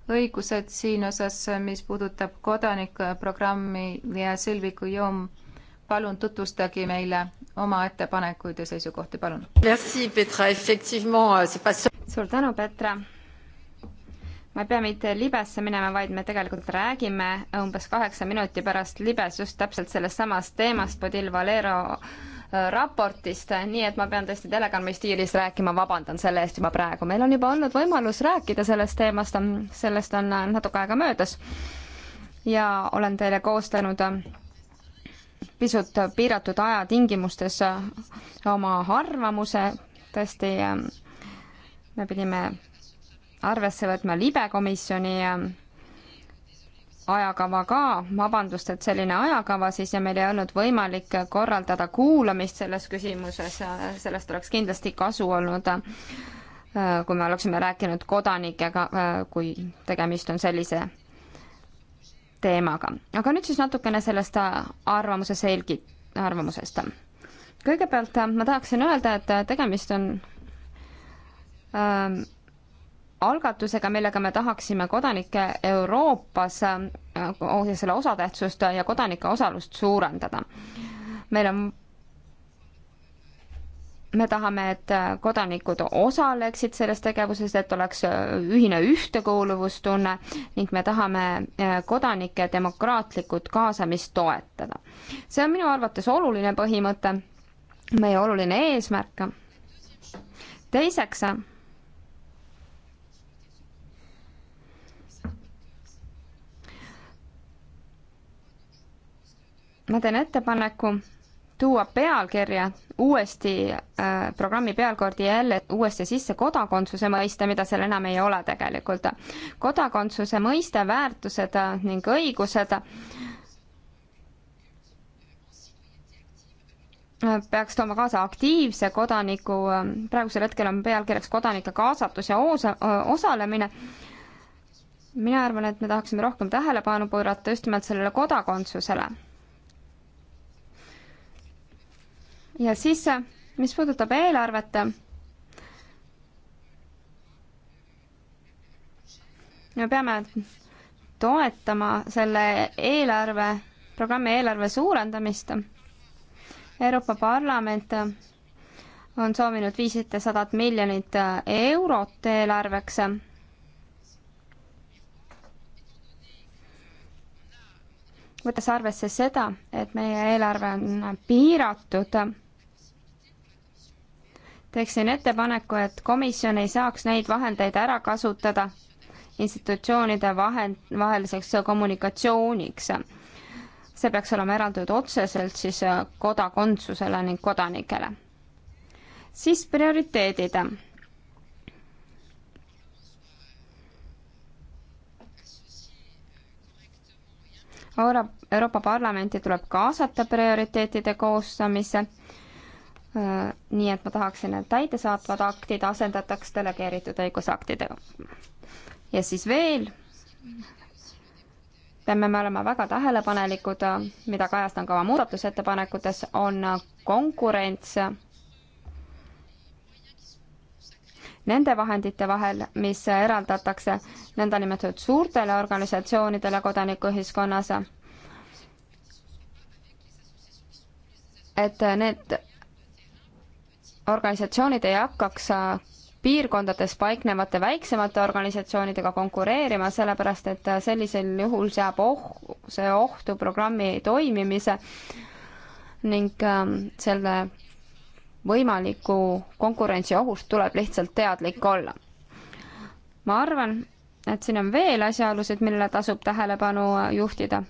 õigused siin osas, mis puudutab kodanikuprogrammi ja Silvi Kujom, palun tutvustage meile oma ettepanekuid ja seisukohti, palun. Euh, suur tänu, Petra ma ei pea mitte libesse minema, vaid me tegelikult räägime umbes kaheksa minuti pärast libes just täpselt sellest samast teemast, Bodil Valero äh, raportist, nii et ma pean tõesti telekanali stiilis rääkima, vabandan selle eest juba praegu. meil on juba olnud võimalus rääkida sellest teemast, sellest on äh, natuke aega möödas ja olen teile koostanud äh, pisut piiratud aja tingimustes oma arvamuse, tõesti me pidime arvesse võtma libekomisjoni äh, ajakava ka, vabandust, et selline ajakava siis ja meil ei olnud võimalik korraldada kuulamist selles küsimuses, sellest oleks kindlasti kasu olnud, äh, kui me oleksime rääkinud kodanikega, äh, kui tegemist on sellise teemaga. aga nüüd siis natukene sellest arvamuse selgi-, arvamusest. kõigepealt ma tahaksin öelda, et tegemist on ähm, algatusega, millega me tahaksime kodanike Euroopas äh, selle osatähtsust ja kodanike osalust suurendada. meil on me tahame, et kodanikud osaleksid selles tegevuses, et oleks ühine ühtekuuluvustunne ning me tahame äh, kodanike demokraatlikud kaasamist toetada. see on minu arvates oluline põhimõte, meie oluline eesmärk. teiseks ma teen ettepaneku tuua pealkirja uuesti äh,, programmi pealkordi jälle uuesti sisse kodakondsuse mõiste, mida seal enam ei ole tegelikult. kodakondsuse mõiste, väärtused äh, ning õigused äh, peaks tooma kaasa aktiivse kodaniku, äh, praegusel hetkel on pealkirjaks kodanike kaasatus ja osa, osalemine mina arvan, et me tahaksime rohkem tähelepanu pöörata just nimelt sellele kodakondsusele. ja siis, äh, mis puudutab eelarvet, me peame toetama selle eelarve, programmi eelarve suurendamist. Euroopa Parlament on soovinud viissadadat miljonit äh, eurot eelarveks. võttes arvesse seda, et meie eelarve on piiratud teeksin ettepaneku, et komisjon ei saaks neid vahendeid ära kasutada institutsioonide vahend, vaheliseks kommunikatsiooniks. see peaks olema eraldatud otseselt siis kodakondsusele ning kodanikele. siis prioriteedid. Euro-, Euroopa Parlamenti tuleb kaasata prioriteetide koostamisse nii et ma tahaksin, et täidesaatvad aktid asendataks delegeeritud õigusaktidega. ja siis veel peame me olema väga tähelepanelikud, mida kajastan ka oma muudatusettepanekutes, on konkurents nende vahendite vahel, mis eraldatakse nõndanimetatud suurtele organisatsioonidele kodanikuühiskonnas. et need organisatsioonid ei hakkaks äh, piirkondades paiknevate väiksemate organisatsioonidega konkureerima, sellepärast et äh, sellisel juhul seab oh-, see ohtu programmi toimimise ning äh, selle võimaliku konkurentsiohust tuleb lihtsalt teadlik olla. ma arvan, et siin on veel asjaolusid, millele tasub tähelepanu äh, juhtida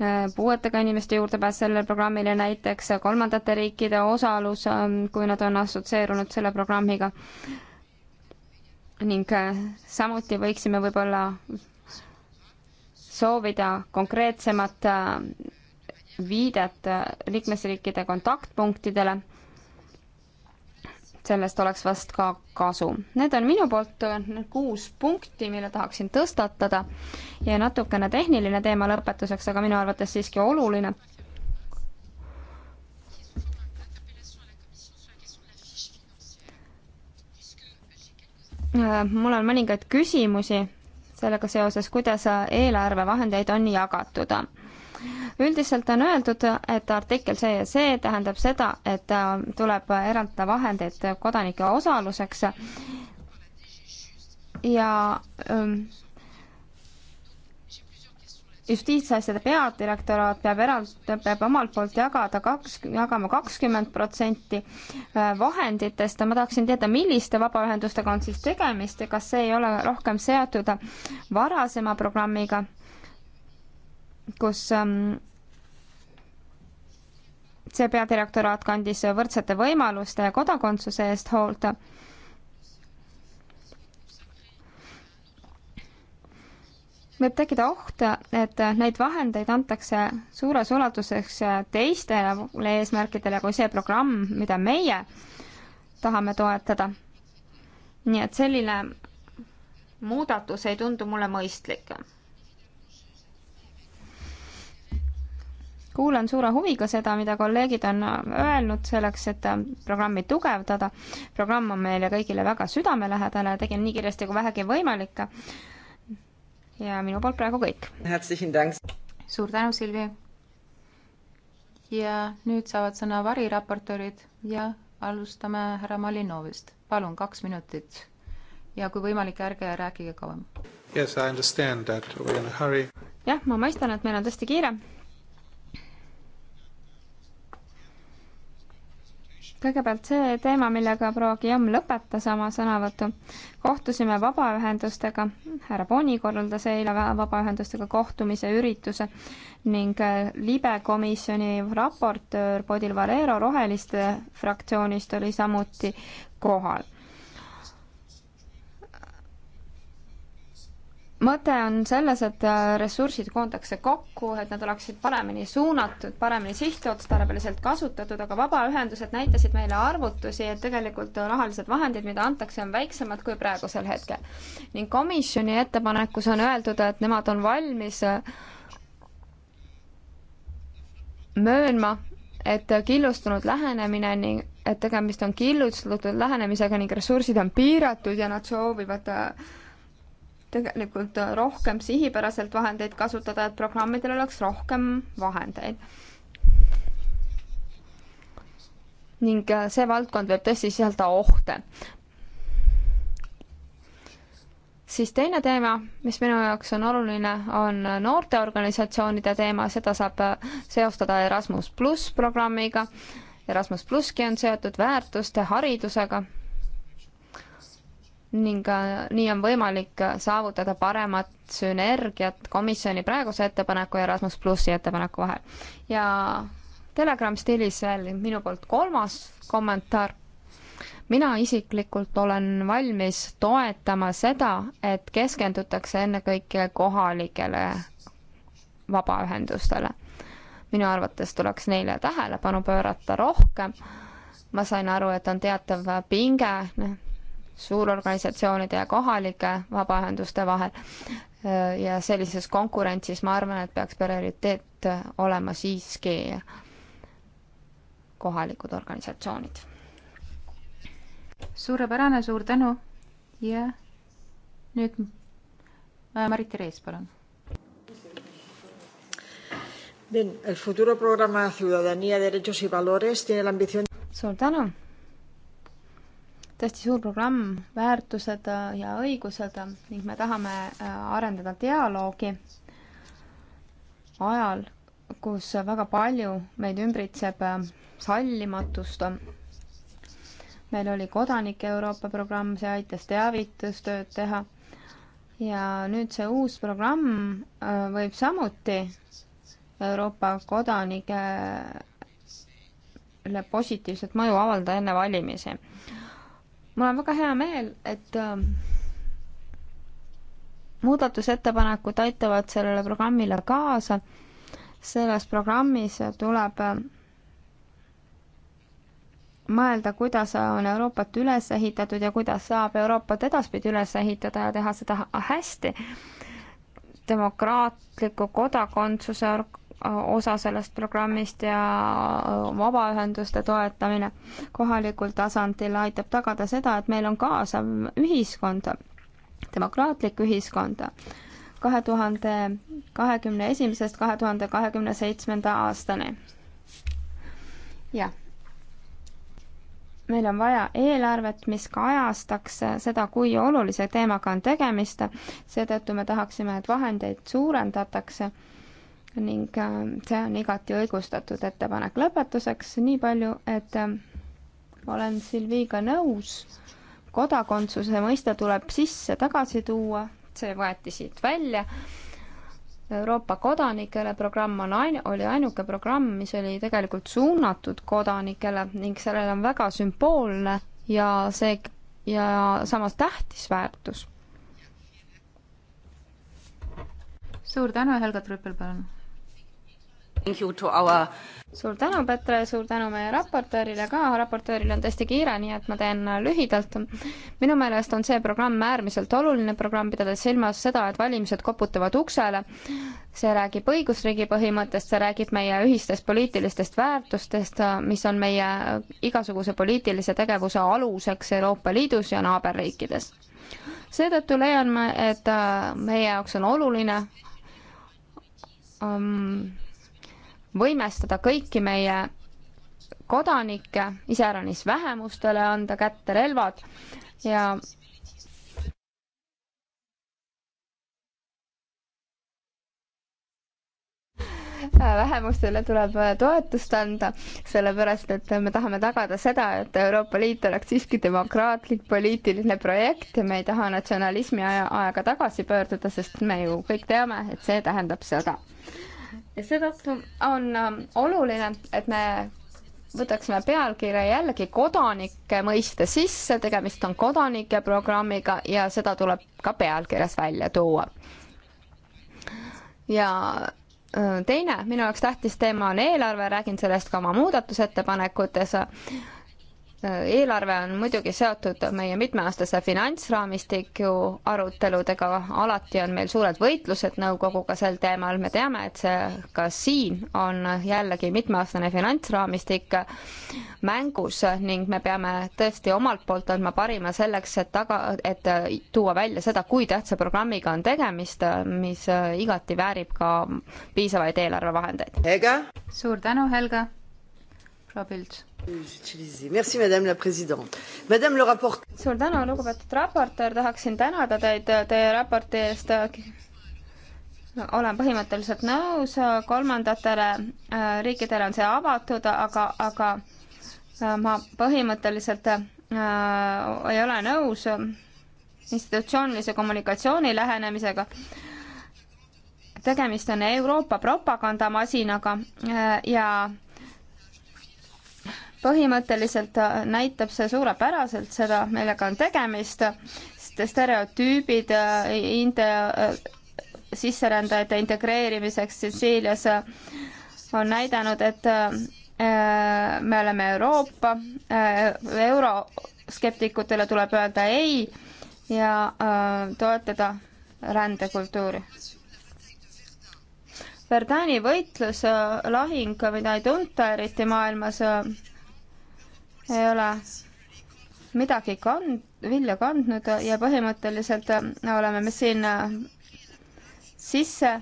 Äh, puuetega inimeste juurdepääs sellele programmile, näiteks kolmandate riikide osalus, ähm, kui nad on assotsieerunud selle programmiga. ning äh, samuti võiksime võib-olla soovida konkreetsemat äh, viidet liikmesriikide kontaktpunktidele sellest oleks vast ka kasu. Need on minu poolt äh, kuus punkti, mille tahaksin tõstatada ja natukene tehniline teema lõpetuseks, aga minu arvates siiski oluline. Äh, mul on mõningaid küsimusi sellega seoses, kuidas äh, eelarvevahendeid on jagatud üldiselt on öeldud, et artikkel see ja see tähendab seda, et äh, tuleb eraldada vahendeid kodanike osaluseks ja ähm, justiitsasjade peadirektoraat peab eraldi, peab omalt poolt jagada kaks, jagama kakskümmend protsenti äh, vahenditest ja ma tahaksin teada, milliste vabaühendustega on siis tegemist ja kas see ei ole rohkem seotud varasema programmiga kus ähm, see peadirektoraat kandis võrdsete võimaluste ja kodakondsuse eest hoolt. võib tekkida oht, et neid vahendeid antakse suures ulatuses teistele eesmärkidele kui see programm, mida meie tahame toetada. nii et selline muudatus ei tundu mulle mõistlik kuulan suure huviga seda, mida kolleegid on öelnud selleks, et äh, programmi tugevdada. programm on meile kõigile väga südamelähedane, tegin nii kiiresti kui vähegi võimalik. ja minu poolt praegu kõik. suur tänu, Silvi. ja nüüd saavad sõna variraportöörid ja alustame härra Malinovist. palun, kaks minutit. ja kui võimalik, ärge rääkige kauem. Yes, I understand that we are in a hurry. jah, ma mõistan, et meil on tõesti kiire kõigepealt see teema, millega proua Guillaume lõpetas oma sõnavõtu. kohtusime vabaühendustega, härra Boni korraldas eile vabaühendustega kohtumise ürituse ning äh, libe komisjoni raportöör Bodil Valero Roheliste fraktsioonist oli samuti kohal mõte on selles, et äh, ressursid koondatakse kokku, et nad oleksid paremini suunatud, paremini sihtotstarbeliselt kasutatud, aga vabaühendused näitasid meile arvutusi, et tegelikult rahalised vahendid, mida antakse, on väiksemad kui praegusel hetkel. ning komisjoni ettepanekus on öeldud, et nemad on valmis äh, möönma, et killustunud lähenemine ning et tegemist on killustatud lähenemisega ning ressursid on piiratud ja nad soovivad äh, tegelikult rohkem sihipäraselt vahendeid kasutada, et programmidel oleks rohkem vahendeid. ning äh, see valdkond võib tõesti sisaldada ohte. siis teine teema, mis minu jaoks on oluline, on noorteorganisatsioonide teema, seda saab äh, seostada Erasmus pluss programmiga. Erasmus plusski on seotud väärtuste, haridusega ning äh, nii on võimalik äh, saavutada paremat sünergiat komisjoni praeguse ettepaneku ja Erasmus plussi ettepaneku vahel. ja Telegram stiilis veel minu poolt kolmas kommentaar. mina isiklikult olen valmis toetama seda, et keskendutakse ennekõike kohalikele vabaühendustele. minu arvates tuleks neile tähelepanu pöörata rohkem. ma sain aru, et on teatav pinge suurorganisatsioonide ja kohalike vabaühenduste vahel. ja sellises konkurentsis ma arvan, et peaks prioriteet olema siiski kohalikud organisatsioonid. suurepärane, suur tänu ja nüüd äh, Marit-Therese, palun. Bien, el futuro programa Ciudadanía, Derechos y Valores tiene la ambición. Suur tänu tõesti suur programm, väärtused äh, ja õigused äh, ning me tahame äh, arendada dialoogi ajal, kus väga palju meid ümbritseb sallimatust. meil oli Kodanike Euroopa programm, see aitas teavitustööd teha ja nüüd see uus programm võib samuti Euroopa kodanikele positiivset mõju avaldada enne valimisi mul on väga hea meel, et ähm, muudatusettepanekud aitavad sellele programmile kaasa. selles programmis tuleb ähm, mõelda, kuidas on Euroopat üles ehitatud ja kuidas saab Euroopat edaspidi üles ehitada ja teha seda hästi. demokraatliku kodakondsuse osa sellest programmist ja vabaühenduste toetamine kohalikul tasandil aitab tagada seda, et meil on kaasav ühiskond, demokraatlik ühiskond. kahe tuhande kahekümne esimesest kahe tuhande kahekümne seitsmenda aastani. jah. meil on vaja eelarvet, mis kajastaks seda, kui olulise teemaga on tegemist, seetõttu me tahaksime, et vahendeid suurendatakse ning äh, see on igati õigustatud ettepanek. lõpetuseks nii palju, et äh, olen Silviga nõus, kodakondsuse mõiste tuleb sisse tagasi tuua, see võeti siit välja. Euroopa kodanikele programm on ain-, oli ainuke programm, mis oli tegelikult suunatud kodanikele ning sellel on väga sümboolne ja see ja samas tähtis väärtus. suur tänu, Helga Trüppel, palun Our... suur tänu, Petra, ja suur tänu meie raportöörile ka, raportööril on tõesti kiire, nii et ma teen lühidalt. minu meelest on see programm äärmiselt oluline programm, pidades silmas seda, et valimised koputavad uksele. see räägib õigusriigi põhimõttest, see räägib meie ühistest poliitilistest väärtustest, mis on meie igasuguse poliitilise tegevuse aluseks Euroopa Liidus ja naaberriikides. seetõttu leian ma, et meie jaoks on oluline um, võimestada kõiki meie kodanikke, iseäranis vähemustele anda kätte relvad ja vähemustele tuleb toetust anda, sellepärast et me tahame tagada seda, et Euroopa Liit oleks siiski demokraatlik poliitiline projekt ja me ei taha natsionalismi aja, aega tagasi pöörduda, sest me ju kõik teame, et see tähendab sõda ja seetõttu on ähm, oluline, et me võtaksime pealkirja jällegi kodanike mõiste sisse, tegemist on kodanike programmiga ja seda tuleb ka pealkirjas välja tuua. ja äh, teine minu jaoks tähtis teema on eelarve, räägin sellest ka oma muudatusettepanekutes eelarve on muidugi seotud meie mitmeaastase finantsraamistiku aruteludega, alati on meil suured võitlused nõukoguga sel teemal, me teame, et see, ka siin on jällegi mitmeaastane finantsraamistik mängus ning me peame tõesti omalt poolt andma parima selleks, et taga, et tuua välja seda, kui tähtsa programmiga on tegemist, mis igati väärib ka piisavaid eelarvevahendeid. suur tänu, Helga! proua Pilts suur tänu, lugupeetud raportöör, tahaksin tänada teid teie raporti eest. olen põhimõtteliselt nõus, kolmandatele äh, riikidele on see avatud, aga, aga äh, ma põhimõtteliselt äh, ei ole nõus institutsioonilise kommunikatsiooni lähenemisega tegemist on Euroopa propagandamasinaga äh, ja põhimõtteliselt äh, näitab see suurepäraselt seda, millega on tegemist, stereotüübid äh, inde-, äh, sisserändajate integreerimiseks Sitsiilias on näidanud, et me oleme Euroopa, euroskeptikutele tuleb öelda ei ja toetada rändekultuuri. Verdani võitlus, lahing, mida ei tunta eriti maailmas, ei ole midagi kand-, vilja kandnud ja põhimõtteliselt oleme me siin sisse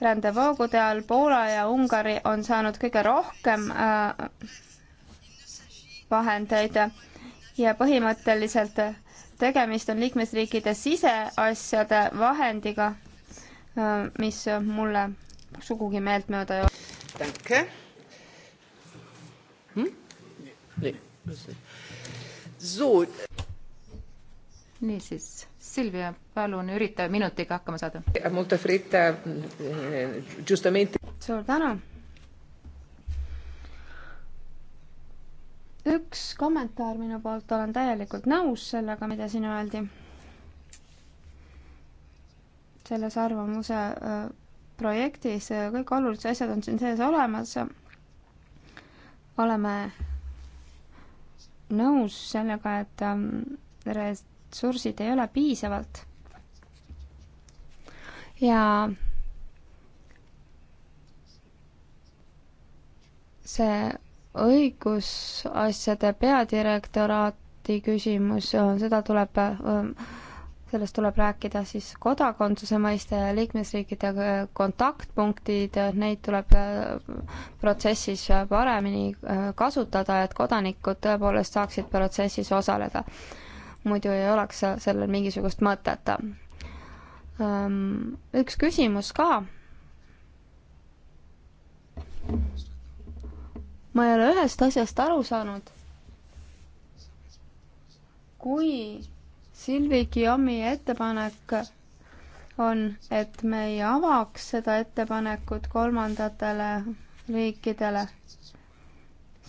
rändevoogude all Poola ja Ungari on saanud kõige rohkem äh, vahendeid ja põhimõtteliselt tegemist on liikmesriikide siseasjade vahendiga äh,, mis mulle sugugi meeltmööda ei ole. Hm? Nee. So. niisiis, Silvia, palun ürita minutiga hakkama saada. Eh, suur tänu. üks kommentaar minu poolt, olen täielikult nõus sellega, mida siin öeldi. selles arvamuse eh, projektis eh, kõik olulised asjad on siin sees olemas oleme nõus sellega, et ähm, ressursid ei ole piisavalt. ja see õigusasjade peadirektoraati küsimus, äh, seda tuleb ähm, sellest tuleb rääkida siis kodakondsuse mõiste ja liikmesriikide äh, kontaktpunktid, neid tuleb äh, protsessis paremini äh, kasutada, et kodanikud tõepoolest saaksid protsessis osaleda. muidu ei oleks sellel mingisugust mõtet. Ähm, üks küsimus ka. ma ei ole ühest asjast aru saanud. kui Silvi Guillaume'i ettepanek on, et me ei avaks seda ettepanekut kolmandatele riikidele,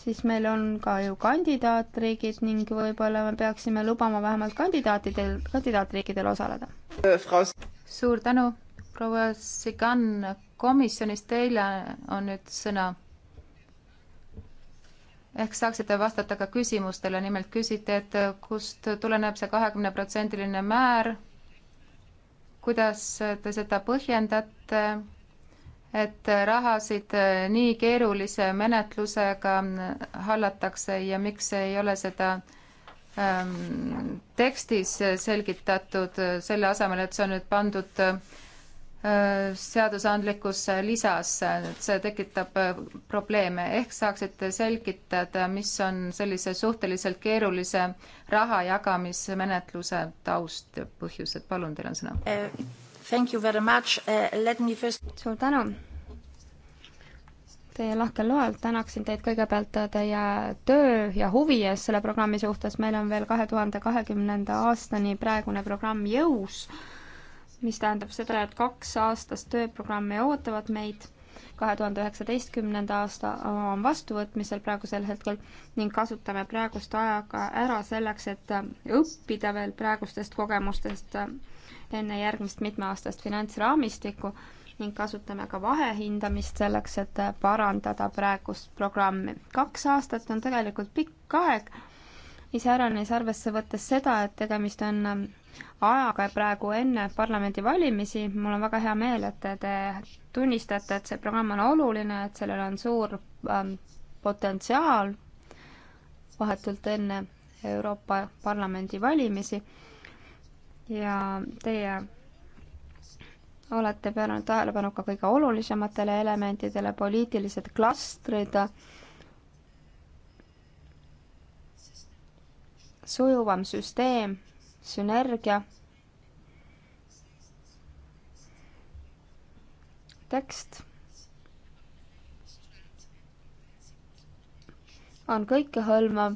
siis meil on ka ju kandidaatriigid ning võib-olla me peaksime lubama vähemalt kandidaatidel, kandidaatriikidel osaleda. suur tänu, proua Sigan, komisjonis teile on nüüd sõna ehk saaksite vastata ka küsimustele, nimelt küsite, et kust tuleneb see kahekümneprotsendiline määr, kuidas te seda põhjendate, et rahasid nii keerulise menetlusega hallatakse ja miks ei ole seda ähm, tekstis selgitatud, selle asemel, et see on nüüd pandud äh, seadusandlikus lisas, see tekitab äh, probleeme, ehk saaksite selgitada, mis on sellise suhteliselt keerulise raha jagamismenetluse taust ja põhjused, palun, teil on sõna uh,. Thank you very much uh,, let me first suur tänu! Teie lahkel loal tänaksin teid kõigepealt teie töö ja huvi eest selle programmi suhtes, meil on veel kahe tuhande kahekümnenda aastani praegune programm jõus uh,, mis tähendab seda, et kaks aastast tööprogrammi ootavad meid kahe tuhande üheksateistkümnenda aasta on vastuvõtmisel praegusel hetkel ning kasutame praegust aega ära selleks, et õppida veel praegustest kogemustest enne järgmist mitmeaastast finantsraamistikku ning kasutame ka vahehindamist selleks, et parandada praegust programmi. kaks aastat on tegelikult pikk aeg, iseäranis arvesse võttes seda, et tegemist on ajaga praegu enne parlamendivalimisi. mul on väga hea meel, et te tunnistate, et see programm on oluline, et sellel on suur ähm, potentsiaal vahetult enne Euroopa Parlamendi valimisi ja teie olete pööranud tähelepanu ka kõige olulisematele elementidele, poliitilised klastrid, sujuvam süsteem sünergia. tekst on kõikehõlmav.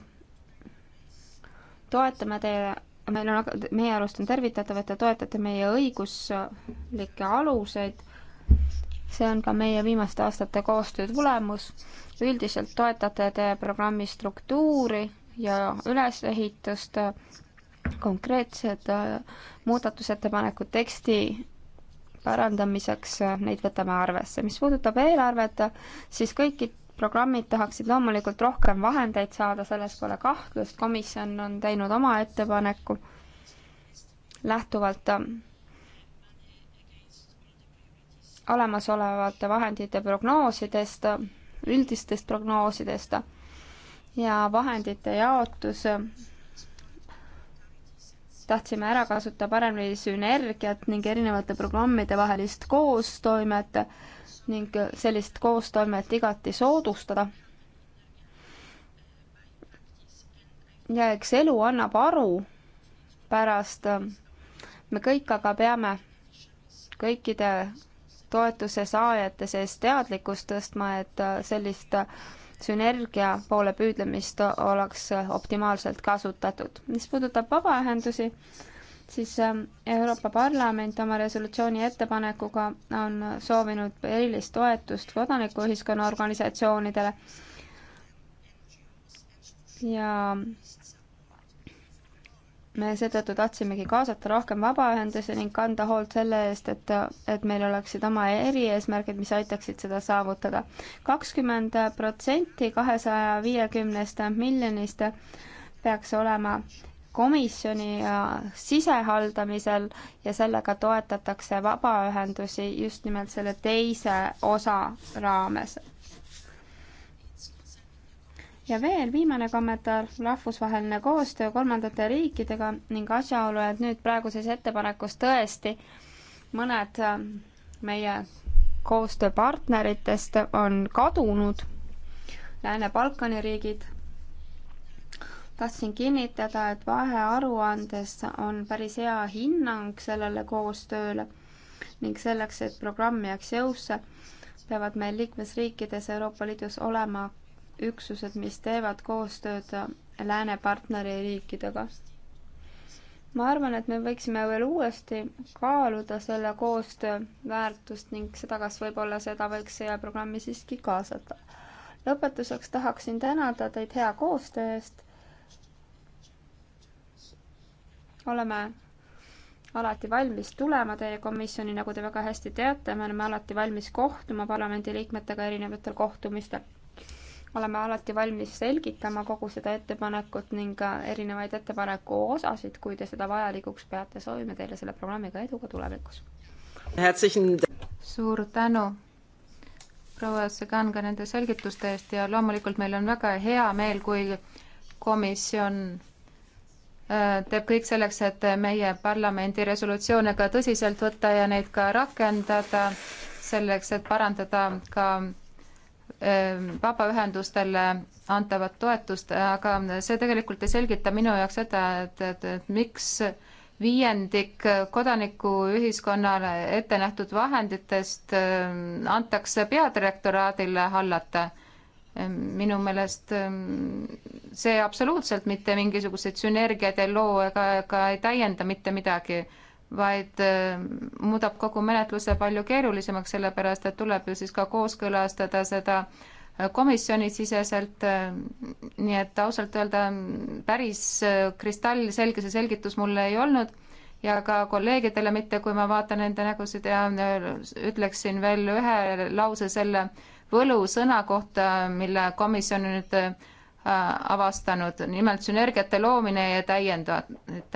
toetame teie, meil on, meie arust on tervitatav, et te toetate meie õiguslikke aluseid. see on ka meie viimaste aastate koostöö tulemus. üldiselt toetate te programmi struktuuri ja ülesehitust konkreetsed äh, muudatusettepanekud teksti parandamiseks, äh, neid võtame arvesse. mis puudutab eelarvet, siis kõiki programmid tahaksid loomulikult rohkem vahendeid saada, selles pole kahtlust, komisjon on teinud oma ettepaneku lähtuvalt äh, olemasolevate vahendite prognoosidest, üldistest prognoosidest ja vahendite jaotus tahtsime ära kasutada paremini sünergiat ning erinevate programmide vahelist koostoimet ning sellist koostoimet igati soodustada. ja eks elu annab aru pärast, me kõik aga peame kõikide toetuse saajate sees teadlikkust tõstma, et sellist sünergia poole püüdlemist oleks optimaalselt kasutatud. mis puudutab vabaühendusi, siis ähm, Euroopa Parlament oma resolutsiooni ettepanekuga on soovinud erilist toetust kodanikuühiskonna organisatsioonidele ja me seetõttu tahtsimegi kaasata rohkem vabaühendusi ning kanda hoolt selle eest, et, et meil oleksid oma erieesmärgid, mis aitaksid seda saavutada. kakskümmend protsenti kahesaja viiekümnest miljonist peaks olema komisjoni äh, sisehaldamisel ja sellega toetatakse vabaühendusi just nimelt selle teise osa raames ja veel viimane kommentaar, rahvusvaheline koostöö kolmandate riikidega ning asjaolu, et nüüd praeguses ettepanekus tõesti mõned äh, meie koostööpartneritest on kadunud, Lääne-Balkani riigid. tahtsin kinnitada, et vahearuandes on päris hea hinnang sellele koostööle ning selleks, et programm jääks jõusse, peavad meil liikmesriikides Euroopa Liidus olema üksused, mis teevad koostööd lääne partneririikidega. ma arvan, et me võiksime veel uuesti kaaluda selle koostöö väärtust ning seda, kas võib-olla seda võiks siia programmi siiski kaasata. lõpetuseks tahaksin tänada teid hea koostöö eest. oleme alati valmis tulema teie komisjoni, nagu te väga hästi teate, me oleme alati valmis kohtuma parlamendiliikmetega erinevatel kohtumistel oleme alati valmis selgitama kogu seda ettepanekut ning erinevaid ettepaneku osasid, kui te seda vajalikuks peate, soovime teile selle programmiga edu ka tulevikus. suur tänu, proua Segan, ka nende selgituste eest ja loomulikult meil on väga hea meel, kui komisjon äh, teeb kõik selleks, et meie parlamendi resolutsioone ka tõsiselt võtta ja neid ka rakendada, selleks et parandada ka Ähm, vabaühendustele antavat toetust, aga see tegelikult ei selgita minu jaoks seda, et, et, et miks viiendik kodanikuühiskonnale ette nähtud vahenditest ähm, antakse peadirektoraadile hallata. Ähm, minu meelest see absoluutselt mitte mingisuguseid sünergiaid ei loo ega, ega ei täienda mitte midagi vaid äh, muudab kogu menetluse palju keerulisemaks, sellepärast et tuleb ju siis ka kooskõlastada seda äh, komisjonisiseselt, äh, nii et ausalt öelda päris kristallselge see selgitus mul ei olnud ja ka kolleegidele mitte, kui ma vaatan nende nägusid ja ütleksin veel ühe lause selle võlusõna kohta, mille komisjon nüüd Äh, avastanud, nimelt sünergiate loomine ja täienda-,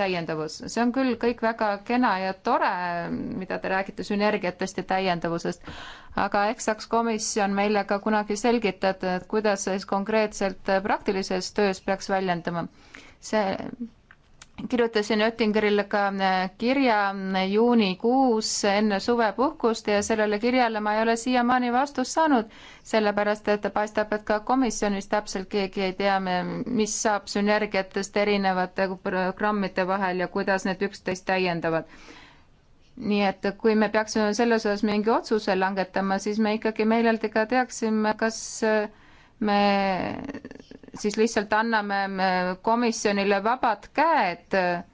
täiendavus. see on küll kõik väga kena ja tore, mida te räägite sünergiatest ja täiendavusest, aga eks saaks komisjon meile ka kunagi selgitada, et kuidas see siis konkreetselt praktilises töös peaks väljendama. see kirjutasin Oettingerile ka äh, kirja äh, juunikuus enne suvepuhkust ja sellele kirjale ma ei ole siiamaani vastust saanud, sellepärast et paistab, et ka komisjonis täpselt keegi ei tea, mis saab sünergiatest erinevate programmide vahel ja kuidas need üksteist täiendavad. nii et kui me peaksime selles osas mingi otsuse langetama, siis me ikkagi meeleldi ka teaksime, kas äh, me siis lihtsalt anname komisjonile vabad käed äh,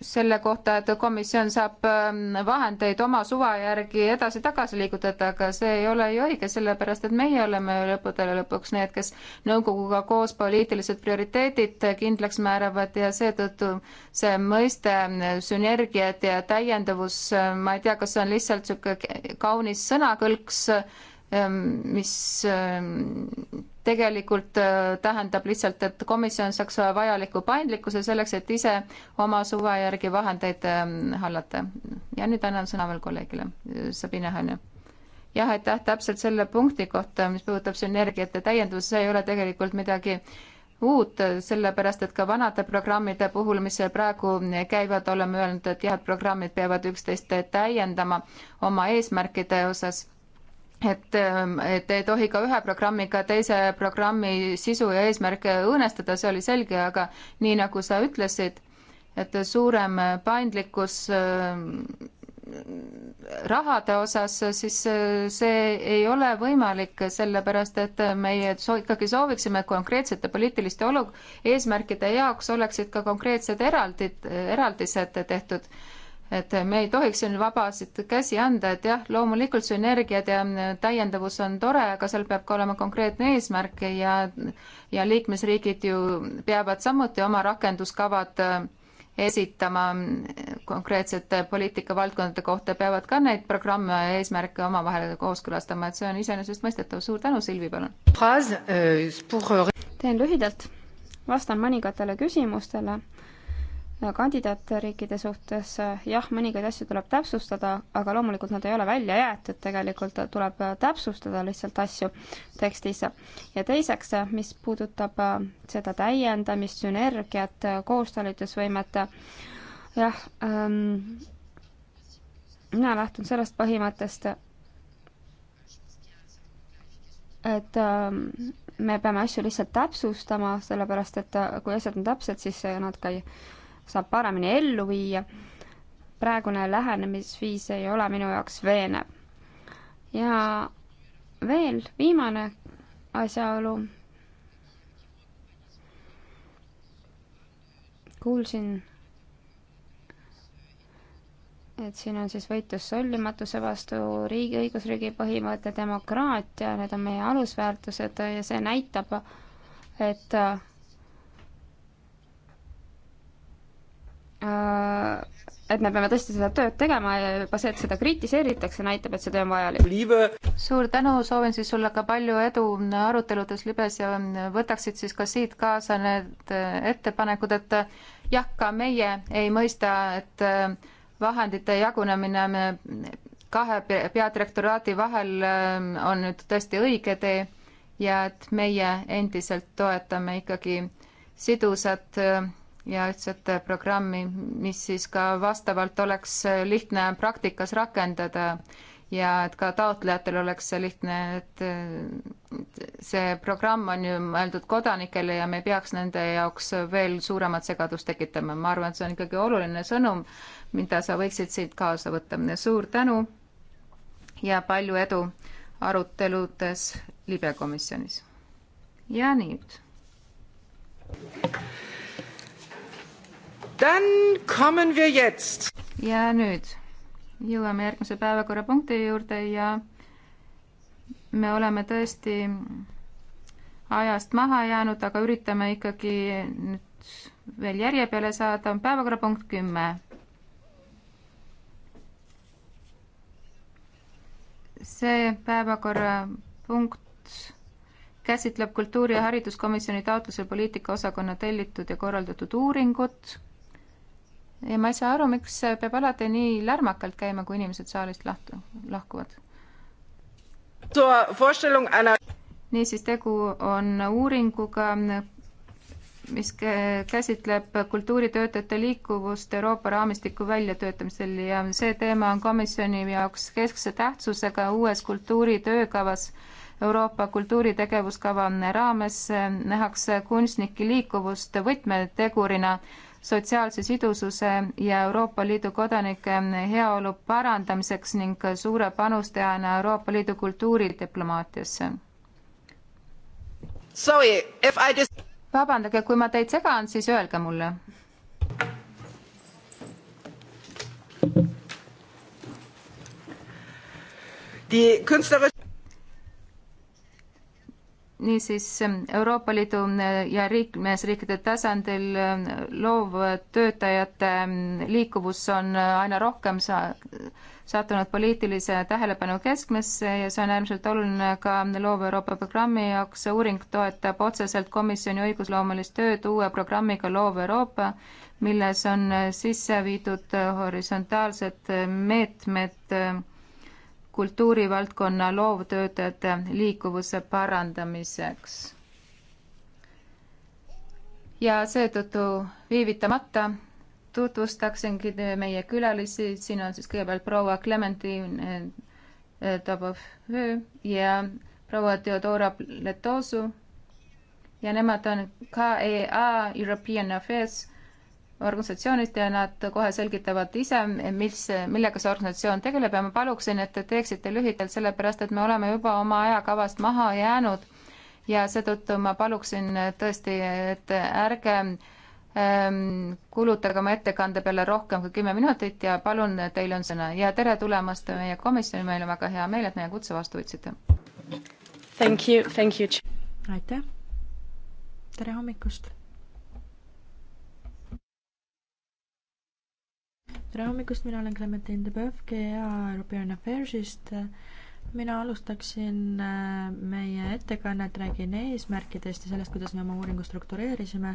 selle kohta, et komisjon saab ähm, vahendeid oma suva järgi edasi-tagasi liigutada, aga see ei ole ju õige, sellepärast et meie oleme ju lõppude lõpuks need, kes nõukoguga koos poliitilised prioriteedid kindlaks määravad ja seetõttu see mõiste äh, sünergiad ja täiendavus, äh, ma ei tea, kas see on lihtsalt niisugune kaunis sõnakõlks, mis tegelikult äh, tähendab lihtsalt, et komisjon saaks vajaliku paindlikkuse selleks, et ise oma suve järgi vahendeid ähm, hallata. ja nüüd annan sõna veel kolleegile, äh, Sabine Hänne. jah, aitäh täpselt selle punkti kohta, mis puudutab sünergiate täiendus, see ei ole tegelikult midagi uut, sellepärast et ka vanade programmide puhul, mis praegu käivad, oleme öelnud, et jah, et programmid peavad üksteist täiendama oma eesmärkide osas et, ähm, et ei tohi ka ühe programmiga teise programmi sisu ja eesmärke õõnestada, see oli selge, aga nii nagu sa ütlesid, et suurem paindlikkus ähm, rahade osas, siis äh, see ei ole võimalik, sellepärast et meie soo-, ikkagi sooviksime, et konkreetsete poliitiliste olu-, eesmärkide jaoks oleksid ka konkreetsed eraldid, eraldised tehtud et me ei tohiks siin vabasid käsi anda, et jah, loomulikult sünergiad ja täiendavus on tore, aga seal peab ka olema konkreetne eesmärk ja ja liikmesriigid ju peavad samuti oma rakenduskavad äh, esitama konkreetsete poliitikavaldkondade kohta, peavad ka neid programme ja eesmärke omavahel kooskõlastama, et see on iseenesestmõistetav. suur tänu, Silvi, palun! Euh, euh, teen lühidalt, vastan mõningatele küsimustele kandidaatriikide suhtes, eh, jah, mõningaid asju tuleb täpsustada, aga loomulikult nad ei ole välja jäetud, tegelikult tuleb eh, täpsustada lihtsalt asju tekstis. ja teiseks, eh, mis puudutab seda täiendamist, sünergiat, koostalitusvõimet, jah ähm,, mina lähtun sellest põhimõttest, et ähm, me peame asju lihtsalt täpsustama, sellepärast et kui asjad on täpsed, siis nad ka ei saab paremini ellu viia. praegune lähenemisviis ei ole minu jaoks veenev. ja veel viimane asjaolu. kuulsin, et siin on siis võitlus sollimatuse vastu, riigi, õigusriigi põhimõte, demokraatia, need on meie alusväärtused ja see näitab, et Äh, et me peame tõesti seda tööd tegema ja juba see, et seda kritiseeritakse, näitab, et see töö on vajalik. suur tänu, soovin siis sulle ka palju edu aruteludes libes ja võtaksid siis ka siit kaasa need äh, ettepanekud, et äh, jah, ka meie ei mõista, et vahendite jagunemine kahe peadirektoraadi vahel on nüüd tõesti õige tee ja et meie endiselt toetame ikkagi sidusat ja ühtset äh, programmi, mis siis ka vastavalt oleks äh, lihtne praktikas rakendada ja et ka taotlejatel oleks see lihtne, et äh, see programm on ju mõeldud kodanikele ja me ei peaks nende jaoks veel suuremat segadust tekitama. ma arvan, et see on ikkagi oluline sõnum, mida sa võiksid siit kaasa võtta. suur tänu ja palju edu aruteludes libekomisjonis. ja nüüd ja nüüd jõuame järgmise päevakorrapunkti juurde ja me oleme tõesti ajast maha jäänud, aga üritame ikkagi nüüd veel järje peale saada, on päevakorrapunkt kümme. see päevakorrapunkt käsitleb kultuuri- ja hariduskomisjoni taotlusel poliitikaosakonna tellitud ja korraldatud uuringut ja ma ei saa aru, miks peab alati nii lärmakalt käima, kui inimesed saalist lahtu, lahkuvad. niisiis, tegu on uuringuga, mis käsitleb kultuuritöötajate liikuvust Euroopa raamistiku väljatöötamisel ja see teema on komisjoni jaoks keskse tähtsusega uues kultuuritöökavas Euroopa kultuuritegevuskava raames nähakse kunstnike liikuvust võtmetegurina sotsiaalse sidususe ja Euroopa Liidu kodanike heaolu parandamiseks ning suure panustajana Euroopa Liidu kultuuridiplomaatiasse. Just... vabandage, kui ma teid segan, siis öelge mulle. Die künstlerische niisiis Euroopa Liidu äh, ja liikmesriikide tasandil äh, loovtöötajate äh, liikuvus on aina rohkem sa-, sattunud poliitilise tähelepanu keskmesse ja see on äärmiselt oluline ka Loov Euroopa programmi jaoks. uuring toetab otseselt komisjoni õigusloomelist tööd uue programmiga Loov Euroopa, milles on sisse viidud horisontaalsed meetmed kultuurivaldkonna loovtöötajate liikuvuse parandamiseks. ja seetõttu viivitamata tutvustaksingi meie külalisi, siin on siis kõigepealt proua Clementine eh, Dabovöö ja proua Theodora Letosu ja nemad on KEA European Affairs organisatsioonid ja nad kohe selgitavad ise, mis, millega see organisatsioon tegeleb ja ma paluksin, et te teeksite lühidalt, sellepärast et me oleme juba oma ajakavast maha jäänud ja seetõttu ma paluksin tõesti, et ärge ähm, kulutage oma ettekande peale rohkem kui kümme minutit ja palun, teil on sõna ja tere tulemast meie komisjoni, meil on väga hea meel, et meie kutse vastu võtsite. Thank you, thank you. aitäh, tere hommikust tere hommikust, mina olen Clementine Debõvke ja European Affairsist. mina alustaksin äh, meie ettekannet, räägin eesmärkidest ja sellest, kuidas me oma uuringu struktureerisime.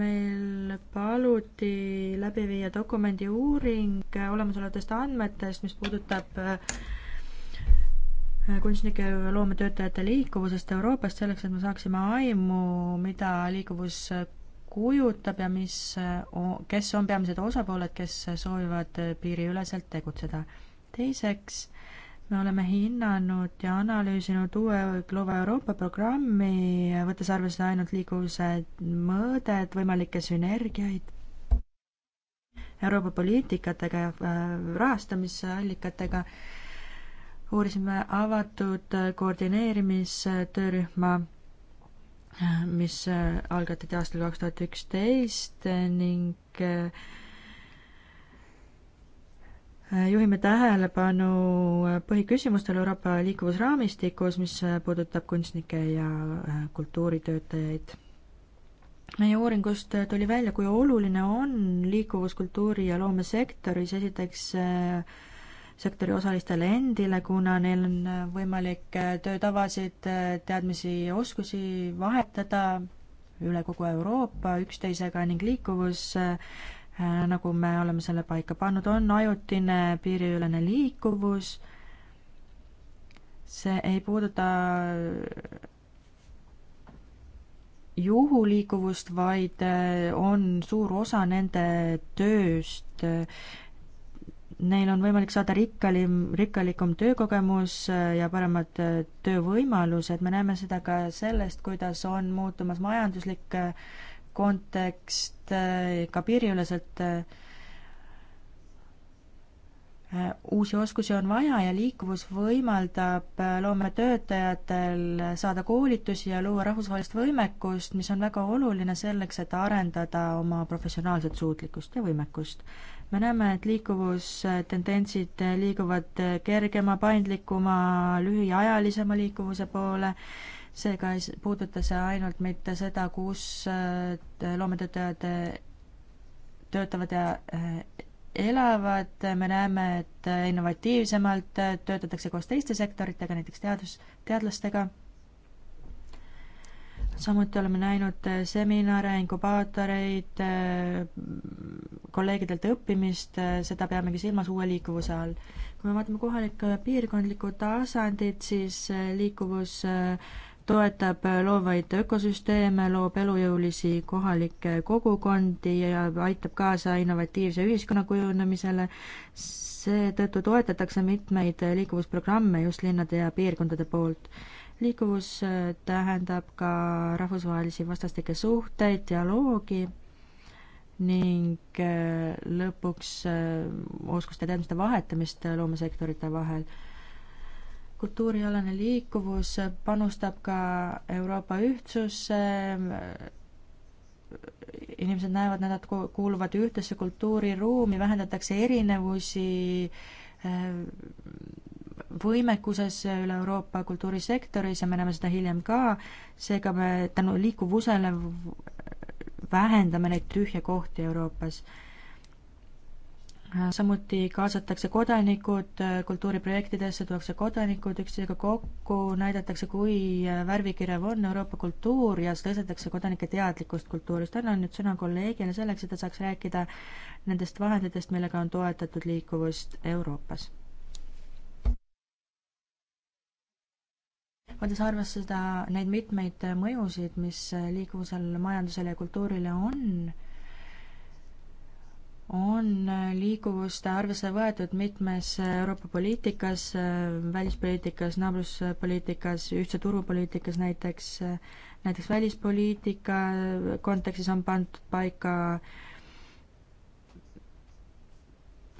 meil paluti läbi viia dokumendi uuring olemasolevatest andmetest, mis puudutab äh, kunstnike ja loometöötajate liikuvusest Euroopast selleks, et me saaksime aimu, mida liikuvus kujutab ja mis, kes on peamised osapooled, kes soovivad piiriüleselt tegutseda. teiseks, me oleme hinnanud ja analüüsinud uue Global Euroopa programmi, võttes arvesse ainult liikuvuse mõõdet, võimalikke sünergiaid Euroopa poliitikatega ja äh, rahastamisallikatega, uurisime avatud koordineerimistöörühma mis äh, algatati aastal kaks tuhat üksteist äh, ning äh, juhime tähelepanu põhiküsimustele Euroopa liikuvusraamistikus, mis puudutab kunstnikke ja kultuuritöötajaid. meie uuringust tuli välja, kui oluline on liikuvus kultuuri- ja loomesektoris, esiteks äh, sektori osalistele endile, kuna neil on äh, võimalik äh, töötavasid, äh, teadmisi ja oskusi vahetada üle kogu Euroopa üksteisega ning liikuvus, nagu me oleme selle paika pannud, on ajutine piiriülene liikuvus, see ei puuduta juhuliikuvust, vaid on suur osa nende tööst neil on võimalik saada rikkalim, rikkalikum töökogemus äh, ja paremad äh, töövõimalused, me näeme seda ka sellest, kuidas on muutumas majanduslik äh, kontekst ka piiriüleselt uusi oskusi on vaja ja liikuvus võimaldab loometöötajatel saada koolitusi ja luua rahvusvahelist võimekust, mis on väga oluline selleks, et arendada oma professionaalset suutlikkust ja võimekust me näeme, et liikuvustendentsid liiguvad kergema, paindlikuma, lühiajalisema liikuvuse poole, seega ei puuduta see ainult mitte seda, kus loometöötajad eh, töötavad ja eh, elavad, me näeme, et innovatiivsemalt töötatakse koos teiste sektoritega, näiteks teadus, teadlastega samuti oleme näinud äh, seminare, inkubaatoreid, äh, kolleegidelt õppimist, äh, seda peamegi silmas uue liikuvuse all. kui me vaatame kohalikku ja piirkondlikku tasandit, siis liikuvus toetab loovaid ökosüsteeme, loob elujõulisi kohalikke kogukondi ja aitab kaasa innovatiivse ühiskonna kujunemisele. seetõttu toetatakse mitmeid liikuvusprogramme just linnade ja piirkondade poolt liikuvus äh, tähendab ka rahvusvahelisi vastastikke suhteid, dialoogi ning äh, lõpuks äh, oskuste ja teadmiste vahetamist loomesektorite vahel kultuurialane liikuvus panustab ka Euroopa ühtsusse, inimesed näevad, nad kuuluvad ühtesse kultuuriruumi, vähendatakse erinevusi, võimekuses üle Euroopa kultuurisektoris ja me näeme seda hiljem ka, seega me tänu liikuvusele vähendame neid tühje kohti Euroopas. samuti kaasatakse kodanikud kultuuriprojektidesse, tuuakse kodanikud üksteisega kokku, näidatakse, kui värvikirev on Euroopa kultuur ja tõstetakse kodanike teadlikkust kultuurist. annan nüüd sõna kolleegile selleks, et ta saaks rääkida nendest vahenditest, millega on toetatud liikuvust Euroopas võttes arvesse seda, neid mitmeid mõjusid, mis liikuvusel majandusele ja kultuurile on, on liikuvust arvesse võetud mitmes Euroopa poliitikas, välispoliitikas, naabruspoliitikas, ühtse turupoliitikas näiteks, näiteks välispoliitika kontekstis on pandud paika äh,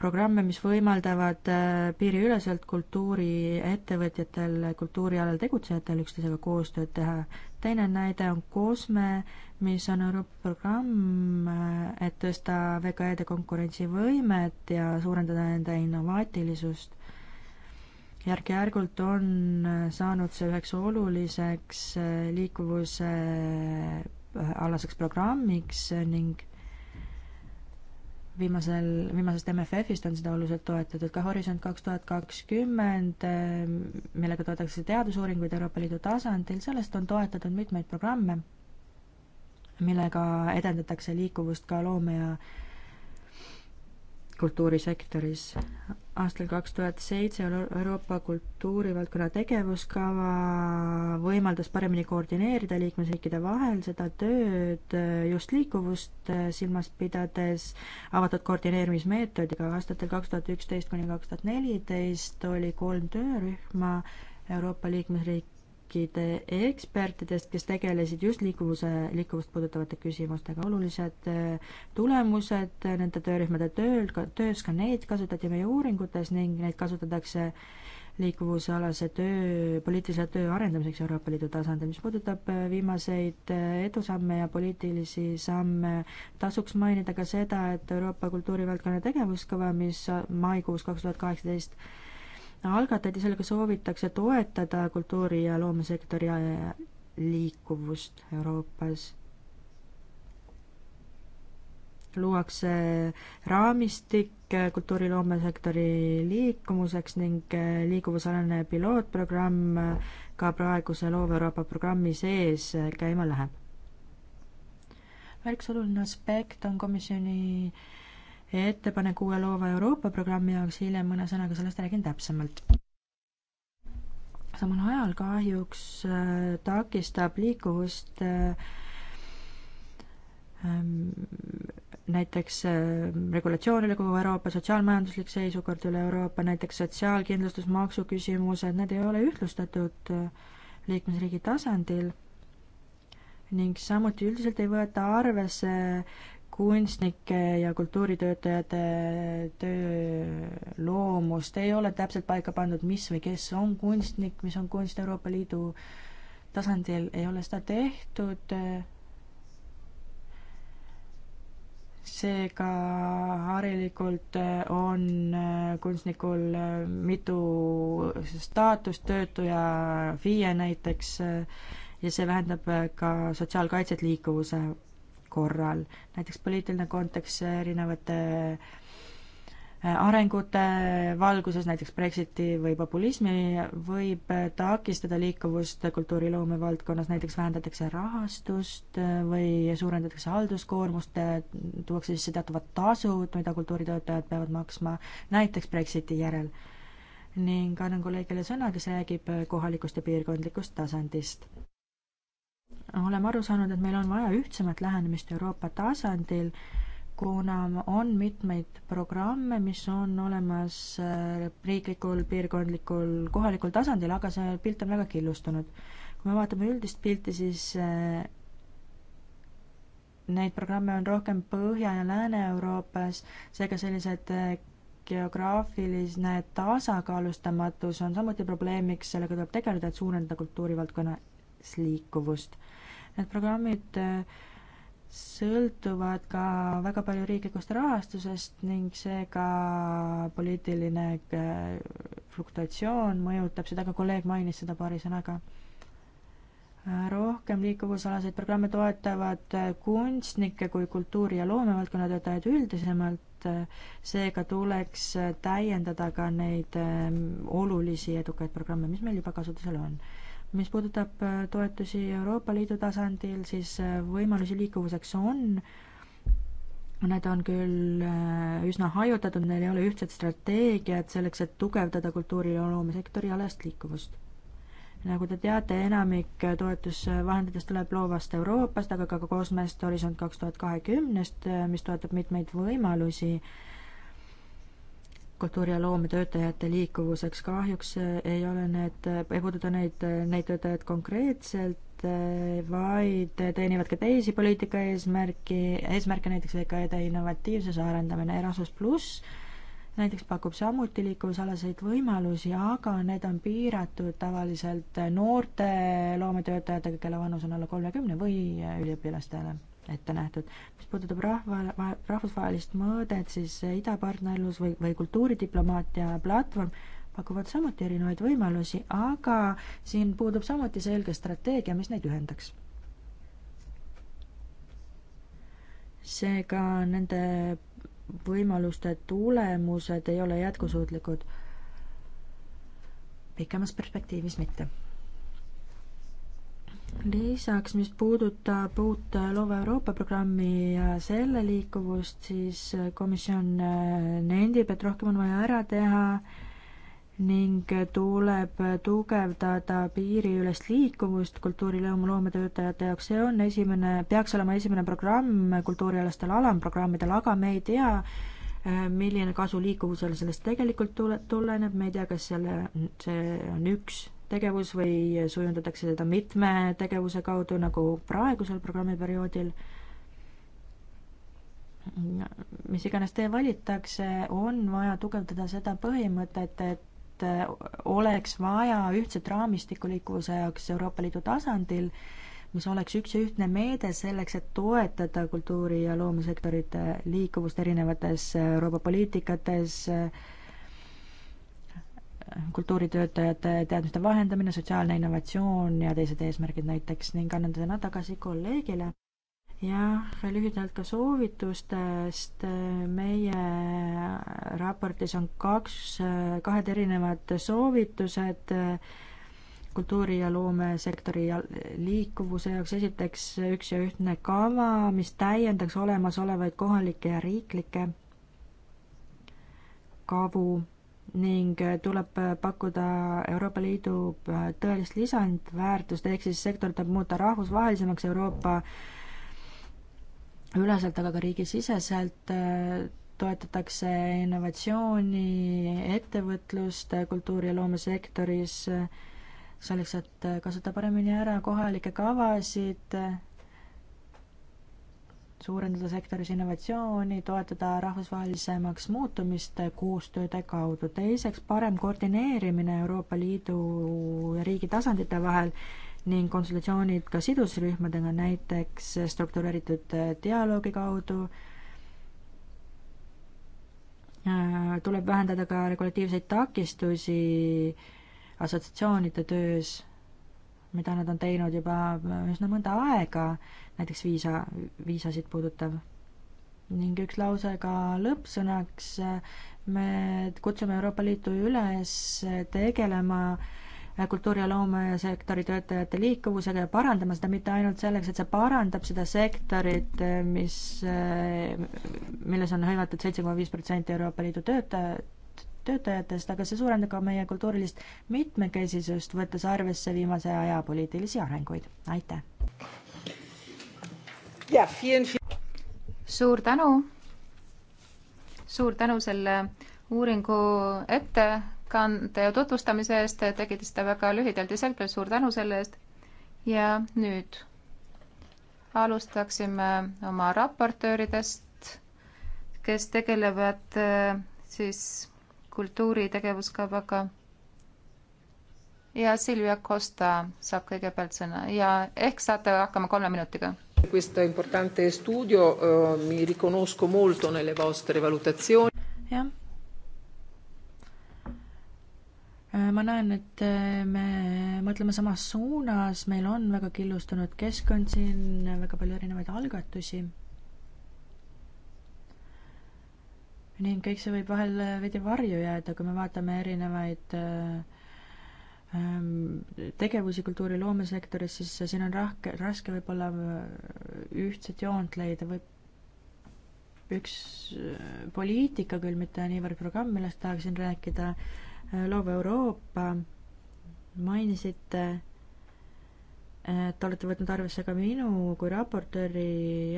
programme, mis võimaldavad äh, piiriüleselt kultuuriettevõtjatel, kultuurialal tegutsejatel üksteisega koostööd teha. teine näide on COSME, mis on Euroopa programm, äh, et tõsta VKE-de konkurentsivõimet ja suurendada nende innovaatilisust. järk-järgult on äh, saanud see üheks oluliseks liikuvuse alaseks programmiks ning viimasel, viimasest MFF-ist on seda oluliselt toetatud, ka Horisont kaks tuhat kakskümmend, millega toodetakse teadusuuringuid Euroopa Liidu tasandil, sellest on toetatud mitmeid programme, millega edendatakse liikuvust ka loome- ja kultuurisektoris. aastal kaks tuhat seitse Euroopa kultuurivaldkonna tegevuskava võimaldas paremini koordineerida liikmesriikide vahel seda tööd just liikuvust silmas pidades avatud koordineerimismeetodiga. aastatel kaks tuhat üksteist kuni kaks tuhat neliteist oli kolm töörühma Euroopa liikmesriik, kõikide ekspertidest, kes tegelesid just liikuvuse, liikuvust puudutavate küsimustega. olulised äh, tulemused äh, nende töörühmade tööl, töös ka neid kasutati meie uuringutes ning neid kasutatakse liikuvusalase töö, poliitilise töö arendamiseks Euroopa Liidu tasandil. mis puudutab äh, viimaseid edusamme ja poliitilisi samme, tasuks mainida ka seda, et Euroopa kultuurivaldkonna tegevuskava, mis maikuus kaks tuhat kaheksateist algatati, sellega soovitakse toetada kultuuri- ja loomesektori liikuvust Euroopas. luuakse raamistik kultuuri-loomesektori liikumuseks ning liikuvusalane pilootprogramm ka praeguse Loov Euroopa programmi sees käima läheb. märksa oluline aspekt on komisjoni äh, ettepanek uue loova Euroopa programmi jaoks, hiljem mõne sõnaga sellest räägin täpsemalt. samal ajal kahjuks äh, takistab liikuvust äh, ähm, näiteks äh, regulatsioon üle kogu Euroopa, sotsiaalmajanduslik seisukord üle Euroopa, näiteks sotsiaalkindlustusmaksu küsimused, need ei ole ühtlustatud liikmesriigi tasandil ning samuti üldiselt ei võeta arvesse kunstnike ja kultuuritöötajate töö loomust, ei ole täpselt paika pandud, mis või kes on kunstnik, mis on kunst Euroopa Liidu tasandil, ei ole seda tehtud, seega harilikult on kunstnikul mitu staatust, töötuja FIE näiteks, ja see vähendab ka sotsiaalkaitset liikuvuse korral, näiteks poliitiline kontekst erinevate äh, arengute valguses, näiteks Brexiti või populismi, võib äh, takistada liikuvust kultuuriloome valdkonnas, näiteks vähendatakse rahastust äh, või suurendatakse halduskoormust, tuuakse sisse teatavad tasud, mida kultuuritöötajad peavad maksma, näiteks Brexiti järel. ning annan kolleegile sõna, kes räägib kohalikust ja piirkondlikust tasandist oleme aru saanud, et meil on vaja ühtsemat lähenemist Euroopa tasandil, kuna on mitmeid programme, mis on olemas äh, riiklikul, piirkondlikul, kohalikul tasandil, aga see pilt on väga killustunud. kui me vaatame üldist pilti, siis äh, neid programme on rohkem Põhja- ja Lääne-Euroopas, seega sellised äh, geograafiline tasakaalustamatus on samuti probleemiks, sellega tuleb tegeleda, et suurendada kultuurivaldkonna liikuvust. Need programmid äh, sõltuvad ka väga palju riiklikust rahastusest ning seega poliitiline äh, fluktuatsioon mõjutab seda, ka kolleeg mainis seda paari sõnaga. Äh, rohkem liikuvusalaseid programme toetavad kunstnikke kui kultuuri- ja loomevaldkonna töötajaid üldisemalt, seega tuleks täiendada ka neid olulisi edukaid programme, mis meil juba kasutusel on mis puudutab äh, toetusi Euroopa Liidu tasandil, siis äh, võimalusi liikuvuseks on, need on küll äh, üsna hajutatud, neil ei ole ühtset strateegiat selleks, et tugevdada kultuuri- ja loomesektori alast liikuvust. nagu te teate, enamik toetusvahenditest tuleb loovast Euroopast, aga ka koosmeest Horisont kaks tuhat kahekümnest, mis toetab mitmeid võimalusi äh, kultuuri- ja loometöötajate liikuvuseks. kahjuks ei ole need, ei puuduta neid, neid töötajaid konkreetselt, vaid teenivad ka teisi poliitika eesmärki, eesmärke näiteks VKD innovatiivsuse arendamine, Erasmus pluss näiteks pakub samuti liikuvusalaseid võimalusi, aga need on piiratud tavaliselt noorte loometöötajatega, kelle vanus on alla kolmekümne või üliõpilastele ette nähtud. mis puudutab rahva, rahvusvahelist mõõdet, siis idapartnerlus või, või kultuuridiplomaatia platvorm pakuvad samuti erinevaid võimalusi, aga siin puudub samuti selge strateegia, mis neid ühendaks. seega nende võimaluste tulemused ei ole jätkusuutlikud, pikemas perspektiivis mitte lisaks, mis puudutab uut Loova Euroopa programmi ja selle liikuvust, siis komisjon äh, nendib, et rohkem on vaja ära teha ning tuleb tugevdada piiriülest liikuvust kultuurilõumu loometöötajate jaoks, see on esimene, peaks olema esimene programm kultuurialastel alamprogrammidel, aga me ei tea, äh, milline kasu liikuvusel sellest tegelikult tule, tuleneb, me ei tea, kas selle, see on üks tegevus või sujundatakse seda mitme tegevuse kaudu, nagu praegusel programmiperioodil mis iganes tee valitakse, on vaja tugevdada seda põhimõtet, et oleks vaja ühtset raamistikku liikuvuse jaoks Euroopa Liidu tasandil, mis oleks üks ja ühtne meede selleks, et toetada kultuuri- ja loomesektorite liikuvust erinevates Euroopa poliitikates, kultuuritöötajate teadmiste vahendamine, sotsiaalne innovatsioon ja teised eesmärgid näiteks ning annan täna tagasi kolleegile. jah, lühidalt ka soovitustest. meie raportis on kaks, kahed erinevad soovitused kultuuri- ja loomesektori liikuvuse jaoks. esiteks üks ja ühtne kava, mis täiendaks olemasolevaid kohalikke ja riiklikke kavu ning äh, tuleb äh, pakkuda Euroopa Liidu äh, tõelist lisandväärtust, ehk siis sektor tuleb muuta rahvusvahelisemaks Euroopa üleselt, aga ka riigisiseselt, toetatakse innovatsiooni, ettevõtlust kultuuri- ja loomesektoris, selleks, et kasutada paremini ära kohalikke kavasid, suurendada sektoris innovatsiooni, toetada rahvusvahelisemaks muutumist koostööde kaudu. teiseks, parem koordineerimine Euroopa Liidu ja riigi tasandite vahel ning konsultatsioonid ka sidusrühmadega, näiteks struktureeritud dialoogi kaudu, äh, tuleb vähendada ka regulatiivseid takistusi assotsiatsioonide töös mida nad on teinud juba üsna mõnda aega, näiteks viisa, viisasid puudutav. ning üks lause ka lõppsõnaks, me kutsume Euroopa Liitu üles tegelema kultuuri- ja loomesektori töötajate liikuvusega ja parandama seda mitte ainult selleks, et see parandab seda sektorit, mis, milles on hõivatud seitse koma viis protsenti Euroopa Liidu töötajaid, töötajatest, aga see suurendab ka meie kultuurilist mitmekesisust, võttes arvesse viimase aja poliitilisi arenguid. aitäh! suur tänu! suur tänu selle uuringu ettekande ja tutvustamise eest, tegite seda väga lühidalt ja selgelt, suur tänu selle eest. ja nüüd alustaksime oma raportööridest, kes tegelevad äh, siis kultuuritegevuskavaga. ja Silvia Costa saab kõigepealt sõna ja ehk saate hakkama kolme minutiga questo importante studio, eh, mi riconosco molto nelle vostre valutazioni. jah. Eh, ma näen, et eh, me mõtleme samas suunas, meil on väga killustunud keskkond siin, väga palju erinevaid algatusi. ning kõik see võib vahel äh, veidi varju jääda, kui me vaatame erinevaid äh, ähm, tegevusi kultuuri loomesektoris, siis siin on rahke, raske võib-olla äh, ühtset joont leida või üks poliitika küll, mitte niivõrd programm, millest tahaksin rääkida, loov Euroopa, mainisite, et olete võtnud arvesse ka minu kui raportööri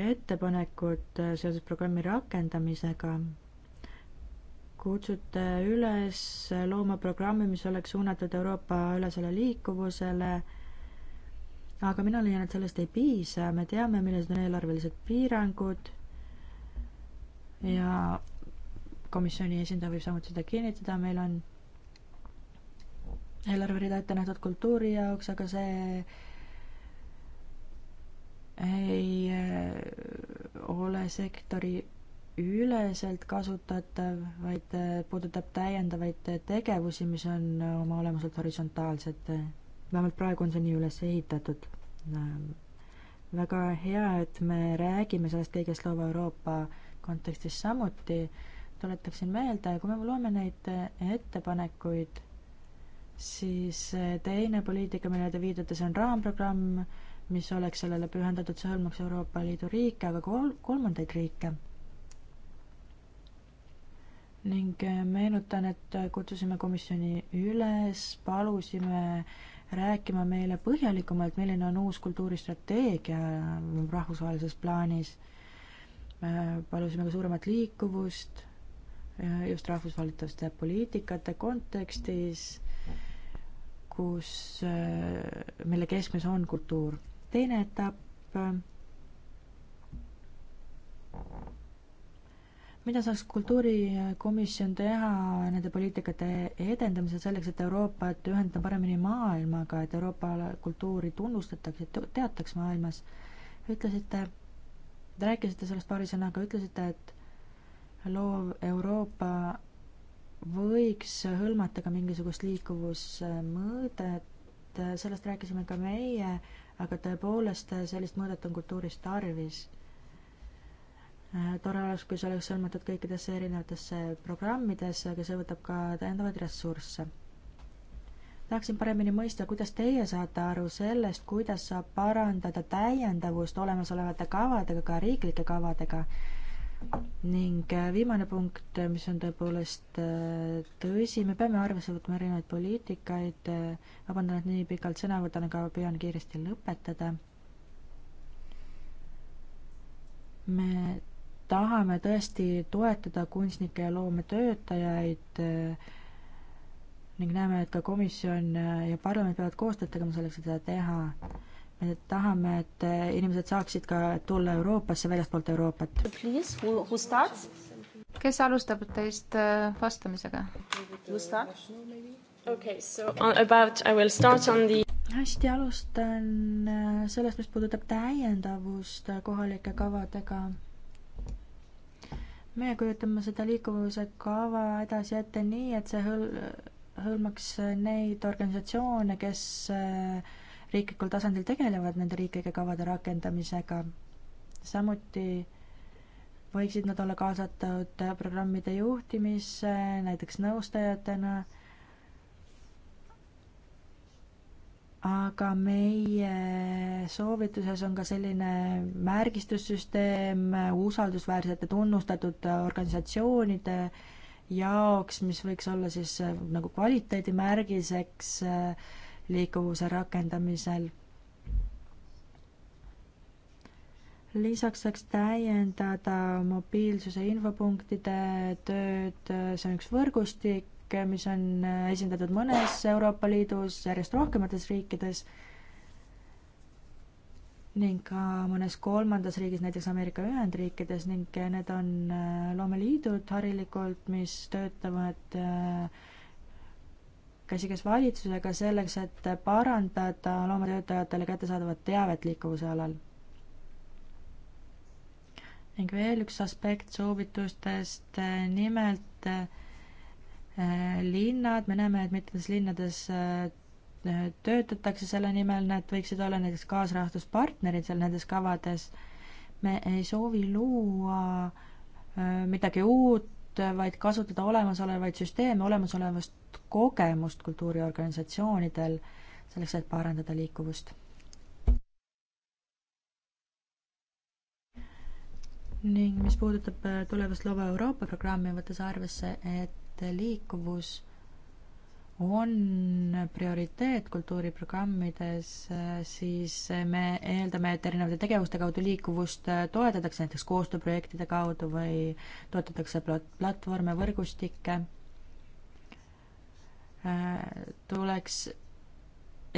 ettepanekut seoses programmi rakendamisega kutsute üles looma programmi, mis oleks suunatud Euroopa-ülesele liikuvusele, aga mina leian, et sellest ei piisa, me teame, millised on eelarvelised piirangud ja komisjoni esindaja võib samuti seda kinnitada, meil on eelarverida ette nähtud kultuuri jaoks, aga see ei äh, ole sektori üleselt kasutatav, vaid äh, puudutab täiendavaid äh, tegevusi, mis on äh, oma olemuselt horisontaalsed. vähemalt praegu on see nii üles ehitatud. Ähm, väga hea, et me räägime sellest kõigest loova Euroopa kontekstis samuti, tuletaksin meelde, kui me loeme neid ettepanekuid, siis teine poliitika, millele te viidate, see on raamprogramm, mis oleks sellele pühendatud, see hõlmaks Euroopa Liidu riike, aga kol-, kolmandaid riike ning äh, meenutan, et äh, kutsusime komisjoni üles, palusime rääkima meile põhjalikumalt, milline on uus kultuuristrateegia äh, rahvusvahelises plaanis. palusime ka suuremat liikuvust just rahvusvaheliste poliitikate kontekstis, kus, mille keskmes on kultuur. teine etapp mida saaks Kultuurikomisjon teha nende poliitikate edendamisel selleks, et Euroopat ühendada paremini maailmaga, et Euroopa kultuuri tunnustatakse, teataks maailmas? ütlesite, te rääkisite sellest paari sõnaga, ütlesite, et loov Euroopa võiks hõlmata ka mingisugust liikuvusmõõdet, sellest rääkisime ka meie, aga tõepoolest, sellist mõõdet on kultuuris tarvis Äh, tore oleks, kui see oleks hõlmatud kõikidesse erinevatesse äh, programmidesse, äh, aga see võtab ka täiendavaid ressursse. tahaksin paremini mõista, kuidas teie saate aru sellest, kuidas saab parandada täiendavust olemasolevate kavadega, ka riiklike kavadega. ning viimane punkt, mis on tõepoolest tõsi, me peame arvesse võtma erinevaid poliitikaid, vabandan, et nii pikalt sõna võtan, aga püüan kiiresti lõpetada. me tahame tõesti toetada kunstnikke ja loometöötajaid eh, ning näeme, et ka komisjon eh, ja parlament peavad koostööd tegema selleks, et seda teha. me tahame, et eh, inimesed saaksid ka tulla Euroopasse väljastpoolt Euroopat. kes alustab teist vastamisega? Okay, so on about, I will start on the hästi, alustan sellest, mis puudutab täiendavust kohalike kavadega meie kujutame seda liikuvuse kava edasi ette nii, et see hõl-, hõlmaks neid organisatsioone, kes äh, riiklikul tasandil tegelevad nende riiklike kavade rakendamisega. samuti võiksid nad olla kaasatud programmide juhtimisse, näiteks nõustajatena aga meie soovituses on ka selline märgistussüsteem usaldusväärsete tunnustatud organisatsioonide jaoks, mis võiks olla siis äh, nagu kvaliteedimärgiseks äh, liikuvuse rakendamisel. lisaks saaks täiendada mobiilsuse infopunktide tööd, äh, see on üks võrgustik, riike, mis on äh, esindatud mõnes Euroopa Liidus, järjest rohkemates riikides ning ka mõnes kolmandas riigis, näiteks Ameerika Ühendriikides ning äh, need on äh, loomeliidud harilikult, mis töötavad käsikäes valitsusega selleks, et parandada loomatöötajatele kättesaadavat teavet liikuvuse alal. ning veel üks aspekt soovitustest, nimelt Äh, linnad, me näeme, et mitmetes linnades äh, töötatakse selle nimel, nad võiksid olla näiteks kaasrahastuspartnerid seal nendes kavades. me ei soovi luua äh, midagi uut, vaid kasutada olemasolevaid süsteeme, olemasolevast kogemust kultuuriorganisatsioonidel selleks, et parandada liikuvust. ning mis puudutab tulevast Lova Euroopa programmi, võttes arvesse, et töötajate liikuvus on prioriteet kultuuriprogrammides, siis me eeldame, et erinevate tegevuste kaudu liikuvust toetatakse, näiteks koostööprojektide kaudu või toetatakse platvorme, võrgustikke. tuleks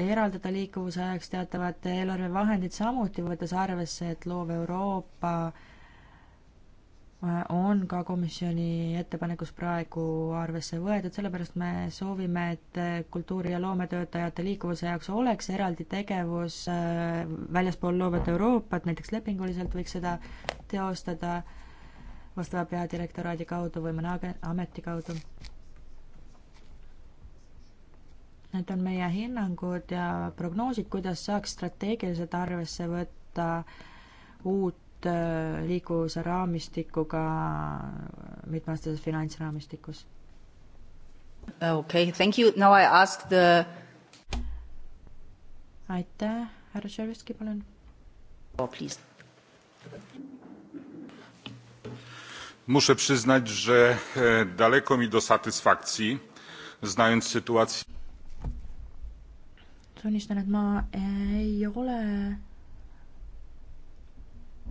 eraldada liikuvuse ajaks teatavad eelarvevahendid samuti, võttes arvesse, et loov Euroopa äh, on ka komisjoni ettepanekus praegu arvesse võetud, sellepärast me soovime, et kultuuri- ja loometöötajate liikuvuse jaoks oleks eraldi tegevus äh, väljaspool loovat Euroopat, näiteks lepinguliselt võiks seda teostada vastava peadirektoraadi kaudu või mõne ameti kaudu. Need on meie hinnangud ja prognoosid, kuidas saaks strateegiliselt arvesse võtta uut Äh, liikuvuse raamistikuga mitmeaastases finantsraamistikus. okei okay,, thank you, now I ask the aitäh, härra Tšerveski, palun oh,. Please. Muszę przyznać, że e, daleko mi do satysfakcji, znając sytuację. tunnistan, et ma ei ole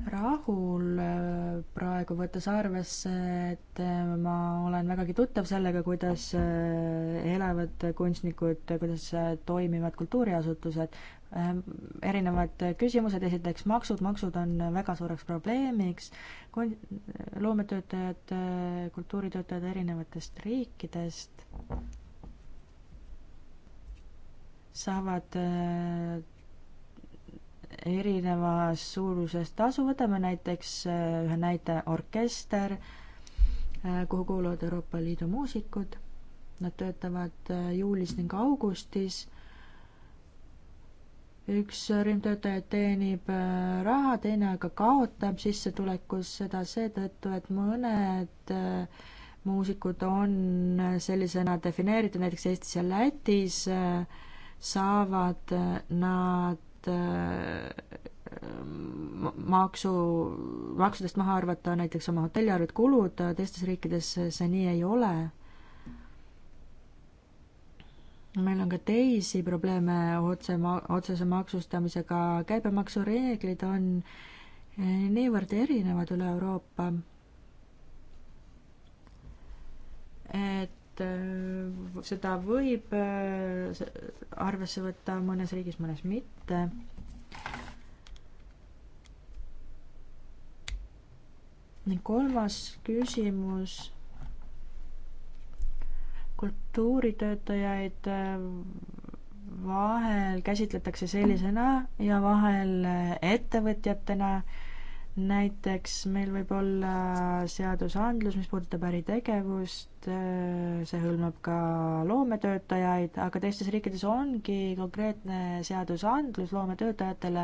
rahul äh, praegu, võttes arvesse, et äh, ma olen vägagi tuttav sellega, kuidas äh, elavad kunstnikud, kuidas toimivad kultuuriasutused. Ähm, erinevad küsimused, esiteks maksud, maksud on väga suureks probleemiks, kun-, loometöötajad, kultuuritöötajad erinevatest riikidest saavad erinevas suuruses tasu, võtame näiteks äh, ühe näite, orkester, äh, kuhu kuuluvad Euroopa Liidu muusikud, nad töötavad äh, juulis ning augustis, üks rühmtöötaja teenib raha, teine aga kaotab sissetulekus seda seetõttu, et mõned muusikud on sellisena defineeritud, näiteks Eestis ja Lätis saavad nad et äh, maksu, maksudest maha arvata näiteks oma hotelliarved, kulud, teistes riikides see nii ei ole. meil on ka teisi probleeme otse, otsese maksustamisega, käibemaksureeglid on äh, niivõrd erinevad üle Euroopa, et Äh, seda võib äh, arvesse võtta mõnes riigis, mõnes mitte. ning kolmas küsimus. kultuuritöötajaid äh, vahel käsitletakse sellisena ja vahel ettevõtjatena näiteks meil võib olla seadusandlus, mis puudutab äritegevust, see hõlmab ka loometöötajaid, aga teistes riikides ongi konkreetne seadusandlus loometöötajatele,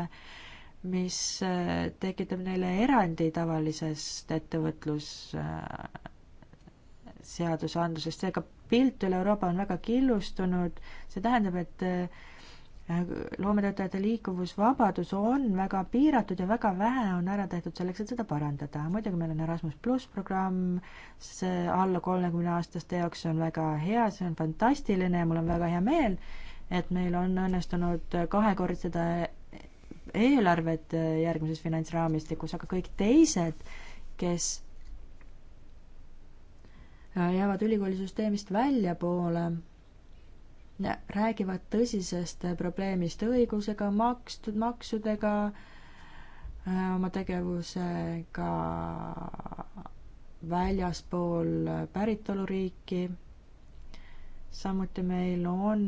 mis tekitab neile erandi tavalisest ettevõtlusseadusandlusest, seega pilt üle Euroopa on väga killustunud, see tähendab, et Äh, loometöötajate liikuvusvabadus on väga piiratud ja väga vähe on ära tehtud selleks, et seda parandada. muidugi meil on Erasmus pluss programm, see alla kolmekümne aastaste jaoks on väga hea, see on fantastiline ja mul on väga hea meel, et meil on õnnestunud kahekordseda eelarvet järgmises finantsraamistikus, aga kõik teised, kes äh, jäävad ülikoolisüsteemist väljapoole räägivad tõsisest probleemist õigusega, makstud, maksudega, äh, oma tegevusega väljaspool päritoluriiki. samuti meil on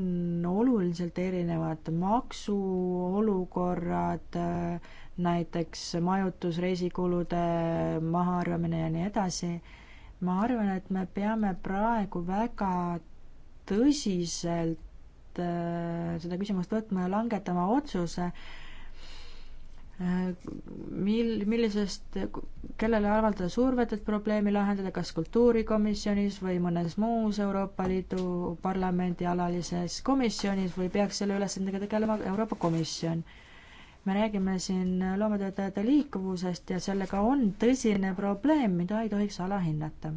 oluliselt erinevad maksuolukorrad, äh, näiteks majutus, reisikulude mahaarvamine ja nii edasi. ma arvan, et me peame praegu väga tõsiselt äh, seda küsimust võtma ja langetama otsuse, äh, mil, millisest, kellele avaldada survet, et probleemi lahendada, kas kultuurikomisjonis või mõnes muus Euroopa Liidu parlamendi alalises komisjonis või peaks selle ülesandega tegelema Euroopa Komisjon? me räägime siin loometöötajate liikuvusest ja sellega on tõsine probleem, mida ei tohiks alahinnata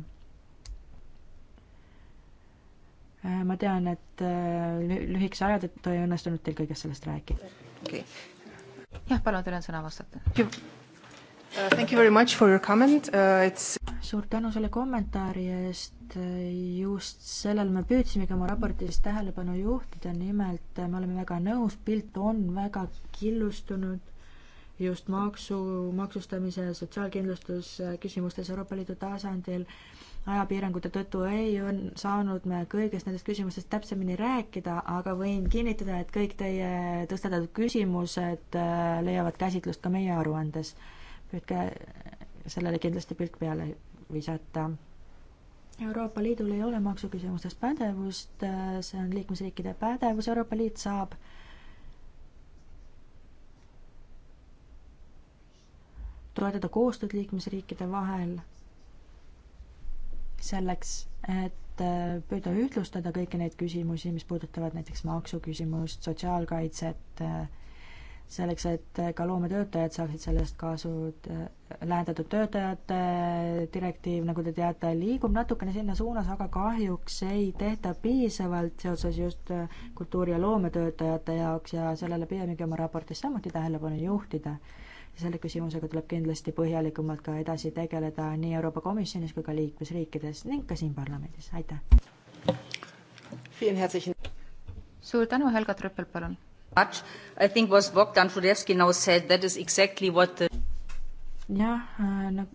Äh, ma tean, et äh, lühikese aja tõttu ei õnnestunud teil kõigest sellest rääkida okay.. jah, palun, teil on sõna vastata. Uh, thank you very much for your comment uh,, it's suur tänu selle kommentaari eest, just sellel me püüdsimegi oma raportis tähelepanu juhtida, nimelt me oleme väga nõus, pilt on väga killustunud just maksu, maksustamise ja sotsiaalkindlustuse küsimustes Euroopa Liidu tasandil ajapiirangute tõttu ei on saanud me kõigest nendest küsimustest täpsemini rääkida, aga võin kinnitada, et kõik teie tõstatatud küsimused äh, leiavad käsitlust ka meie aruandes. püüdke sellele kindlasti pilk peale visata. Euroopa Liidul ei ole maksuküsimustes pädevust, äh, see on liikmesriikide pädevus, Euroopa Liit saab toetada koostööd liikmesriikide vahel selleks, et äh, püüda ühtlustada kõiki neid küsimusi, mis puudutavad näiteks maksuküsimust, sotsiaalkaitset, äh, selleks, et ka loometöötajad saaksid sellest kasu, äh, lähedatud töötajate direktiiv, nagu te teate, liigub natukene sinna suunas, aga kahjuks ei tehta piisavalt seoses just kultuuri- ja loometöötajate jaoks ja sellele püüamegi oma raportis samuti tähelepanu juhtida selle küsimusega tuleb kindlasti põhjalikumalt ka edasi tegeleda nii Euroopa Komisjonis kui ka liikmesriikides ning ka siin parlamendis, aitäh! suur tänu, Helga Trüppel, palun! I think was Bogdan Fudevski now said, that is exactly what the jah, no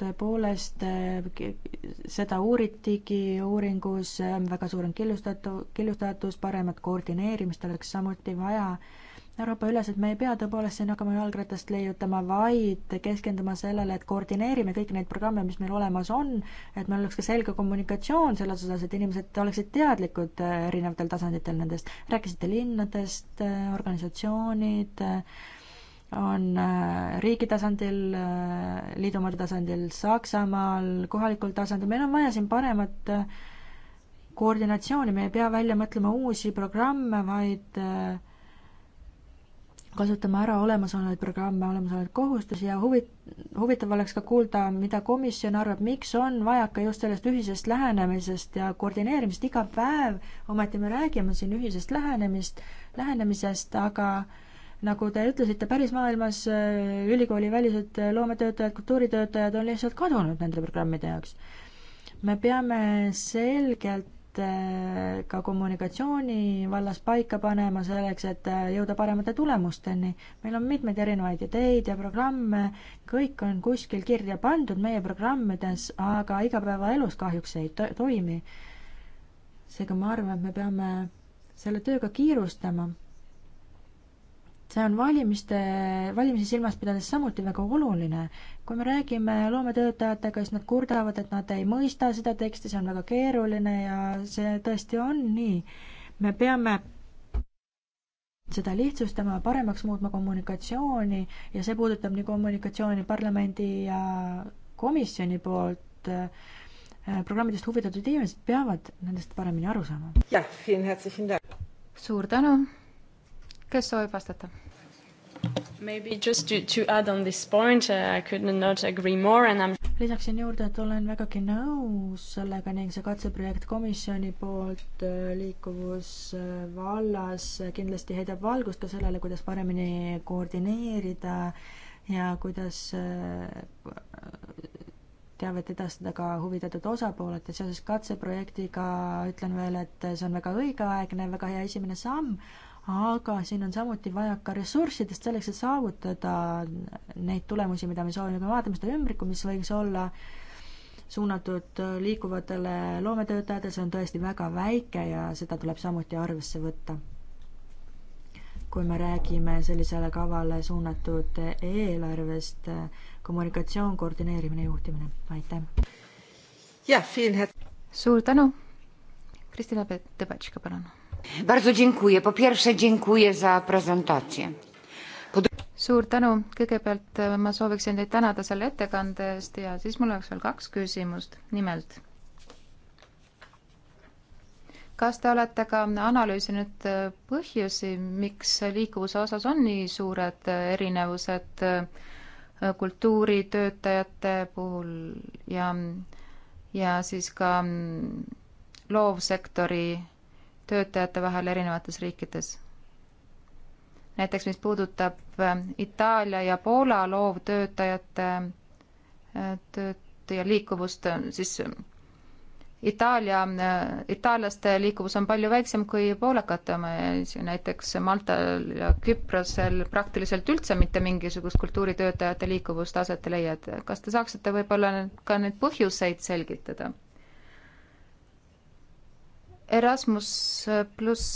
tõepoolest eh, seda uuritigi uuringus, eh, väga suur on killustatu-, killustatus, paremat koordineerimist oleks samuti vaja Euroopa-üleselt me ei pea tõepoolest siin hakkama jalgratast leiutama, vaid keskenduma sellele, et koordineerime kõiki neid programme, mis meil olemas on, et meil oleks ka selge kommunikatsioon selles osas, et inimesed oleksid teadlikud äh, erinevatel tasanditel nendest. rääkisite linnadest, äh, organisatsioonid, äh, on riigi tasandil, liidumaa tasandil, Saksamaal, kohalikul tasandil, meil on vaja siin paremat koordinatsiooni, me ei pea välja mõtlema uusi programme, vaid äh, kasutame ära olemasolevaid programme, olemasolevaid kohustusi ja huvi, huvitav oleks ka kuulda, mida komisjon arvab, miks on vajaka just sellest ühisest lähenemisest ja koordineerimist iga päev, ometi me räägime siin ühisest lähenemist, lähenemisest, aga nagu te ütlesite, päris maailmas äh, ülikoolivälised äh, loometöötajad, kultuuritöötajad on lihtsalt kadunud nende programmide jaoks. me peame selgelt Äh, ka kommunikatsiooni vallas paika panema selleks, et äh, jõuda paremate tulemusteni. meil on mitmeid erinevaid ideid ja programme, kõik on kuskil kirja pandud meie programmides, aga igapäevaelus kahjuks ei to toimi. seega ma arvan, et me peame selle tööga kiirustama see on valimiste, valimisi silmas pidades samuti väga oluline. kui me räägime loometöötajatega, siis nad kurdavad, et nad ei mõista seda teksti, see on väga keeruline ja see tõesti on nii. me peame seda lihtsustama, paremaks muutma kommunikatsiooni ja see puudutab nii kommunikatsiooni parlamendi ja komisjoni poolt, programmidest huvitatud inimesed peavad nendest paremini aru saama. jah, suur tänu kes soovib vastata? Maybe just to, to add on this point uh,, I could not agree more and I am lisaksin juurde, et olen vägagi nõus sellega ning see katseprojekt komisjoni poolt äh, liikuvusvallas äh, äh, kindlasti heidab valgust ka sellele, kuidas paremini koordineerida ja kuidas teavet edastada ka huvitatud osapooled ja seoses katseprojektiga ütlen veel, et see on väga õigeaegne, väga hea esimene samm aga siin on samuti vaja ka ressurssidest selleks, et saavutada neid tulemusi, mida me soovime, kui me vaatame seda ümbrikku, mis võiks olla suunatud liikuvatele loometöötajatele, see on tõesti väga väike ja seda tuleb samuti arvesse võtta. kui me räägime sellisele kavale suunatud eelarvest, kommunikatsioon, koordineerimine, juhtimine, aitäh! jah, suur tänu! Kristina Tebetška, palun Bardzo dziękuję. Po pierwsze dziękuję za prezentację. Pod... suur tänu, kõigepealt äh, ma sooviksin teid tänada selle ettekande eest ja siis mul oleks veel kaks küsimust, nimelt. kas te olete ka analüüsinud äh, põhjusi, miks liikuvuse osas on nii suured äh, erinevused kultuuritöötajate puhul ja, ja siis ka mm, loovsektori töötajate vahel erinevates riikides. näiteks mis puudutab äh, Itaalia ja Poola loovtöötajate äh, töötaja liikuvust, äh, siis Itaalia, itaallaste liikuvus on palju väiksem kui poolakate oma ja näiteks Maltal ja Küprosel praktiliselt üldse mitte mingisugust kultuuritöötajate liikuvust aset ei leia, et kas te saaksite võib-olla ka neid põhjuseid selgitada? Erasmus pluss,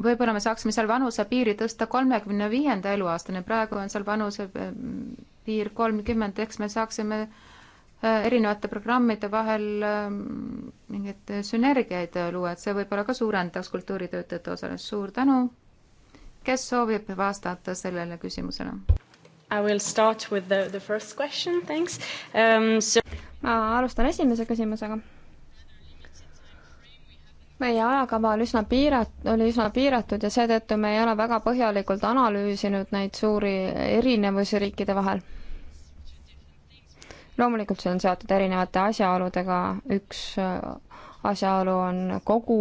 võib-olla me saaksime seal vanusepiiri tõsta kolmekümne viienda eluaastani, praegu on seal vanusepiir mm, kolmkümmend, eks me saaksime äh, erinevate programmide vahel ähm, mingeid sünergiaid luua, et see võib-olla ka suurendaks kultuuritöötajate osalust. suur tänu. kes soovib vastata sellele küsimusele? I will start with the, the first question, thanks um,. So... ma alustan esimese küsimusega meie ajakava on üsna piirat-, oli üsna piiratud ja seetõttu me ei ole väga põhjalikult analüüsinud neid suuri erinevusi riikide vahel. loomulikult see on seotud erinevate asjaoludega, üks äh, asjaolu on kogu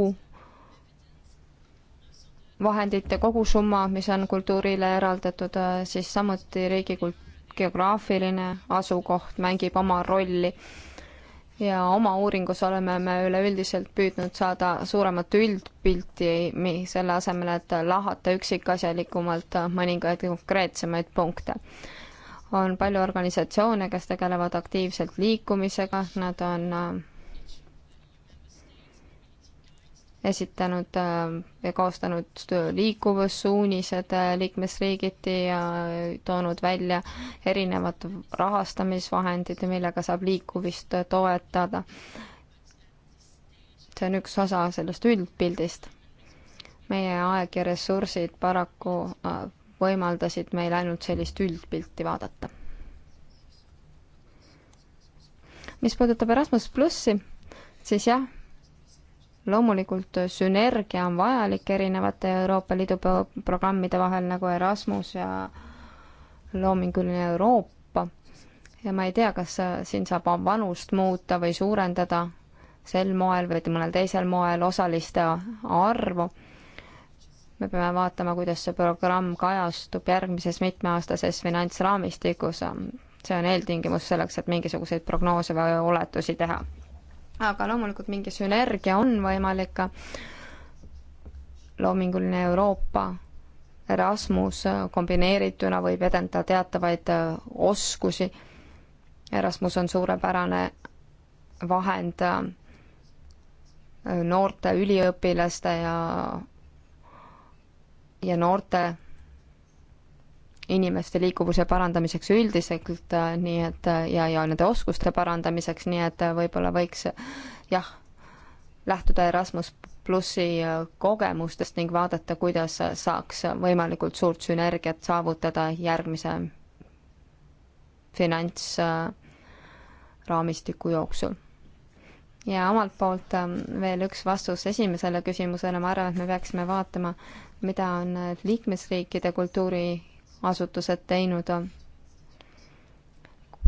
vahendite kogusumma, mis on kultuurile eraldatud, äh, siis samuti riigi kult-, geograafiline asukoht mängib oma rolli ja oma uuringus oleme me üleüldiselt püüdnud saada suuremat üldpilti, selle asemel, et lahata üksikasjalikumalt mõningaid konkreetsemaid punkte. on palju organisatsioone, kes tegelevad aktiivselt liikumisega, nad on esitanud äh, ja koostanud liikuvussuunised äh, liikmesriigiti ja toonud välja erinevad rahastamisvahendid, millega saab liikuvist äh, toetada. see on üks osa sellest üldpildist. meie aeg ja ressursid paraku võimaldasid meil ainult sellist üldpilti vaadata. mis puudutab Erasmus plussi, siis jah loomulikult sünergia on vajalik erinevate Euroopa Liidu programmide vahel, nagu Erasmus ja loominguline Euroopa. ja ma ei tea, kas siin saab vanust muuta või suurendada sel moel või mõnel teisel moel osaliste arvu. me peame vaatama, kuidas see programm kajastub järgmises mitmeaastases finantsraamistikus. see on eeltingimus selleks, et mingisuguseid prognoose või oletusi teha aga loomulikult mingi sünergia on võimalik. loominguline Euroopa Erasmus kombineerituna võib edendada teatavaid äh, oskusi. Erasmus on suurepärane vahend äh, noorte üliõpilaste ja, ja noorte inimeste liikuvuse parandamiseks üldiselt, äh, nii et äh, ja, ja nende oskuste parandamiseks, nii et äh, võib-olla võiks jah, lähtuda Erasmus plussi kogemustest ning vaadata, kuidas saaks võimalikult suurt sünergiat saavutada järgmise finantsraamistiku jooksul. ja omalt poolt ähm, veel üks vastus esimesele küsimusele, ma arvan, et me peaksime vaatama, mida on liikmesriikide kultuuri asutused teinud.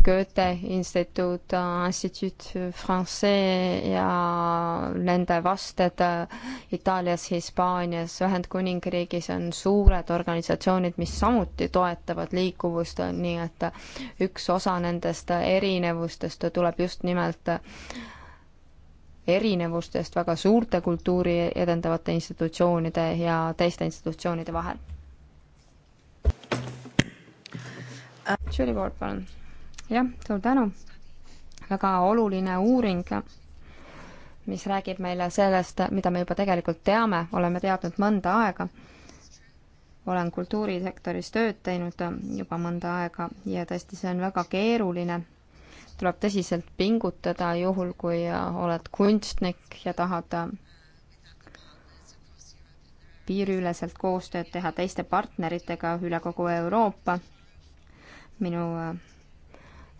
Goethe instituut, Institut Francais ja nende vasted Itaalias, Hispaanias, Ühendkuningriigis on suured organisatsioonid, mis samuti toetavad liikuvust, nii et üks osa nendest erinevustest tuleb just nimelt erinevustest väga suurte kultuuri edendavate institutsioonide ja teiste institutsioonide vahel Julie Ward, palun. jah, suur tänu. väga oluline uuring, mis räägib meile sellest, mida me juba tegelikult teame, oleme teadnud mõnda aega. olen kultuurisektoris tööd teinud juba mõnda aega ja tõesti, see on väga keeruline. tuleb tõsiselt pingutada, juhul kui oled kunstnik ja tahad piiriüleselt koostööd teha teiste partneritega üle kogu Euroopa. minu äh,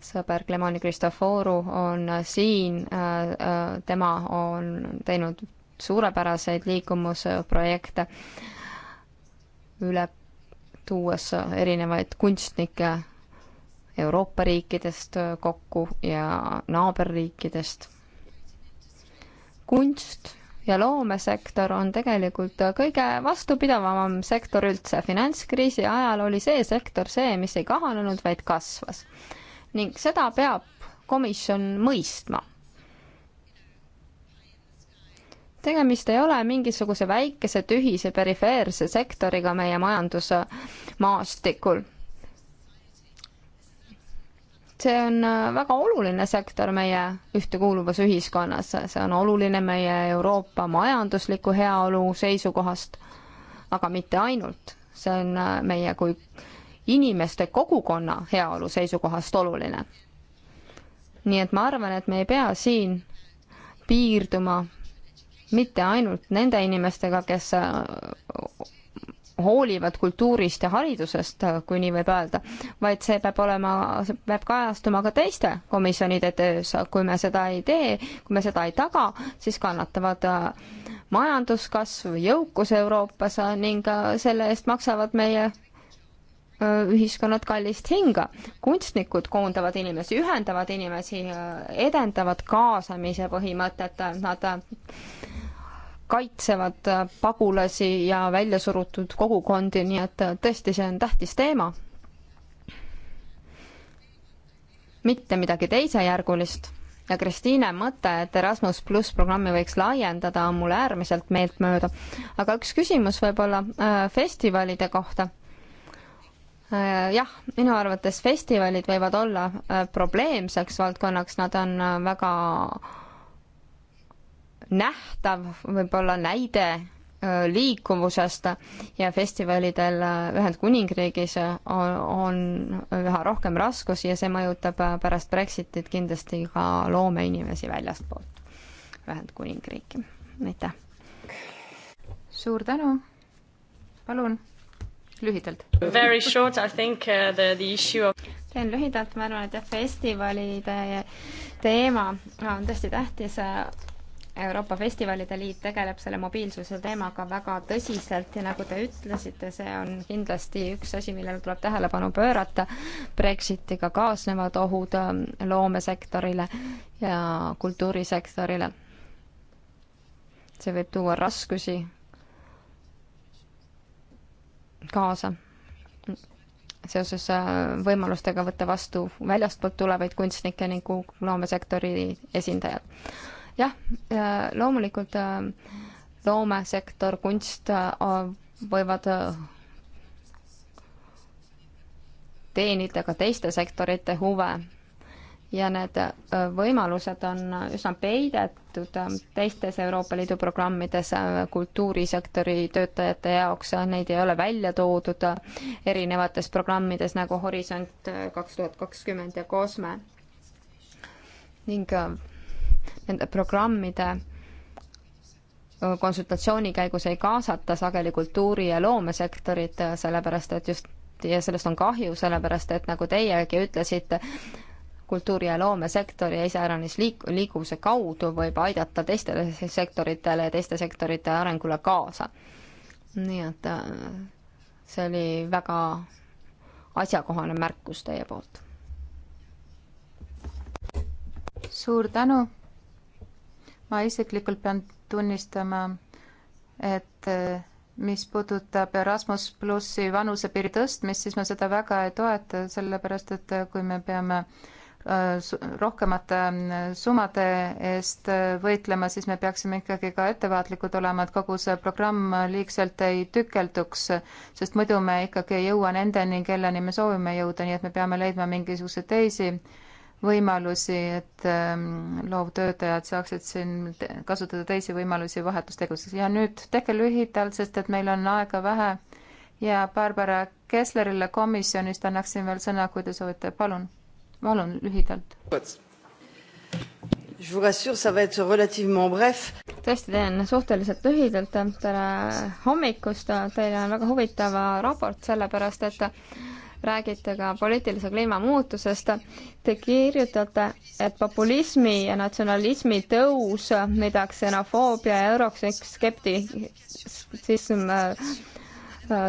sõber Clemoni Cristoforu on äh, siin, äh, tema on teinud suurepäraseid liikumusprojekte üle, tuues erinevaid kunstnikke Euroopa riikidest kokku ja naaberriikidest. kunst ja loomesektor on tegelikult kõige vastupidavam sektor üldse. finantskriisi ajal oli see sektor see, mis ei kahanenud, vaid kasvas. ning seda peab komisjon mõistma. tegemist ei ole mingisuguse väikese tühise perifeerse sektoriga meie majandusmaastikul see on äh, väga oluline sektor meie ühtekuuluvas ühiskonnas, see on oluline meie Euroopa majandusliku heaolu seisukohast, aga mitte ainult, see on äh, meie kui inimeste kogukonna heaolu seisukohast oluline. nii et ma arvan, et me ei pea siin piirduma mitte ainult nende inimestega, kes äh, hoolivad kultuurist ja haridusest, kui nii võib öelda, vaid see peab olema, see peab kajastuma ka teiste komisjonide töös, kui me seda ei tee, kui me seda ei taga, siis kannatavad äh, majanduskasv, jõukus Euroopas äh, ning äh, selle eest maksavad meie ühiskonnad kallist hinga. kunstnikud koondavad inimesi, ühendavad inimesi, edendavad kaasamise põhimõtet, nad kaitsevad äh, pagulasi ja väljasurutud kogukondi, nii et äh, tõesti, see on tähtis teema. mitte midagi teisejärgulist ja Kristiine mõte, et Erasmus pluss programmi võiks laiendada, on mulle äärmiselt meeltmööda. aga üks küsimus võib-olla äh, festivalide kohta jah, minu arvates festivalid võivad olla probleemseks valdkonnaks, nad on väga nähtav võib-olla näide liikuvusest ja festivalidel Ühendkuningriigis on, on üha rohkem raskusi ja see mõjutab pärast Brexitit kindlasti ka loomeinimesi väljastpoolt Ühendkuningriiki. aitäh! suur tänu, palun, lühidalt. Very short, I think uh, the, the issue of teen lühidalt, ma arvan, et jah, festivalide teema on tõesti tähtis uh, Euroopa Festivalide Liit tegeleb selle mobiilsuse teemaga väga tõsiselt ja nagu te ütlesite, see on kindlasti üks asi, millele tuleb tähelepanu pöörata. Brexitiga kaasnevad ohud ähm, loomesektorile ja kultuurisektorile. see võib tuua raskusi kaasa seoses äh, võimalustega võtta vastu väljastpoolt tulevaid kunstnikke ning loomesektori esindajad jah, äh, loomulikult äh, loomesektor, kunst äh, võivad teenida ka teiste sektorite huve ja need võimalused on üsna peidetud teistes Euroopa Liidu programmides kultuurisektori töötajate jaoks, neid ei ole välja toodud erinevates programmides nagu Horisont kaks tuhat kakskümmend ja Kosme. ning nende programmide konsultatsiooni käigus ei kaasata sageli kultuuri- ja loomesektorit, äh, sellepärast et just, ja sellest on kahju, sellepärast et nagu teiegi ütlesite, kultuuri- ja loomesektori ja iseäranis liik-, liikuvuse kaudu võib aidata teistele sektoritele ja teiste sektorite arengule kaasa. nii et äh, see oli väga asjakohane märkus teie poolt. suur tänu ma isiklikult pean tunnistama, et äh, mis puudutab Erasmus plussi vanusepiiri tõstmist, siis ma seda väga ei toeta, sellepärast et äh, kui me peame äh, rohkemate ähm, summade eest võitlema, siis me peaksime ikkagi ka ettevaatlikud olema, et kogu see programm liigselt ei tükelduks, sest muidu me ikkagi ei jõua nendeni, kelleni me soovime jõuda, nii et me peame leidma mingisuguseid teisi võimalusi, et ähm, loovtöötajad saaksid siin kasutada teisi võimalusi vahetustegevuseks. ja nüüd tehke lühidalt, sest et meil on aega vähe ja Barbara Kesslerile komisjonist annaksin veel sõna, kui te soovite, palun, palun lühidalt. tõesti teen suhteliselt lühidalt, tere hommikust, teil on väga huvitav raport, sellepärast et räägite ka poliitilise kliima muutusest. Te kirjutate, et populismi ja natsionalismi tõus, mida ksenofoobia ja euroskeptisism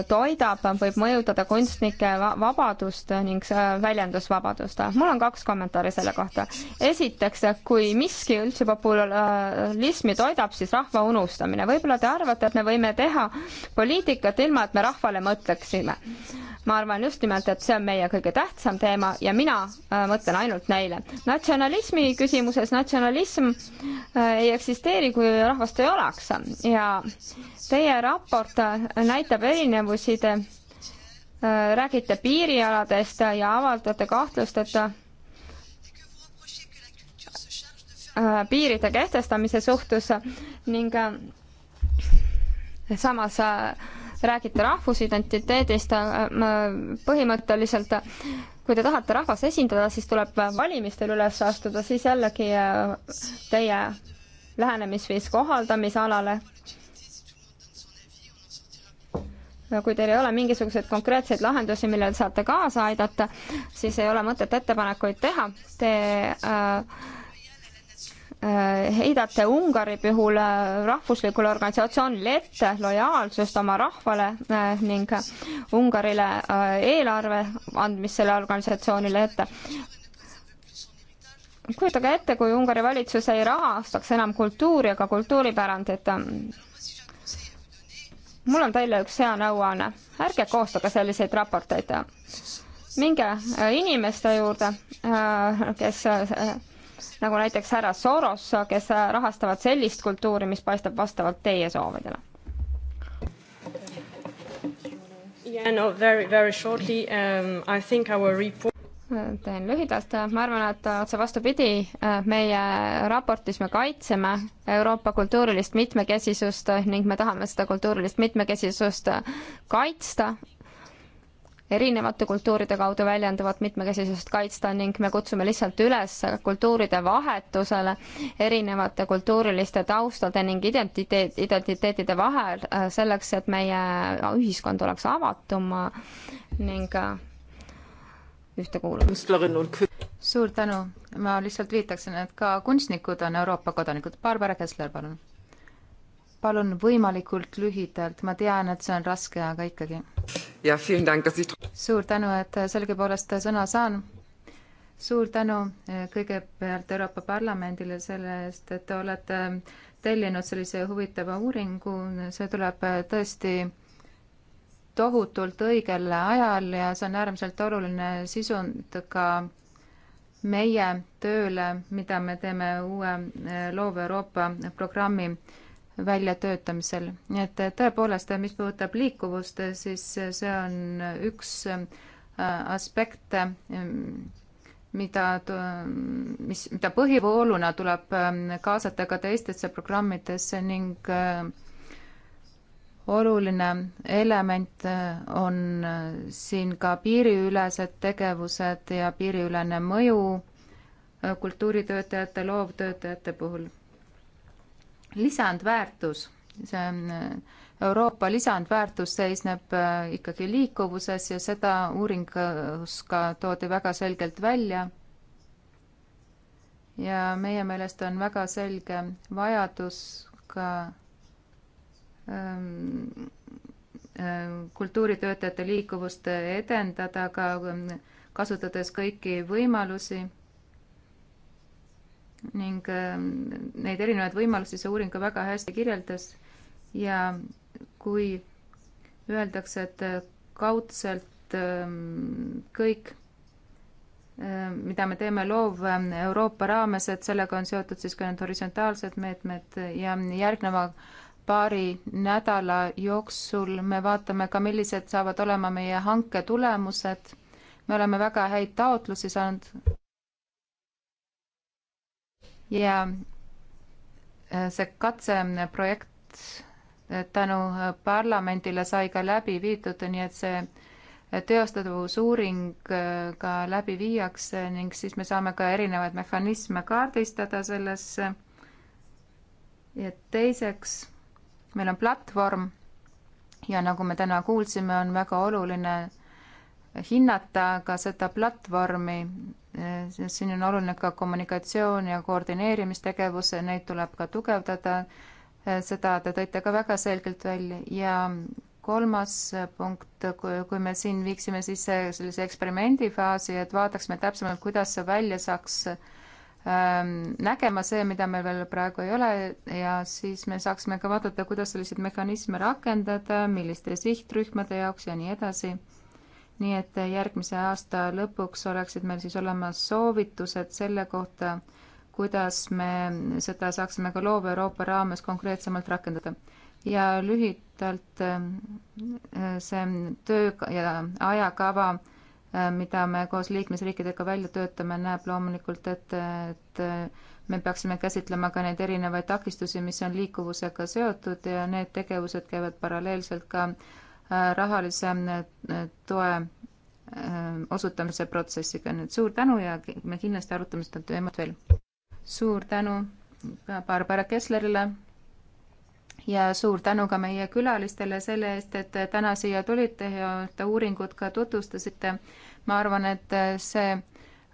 toidab, võib mõjutada kunstnike vabadust ning äh, väljendusvabadust. mul on kaks kommentaari selle kohta. esiteks, kui miski üldse populismi toidab, siis rahva unustamine. võib-olla te arvate, et me võime teha poliitikat ilma, et me rahvale mõtleksime. ma arvan just nimelt, et see on meie kõige tähtsam teema ja mina äh, mõtlen ainult neile. natsionalismi küsimuses, natsionalism äh, ei eksisteeri, kui rahvast ei oleks ja Teie raport äh, näitab erinevusi, te äh, räägite piirialadest ja avaldate kahtlust, et äh, piiride kehtestamise suhtes ning samas räägite rahvusidentiteedist, põhimõtteliselt kui te tahate rahvast esindada, siis tuleb valimistel üles astuda, siis jällegi teie lähenemisviis kohaldamisalale kui teil ei ole mingisuguseid konkreetseid lahendusi, millele saate kaasa aidata, siis ei ole mõtet ettepanekuid teha. Te äh, äh heidate Ungari puhul äh, rahvuslikule organisatsioonile ette lojaalsust oma rahvale äh, ning Ungarile eelarve andmist sellele organisatsioonile ette. kujutage ette, kui Ungari valitsus ei rahastaks enam kultuuri ega kultuuripärandit mul on teile üks hea nõuanne, ärge koostage selliseid raporteid. minge äh, inimeste juurde, äh, kes äh, nagu näiteks härra Soros, kes rahastavad sellist kultuuri, mis paistab vastavalt teie soovidele. Yeah, no, very, very shortly um,. I think our report teen lühidalt, ma arvan, et otse vastupidi, meie raportis me kaitseme Euroopa kultuurilist mitmekesisust ning me tahame seda kultuurilist mitmekesisust kaitsta, erinevate kultuuride kaudu väljenduvat mitmekesisust kaitsta ning me kutsume lihtsalt üles kultuuride vahetusele erinevate kultuuriliste taustade ning identiteet, identiteetide vahel, selleks et meie ühiskond oleks avatum ning ühtekuuluvust. suur tänu, ma lihtsalt viitaksin, et ka kunstnikud on Euroopa kodanikud. Barbara Kessler, palun. palun võimalikult lühidalt, ma tean, et see on raske, aga ikkagi. suur tänu, et sellegipoolest sõna saan suur tänu eh, kõigepealt Euroopa Parlamendile selle eest, et te olete tellinud sellise huvitava uuringu, see tuleb eh, tõesti tohutult õigel ajal ja see on äärmiselt oluline sisund ka meie tööle, mida me teeme uue eh, Loov Euroopa programmi väljatöötamisel. nii et eh, tõepoolest, mis puudutab liikuvust, siis see on üks eh, aspekte, mm, mida, mis, mida põhivooluna tuleb kaasata ka teistesse programmidesse ning äh, oluline element äh, on äh, siin ka piiriülesed tegevused ja piiriülene mõju äh, kultuuritöötajate, loovtöötajate puhul. lisandväärtus, see Euroopa lisandväärtus seisneb ikkagi liikuvuses ja seda uuringus ka toodi väga selgelt välja. ja meie meelest on väga selge vajadus ka Ähm, ähm, kultuuritöötajate liikuvust edendada, ka ähm, kasutades kõiki võimalusi ning neid erinevaid võimalusi see uuring ka väga hästi kirjeldas ja kui öeldakse, et äh, kaudselt kõik, äh, mida me teeme loov Euroopa raames, et sellega on seotud siis ka need horisontaalsed meetmed ja järgneva paari nädala jooksul me vaatame ka, millised saavad olema meie hanke tulemused. me oleme väga häid taotlusi saanud. ja äh, see katseprojekt äh, tänu äh, parlamendile sai ka läbi viidud, nii et see teostatavusuuring ka läbi viiakse ning siis me saame ka erinevaid mehhanisme kaardistada selles. ja teiseks meil on platvorm ja nagu me täna kuulsime, on väga oluline hinnata ka seda platvormi, sest siin on oluline ka kommunikatsioon ja koordineerimistegevus, neid tuleb ka tugevdada. seda te tõite ka väga selgelt välja ja kolmas punkt, kui me siin viiksime sisse sellise eksperimendi faasi, et vaataksime täpsemalt, kuidas see välja saaks äh, Ähm, nägema see, mida meil veel praegu ei ole ja siis me saaksime ka vaadata, kuidas selliseid mehhanisme rakendada, milliste sihtrühmade jaoks ja nii edasi. nii et järgmise aasta lõpuks oleksid meil siis olemas soovitused selle kohta, kuidas me seda saaksime ka loov Euroopa raames konkreetsemalt rakendada. ja lühidalt ähm, see töö ja ajakava Äh, mida me koos liikmesriikidega välja töötame, näeb loomulikult ette, et me peaksime käsitlema ka neid erinevaid takistusi, mis on liikuvusega seotud ja need tegevused käivad paralleelselt ka äh, rahalise äh, toe osutamise protsessiga. nüüd suur tänu ja me kindlasti arutame seda teemat veel. suur tänu ka Barbara Kesslerile ja suur tänu ka meie külalistele selle eest, et täna siia tulite ja te uuringut ka tutvustasite. ma arvan, et see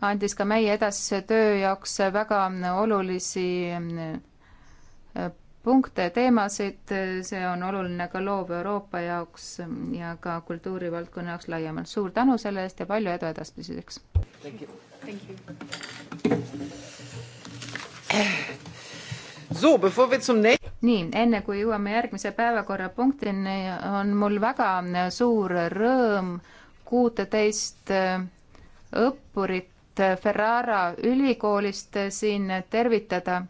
andis ka meie edasise töö jaoks väga olulisi eh, punkte, teemasid, see on oluline ka loov Euroopa jaoks ja ka kultuurivaldkonna jaoks laiemalt. suur tänu selle eest ja palju edu edaspidiseks! [CLEARS THROAT] nii, enne kui jõuame järgmise päevakorrapunktini, on mul väga suur rõõm kuuteteist äh, õppurit Ferrara ülikoolist siin tervitada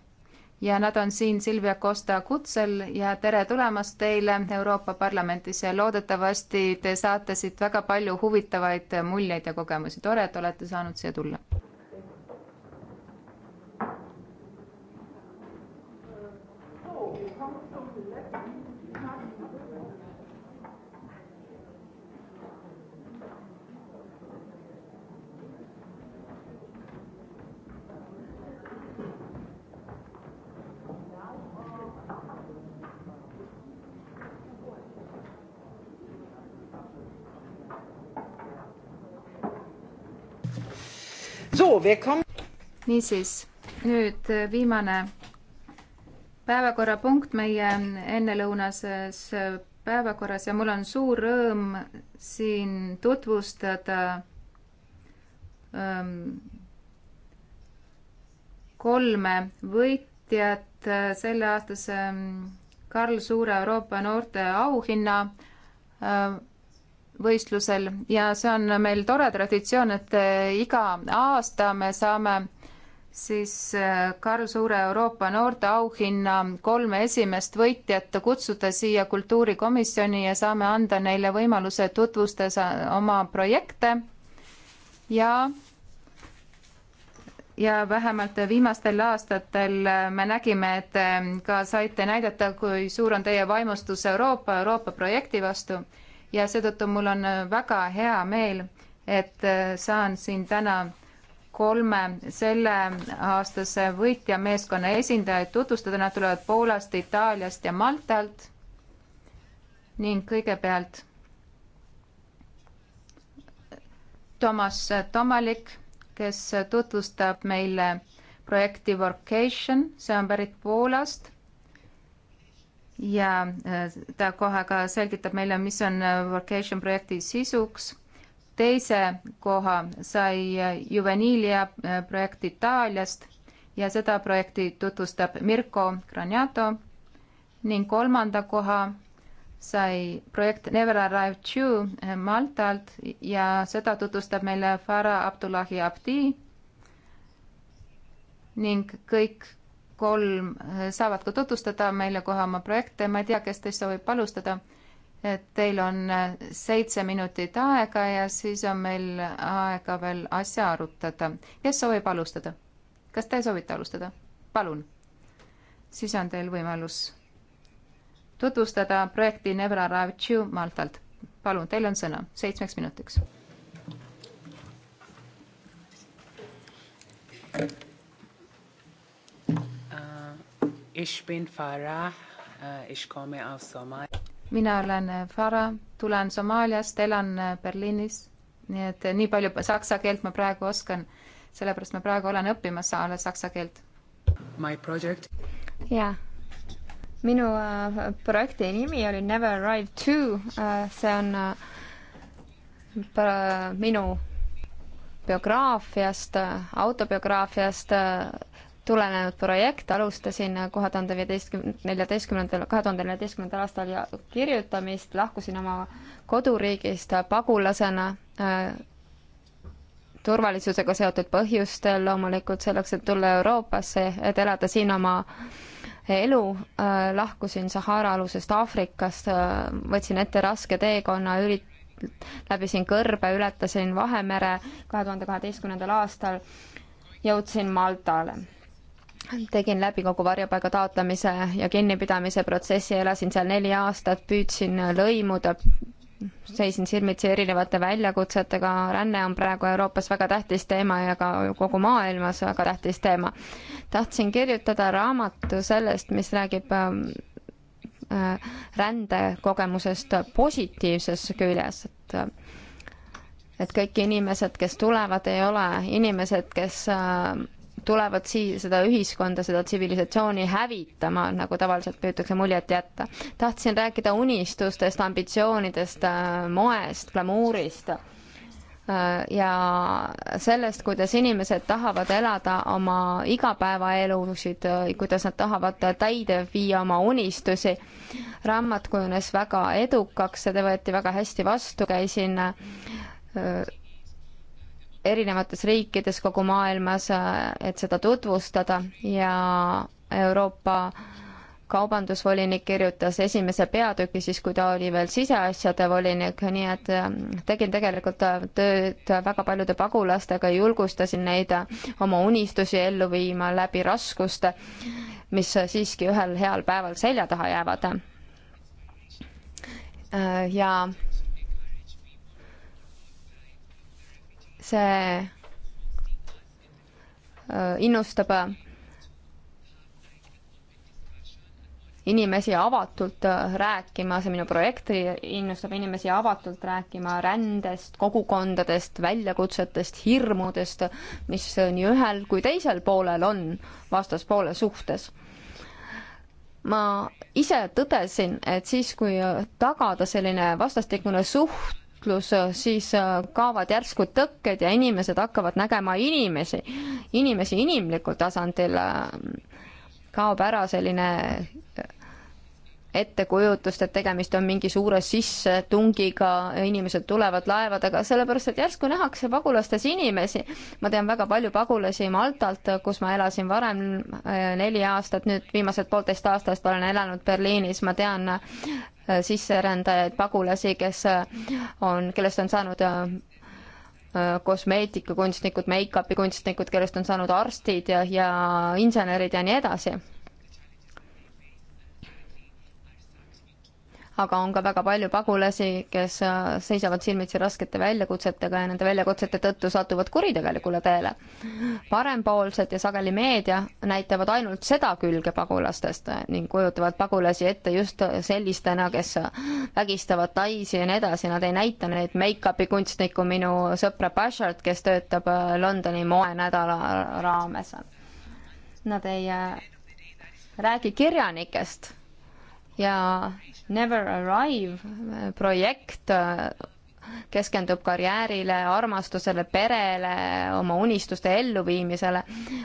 ja nad on siin Silvia Costa kutsel ja tere tulemast teile Euroopa Parlamentis ja loodetavasti te saate siit väga palju huvitavaid muljeid ja kogemusi. tore, et olete saanud siia tulla. niisiis, nüüd viimane päevakorrapunkt meie ennelõunases päevakorras ja mul on suur rõõm siin tutvustada ähm, kolme võitjat selleaastase ähm, Karl Suure Euroopa noorte auhinna äh, võistlusel ja see on meil tore traditsioon, et eh, iga aasta me saame siis eh, Karl Suure Euroopa noorteauhinna kolme esimest võitjat kutsuda siia kultuurikomisjoni ja saame anda neile võimaluse tutvustada oma projekte ja ja vähemalt viimastel aastatel me nägime, et eh, ka saite näidata, kui suur on teie vaimustus Euroopa, Euroopa projekti vastu ja seetõttu mul on äh, väga hea meel, et äh, saan siin täna kolme selleaastase võitjameeskonna esindajaid tutvustada, nad tulevad Poolast, Itaaliast ja Maltalt. ning kõigepealt äh, Tomas Tomalik, kes tutvustab meile projekti Workation, see on pärit Poolast ja äh, ta kohe ka selgitab meile, mis on Workation äh, projekti sisuks. teise koha sai äh, Juvenilia projekt Itaaliast ja seda projekti tutvustab Mirko Granato ning kolmanda koha sai projekt Never Arrive True Maltalt ja seda tutvustab meile Farah Abdullahi Abdi ning kõik kolm eh, saavad ka tutvustada meile kohe oma projekte, ma ei tea, kes teist soovib alustada. et teil on eh, seitse minutit aega ja siis on meil aega veel asja arutada. kes soovib alustada? kas te soovite alustada? palun. siis on teil võimalus tutvustada projekti Nebra Ravtšiu Maltalt. palun, teil on sõna seitsmeks minutiks. Thank you. Äh, mina olen äh, Farah, tulen Somaaliast, elan äh, Berliinis, nii et nii palju saksa keelt ma praegu oskan, sellepärast ma praegu olen õppimas alles saksa keelt. jaa minu äh, projekti nimi oli Never Arrive Two äh,, see on äh, minu biograafiast, autobiograafiast tulenenud projekt, alustasin kahe tuhande viieteistkümne, neljateistkümnendal, kahe tuhande neljateistkümnendal aastal kirjutamist, lahkusin oma koduriigist pagulasena äh, turvalisusega seotud põhjustel loomulikult, selleks, et tulla Euroopasse, et elada siin oma elu, äh, lahkusin Sahara-alusest Aafrikast, äh, võtsin ette raske teekonna, ürit-, läbisin kõrbe, ületasin Vahemere kahe tuhande kaheteistkümnendal aastal, jõudsin Maltale tegin läbi kogu varjupaiga taotlemise ja kinnipidamise protsessi, elasin seal neli aastat, püüdsin lõimuda, seisin silmitsi erinevate väljakutsetega, ränne on praegu Euroopas väga tähtis teema ja ka kogu maailmas väga tähtis teema. tahtsin kirjutada raamatu sellest, mis räägib ähm, äh, rändekogemusest positiivses küljes, et äh, et kõik inimesed, kes tulevad, ei ole inimesed, kes äh, tulevad sii-, seda ühiskonda, seda tsivilisatsiooni hävitama, nagu tavaliselt püütakse muljet jätta. tahtsin rääkida unistustest, ambitsioonidest, äh, moest, glamuurist äh, ja sellest, kuidas inimesed tahavad elada oma igapäevaelusid, äh, kuidas nad tahavad täide viia oma unistusi. raamat kujunes väga edukaks, seda võeti väga hästi vastu, käisin erinevates riikides kogu maailmas, äh, et seda tutvustada ja Euroopa kaubandusvolinik kirjutas esimese peatüki siis, kui ta oli veel siseasjade volinik, nii et äh, tegin tegelikult äh, tööd väga paljude pagulastega, julgustasin neid oma unistusi ellu viima läbi raskuste, mis siiski ühel heal päeval selja taha jäävad. ja see äh, innustab äh, inimesi avatult äh, rääkima, see minu projekt innustab inimesi avatult rääkima rändest, kogukondadest, väljakutsetest, hirmudest, mis nii ühel kui teisel poolel on vastaspoole suhtes. ma ise tõdesin, et siis, kui tagada selline vastastikune suht, liiklus, äh, siis äh, kaovad järsku tõkked ja inimesed hakkavad nägema inimesi, inimesi inimlikul tasandil. Äh, kaob ära selline ettekujutust, et tegemist on mingi suure sissetungiga, inimesed tulevad laevadega, sellepärast et järsku nähakse pagulastes inimesi. ma tean väga palju pagulasi Maltalt, kus ma elasin varem neli aastat, nüüd viimased poolteist aastat olen elanud Berliinis, ma tean Äh, sisserändajaid, pagulasi, kes äh, on, kellest on saanud äh, kosmeetikakunstnikud, make-up'i kunstnikud, kellest on saanud arstid ja, ja insenerid ja nii edasi aga on ka väga palju pagulasi, kes äh, seisavad silmitsi raskete väljakutsetega ja nende väljakutsete tõttu satuvad kuritegelikule teele. parempoolsed ja sageli meedia näitavad ainult seda külge pagulastest ning kujutavad pagulasi ette just sellistena, kes vägistavad naisi ja nii edasi, nad ei näita neid make-up'i kunstnikku, minu sõpra Bashard, kes töötab äh, Londoni moenädala raames. Nad ei äh, räägi kirjanikest ja Never Arrive äh, projekt äh, keskendub karjäärile, armastusele, perele, oma unistuste elluviimisele,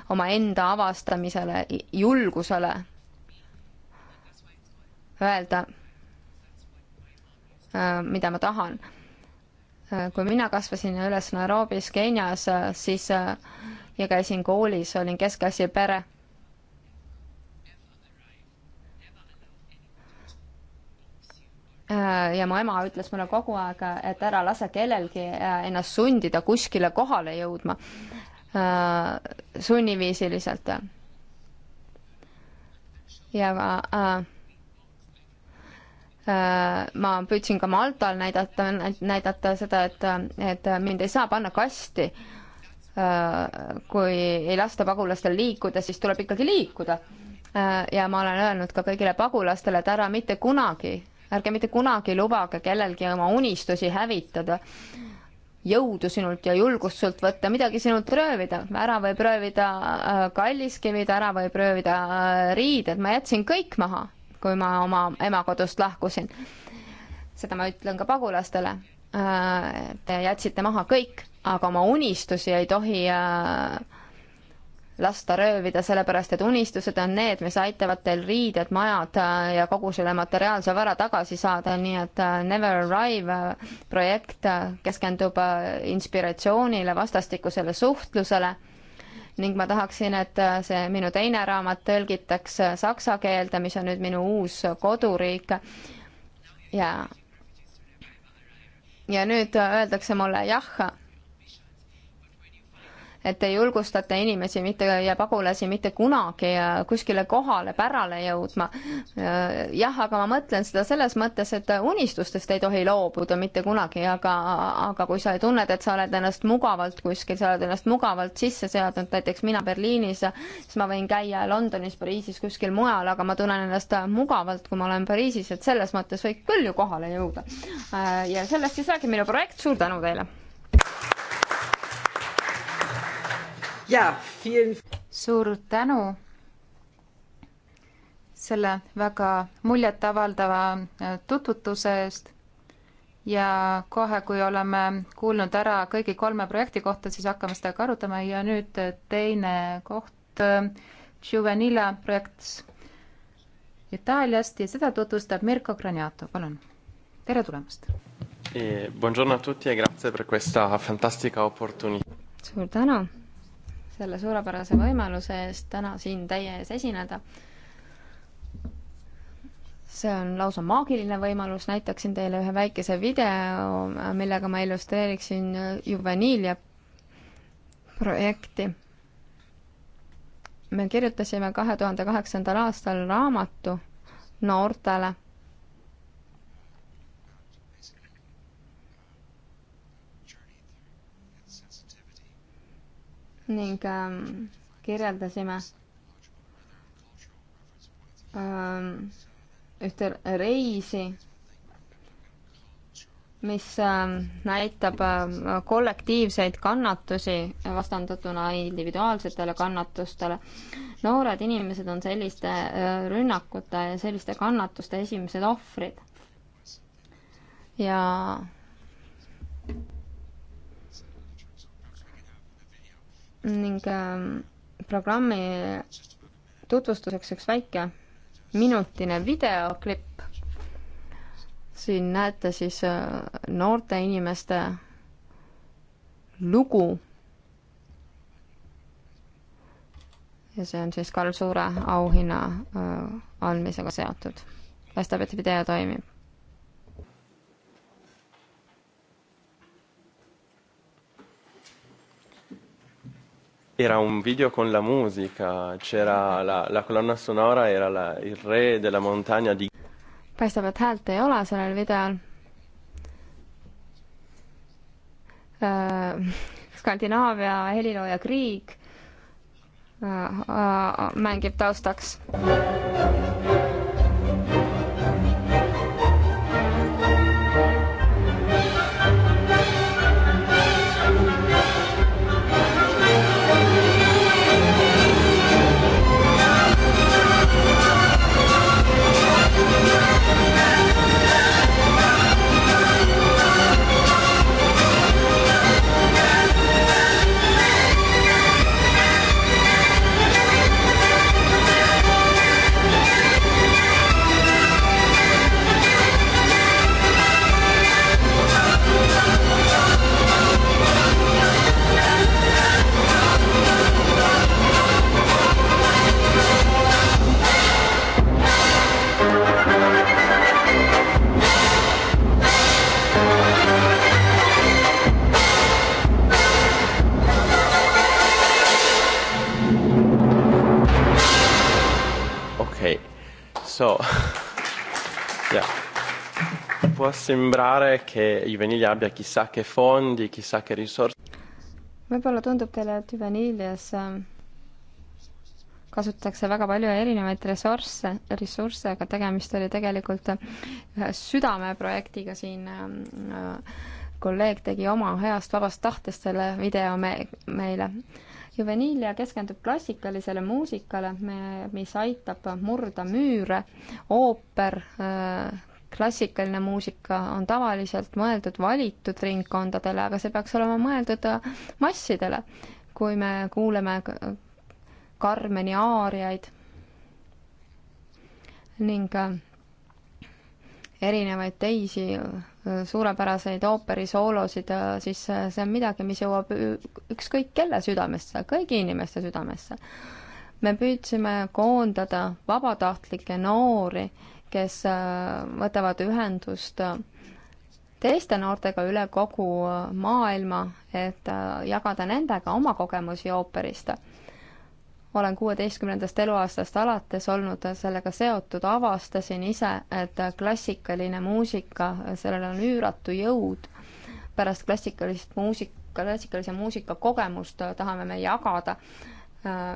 omaenda avastamisele, julgusele öelda, äh, mida ma tahan. kui mina kasvasin üles Nairobis, Keenias, siis ja käisin koolis, olin keskklassipere Äh, ja mu ema ütles mulle kogu aeg, et ära lase kellelgi äh, ennast sundida kuskile kohale jõudma äh, sunniviisiliselt. ja äh, ma püüdsin ka Maltal näidata, näidata seda, et, et mind ei saa panna kasti. kui ei lasta pagulastel liikuda, siis tuleb ikkagi liikuda. ja ma olen öelnud ka kõigile pagulastele, et ära mitte kunagi ärge mitte kunagi lubage kellelgi oma unistusi hävitada, jõudu sinult ja julgust sult võtta, midagi sinult röövida. ära võib röövida äh, kalliskivid, ära võib röövida äh, riided, ma jätsin kõik maha, kui ma oma ema kodust lahkusin. seda ma ütlen ka pagulastele. Äh, te jätsite maha kõik, aga oma unistusi ei tohi äh, lasta röövida, sellepärast et unistused on need, mis aitavad teil riided, majad äh, ja kogu selle materiaalse vara tagasi saada, nii et äh, Never Arrive äh, projekt keskendub inspiratsioonile, vastastikusele suhtlusele ning ma tahaksin, et see minu teine raamat tõlgitaks saksa keelde, mis on nüüd minu uus koduriik ja ja nüüd öeldakse mulle jah et te julgustate inimesi mitte ja pagulasi mitte kunagi äh, kuskile kohale pärale jõudma. Äh, jah, aga ma mõtlen seda selles mõttes, et unistustest ei tohi loobuda mitte kunagi, aga, aga kui sa tunned, et sa oled ennast mugavalt kuskil, sa oled ennast mugavalt sisse seadnud, näiteks mina Berliinis, siis ma võin käia Londonis, Pariisis, kuskil mujal, aga ma tunnen ennast mugavalt, kui ma olen Pariisis, et selles mõttes võib küll ju kohale jõuda. Äh, ja sellest siis räägib minu projekt, suur tänu teile! ja, vielen... suur tänu selle väga muljetavaldava äh, tutvutuse eest ja kohe, kui oleme kuulnud ära kõigi kolme projekti kohta, siis hakkame seda ka arutama ja nüüd äh, teine koht, äh, Juvenila projekt Itaaliast ja seda tutvustab Mirko Graniato, palun. tere tulemast eh,! Buongiorno a tutti e grazie per questa fantastica opportunità. suur tänu selle suurepärase võimaluse eest täna siin teie ees esineda. see on lausa maagiline võimalus, näitaksin teile ühe väikese video, millega ma illustreeriksin juveniilia projekti. me kirjutasime kahe tuhande kaheksandal aastal raamatu noortele ning ähm, kirjeldasime ähm, ühte reisi, mis ähm, näitab ähm, kollektiivseid kannatusi vastandatuna individuaalsetele kannatustele. noored inimesed on selliste äh, rünnakute ja selliste kannatuste esimesed ohvrid. ja ning ähm, programmi tutvustuseks üks väike minutine videoklipp. siin näete siis äh, noorte inimeste lugu. ja see on siis Karl Suure auhinna äh, andmisega seotud. paistab, et video toimib. Era un video con la musica, c'era la, la colonna sonora, era la, il re della montagna di paistab, et häält ei ole sellel videol äh,. Skandinaavia helilooja Krieg äh, äh, mängib taustaks. So, [LAUGHS] yeah. Può sembrare che Juvenile abbia chissà che fondi, chissà che risorse. võib-olla tundub teile, et Juveniles ehm, kasutatakse väga palju erinevaid ressursse, ressursse, aga tegemist oli tegelikult ehm, ühe südameprojektiga siin. Ehm, kolleeg tegi oma heast vabast tahtest selle video me meile Juvenilia keskendub klassikalisele muusikale, mis aitab murda müüre, ooper, äh, klassikaline muusika on tavaliselt mõeldud valitud ringkondadele, aga see peaks olema mõeldud äh, massidele. kui me kuuleme Karmeni aariaid ning äh, erinevaid teisi suurepäraseid ooperisoolosid, äh, siis äh, see on midagi, mis jõuab ükskõik kelle südamesse, kõigi inimeste südamesse. me püüdsime koondada vabatahtlikke noori, kes äh, võtavad ühendust teiste noortega üle kogu maailma, et jagada nendega oma kogemusi ooperist olen kuueteistkümnendast eluaastast alates olnud sellega seotud, avastasin ise, et klassikaline muusika, sellel on üüratu jõud. pärast klassikalist muusika, klassikalise muusika kogemust tahame me jagada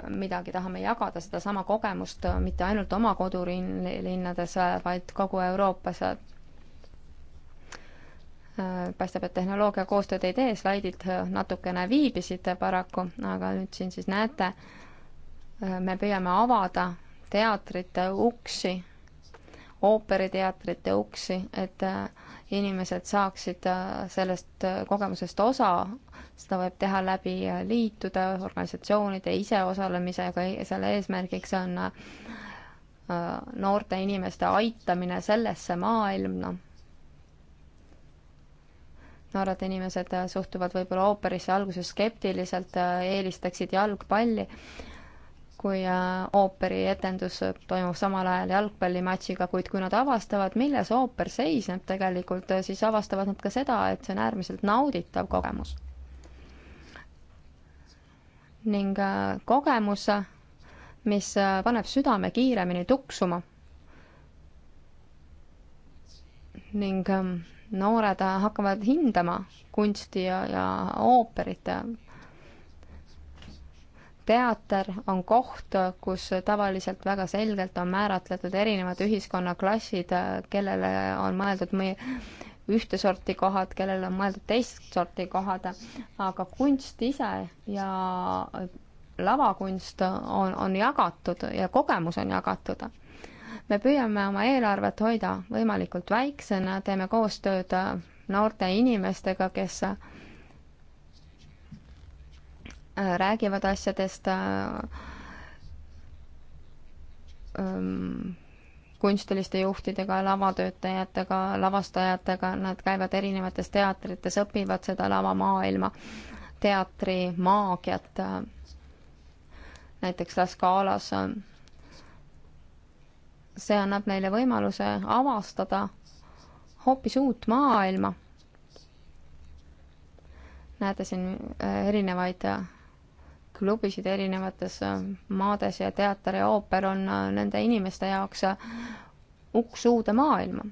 midagi, tahame jagada sedasama kogemust mitte ainult oma kodulinnades, vaid kogu Euroopas. paistab, et tehnoloogia koostööd ei tee, slaidid natukene viibisid paraku, aga nüüd siin siis näete Äh, me püüame avada teatrite uksi, ooperiteatrite uksi, et äh, inimesed saaksid äh, sellest kogemusest osa, seda võib teha läbi liitude, organisatsioonide iseosalemisega, e-, selle eesmärgiks on noorte inimeste aitamine sellesse maailma no.. noored inimesed suhtuvad võib-olla ooperisse alguses skeptiliselt, eelistaksid jalgpalli kui äh, ooperietendus toimub samal ajal jalgpallimatšiga, kuid kui nad avastavad, milles ooper seisneb tegelikult, äh, siis avastavad nad ka seda, et see on äärmiselt nauditav kogemus. ning äh, kogemus, mis paneb südame kiiremini tuksuma. ning ähm, noored hakkavad hindama kunsti ja, ja ooperit teater on koht, kus tavaliselt väga selgelt on määratletud erinevad ühiskonnaklassid, kellele on mõeldud meie ühte sorti kohad, kellele on mõeldud teist sorti kohad, aga kunst ise ja lavakunst on, on jagatud ja kogemus on jagatud. me püüame oma eelarvet hoida võimalikult väiksena, teeme koostööd noorte inimestega, kes Äh, räägivad asjadest äh, ähm, kunstiliste juhtidega, lavatöötajatega, lavastajatega, nad käivad erinevates teatrites, õpivad seda lavamaailma, teatrimaagiat, näiteks La Scalas. see annab neile võimaluse avastada hoopis uut maailma. näete siin erinevaid klubisid erinevates äh, maades ja teater ja ooper on äh, nende inimeste jaoks äh, uks uude maailma.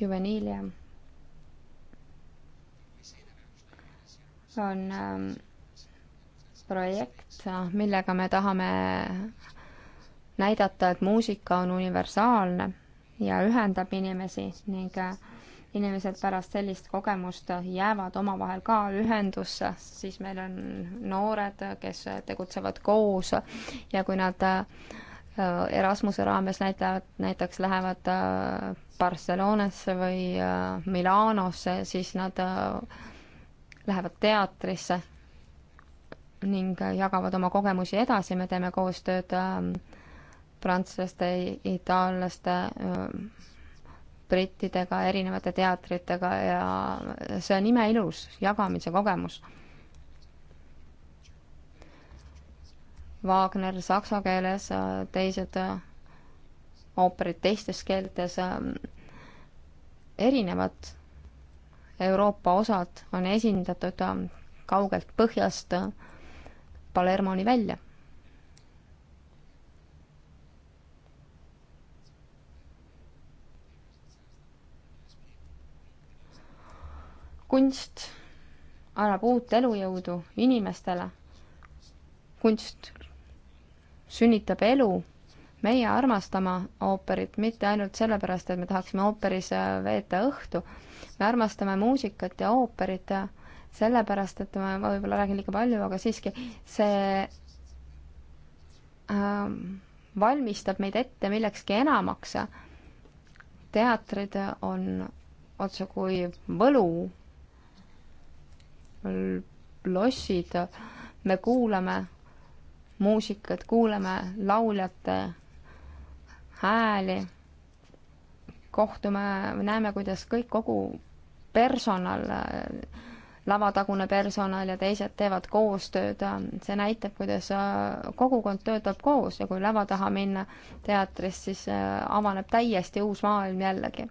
juveniilia on ähm, projekt, millega me tahame näidata, et muusika on universaalne ja ühendab inimesi ning äh, inimesed pärast sellist kogemust jäävad omavahel ka ühendusse, siis meil on noored, kes tegutsevad koos ja kui nad äh, Erasmuse raames näitavad, näiteks lähevad äh, Barcelonasse või äh, Milanosse, siis nad lähevad teatrisse ning jagavad oma kogemusi edasi, me teeme koostööd prantslaste, itaallaste, brittidega, erinevate teatritega ja see on imeilus jagamise kogemus. Wagner saksa keeles, teised ooperid teistes keeltes, erinevad Euroopa osad on esindatud kaugelt põhjast Palermoni välja kunst annab uut elujõudu inimestele. kunst sünnitab elu. meie armastame ooperit mitte ainult sellepärast, et me tahaksime ooperis äh, veeta õhtu, me armastame muusikat ja ooperit ja äh, sellepärast, et ma võib-olla räägin liiga palju, aga siiski see ähm, valmistab meid ette millekski enamaks. teatrid on otsekui võlu lossid, me kuulame muusikat, kuulame lauljate hääli, kohtume, näeme, kuidas kõik, kogu personal, lavatagune personal ja teised teevad koostööd, see näitab, kuidas äh, kogukond töötab koos ja kui lava taha minna teatrist, siis äh, avaneb täiesti uus maailm jällegi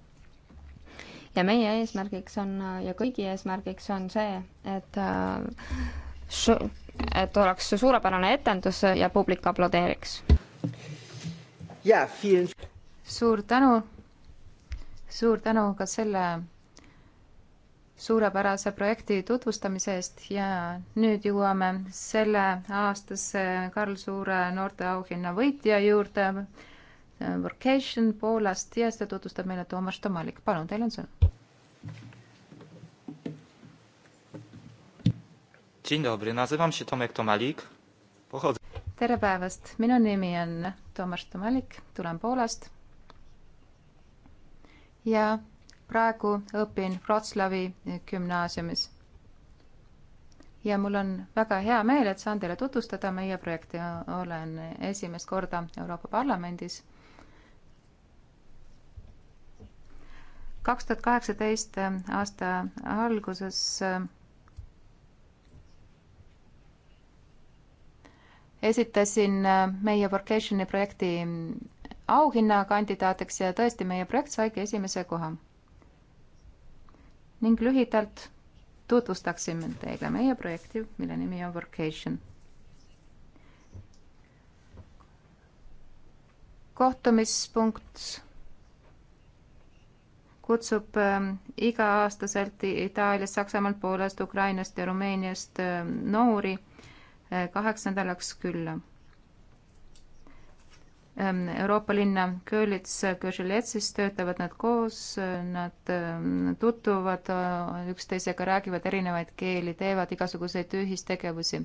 ja meie eesmärgiks on ja kõigi eesmärgiks on see, et äh, et oleks suurepärane etendus ja publik aplodeeriks. suur tänu, suur tänu ka selle suurepärase projekti tutvustamise eest ja nüüd jõuame selle aastase Karl Suure noorteauhinna võitja juurde Workation Poolast ja seda tutvustab meile Toomas Tomalik. palun, teil on sõna. Dzień dobry, nazywam się Tomek Tomalik. Pochodzę... tere päevast, minu nimi on Toomas Tomalik, tulen Poolast. ja praegu õpin Wroclawi gümnaasiumis. ja mul on väga hea meel, et saan teile tutvustada meie projekti. olen esimest korda Euroopa Parlamendis kaks tuhat kaheksateist aasta alguses äh, esitasin äh, meie Workationi projekti auhinnakandidaateks ja tõesti, meie projekt saigi esimese koha. ning lühidalt tutvustaksin teile meie projekti, mille nimi on Workation. kohtumispunkt kutsub ähm, iga-aastaselt Itaaliast, Saksamaalt, Poolast, Ukrainast ja Rumeeniast ähm, noori äh, kaheksandalaks külla. Ähm, Euroopa linna Köölits, Kööžiletsis äh, töötavad nad koos, äh, nad tutvuvad üksteisega, räägivad erinevaid keeli, teevad igasuguseid ühistegevusi.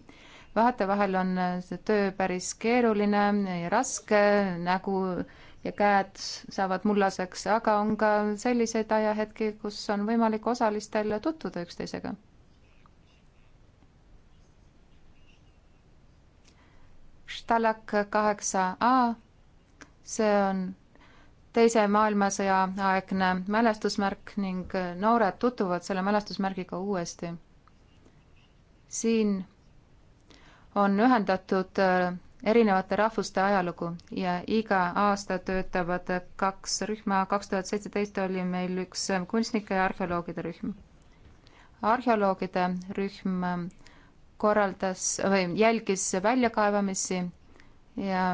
vahetevahel on see töö päris keeruline ja raske, nagu äh, ja käed saavad mullaseks, aga on ka selliseid ajahetki, kus on võimalik osalistel tutvuda üksteisega. Stalak kaheksa A, see on teise maailmasõja aegne mälestusmärk ning noored tutvuvad selle mälestusmärgiga uuesti. siin on ühendatud äh, erinevate rahvuste ajalugu ja iga aasta töötavad kaks rühma, kaks tuhat seitseteist oli meil üks kunstnike ja arheoloogide rühm. arheoloogide rühm korraldas või jälgis väljakaevamisi ja,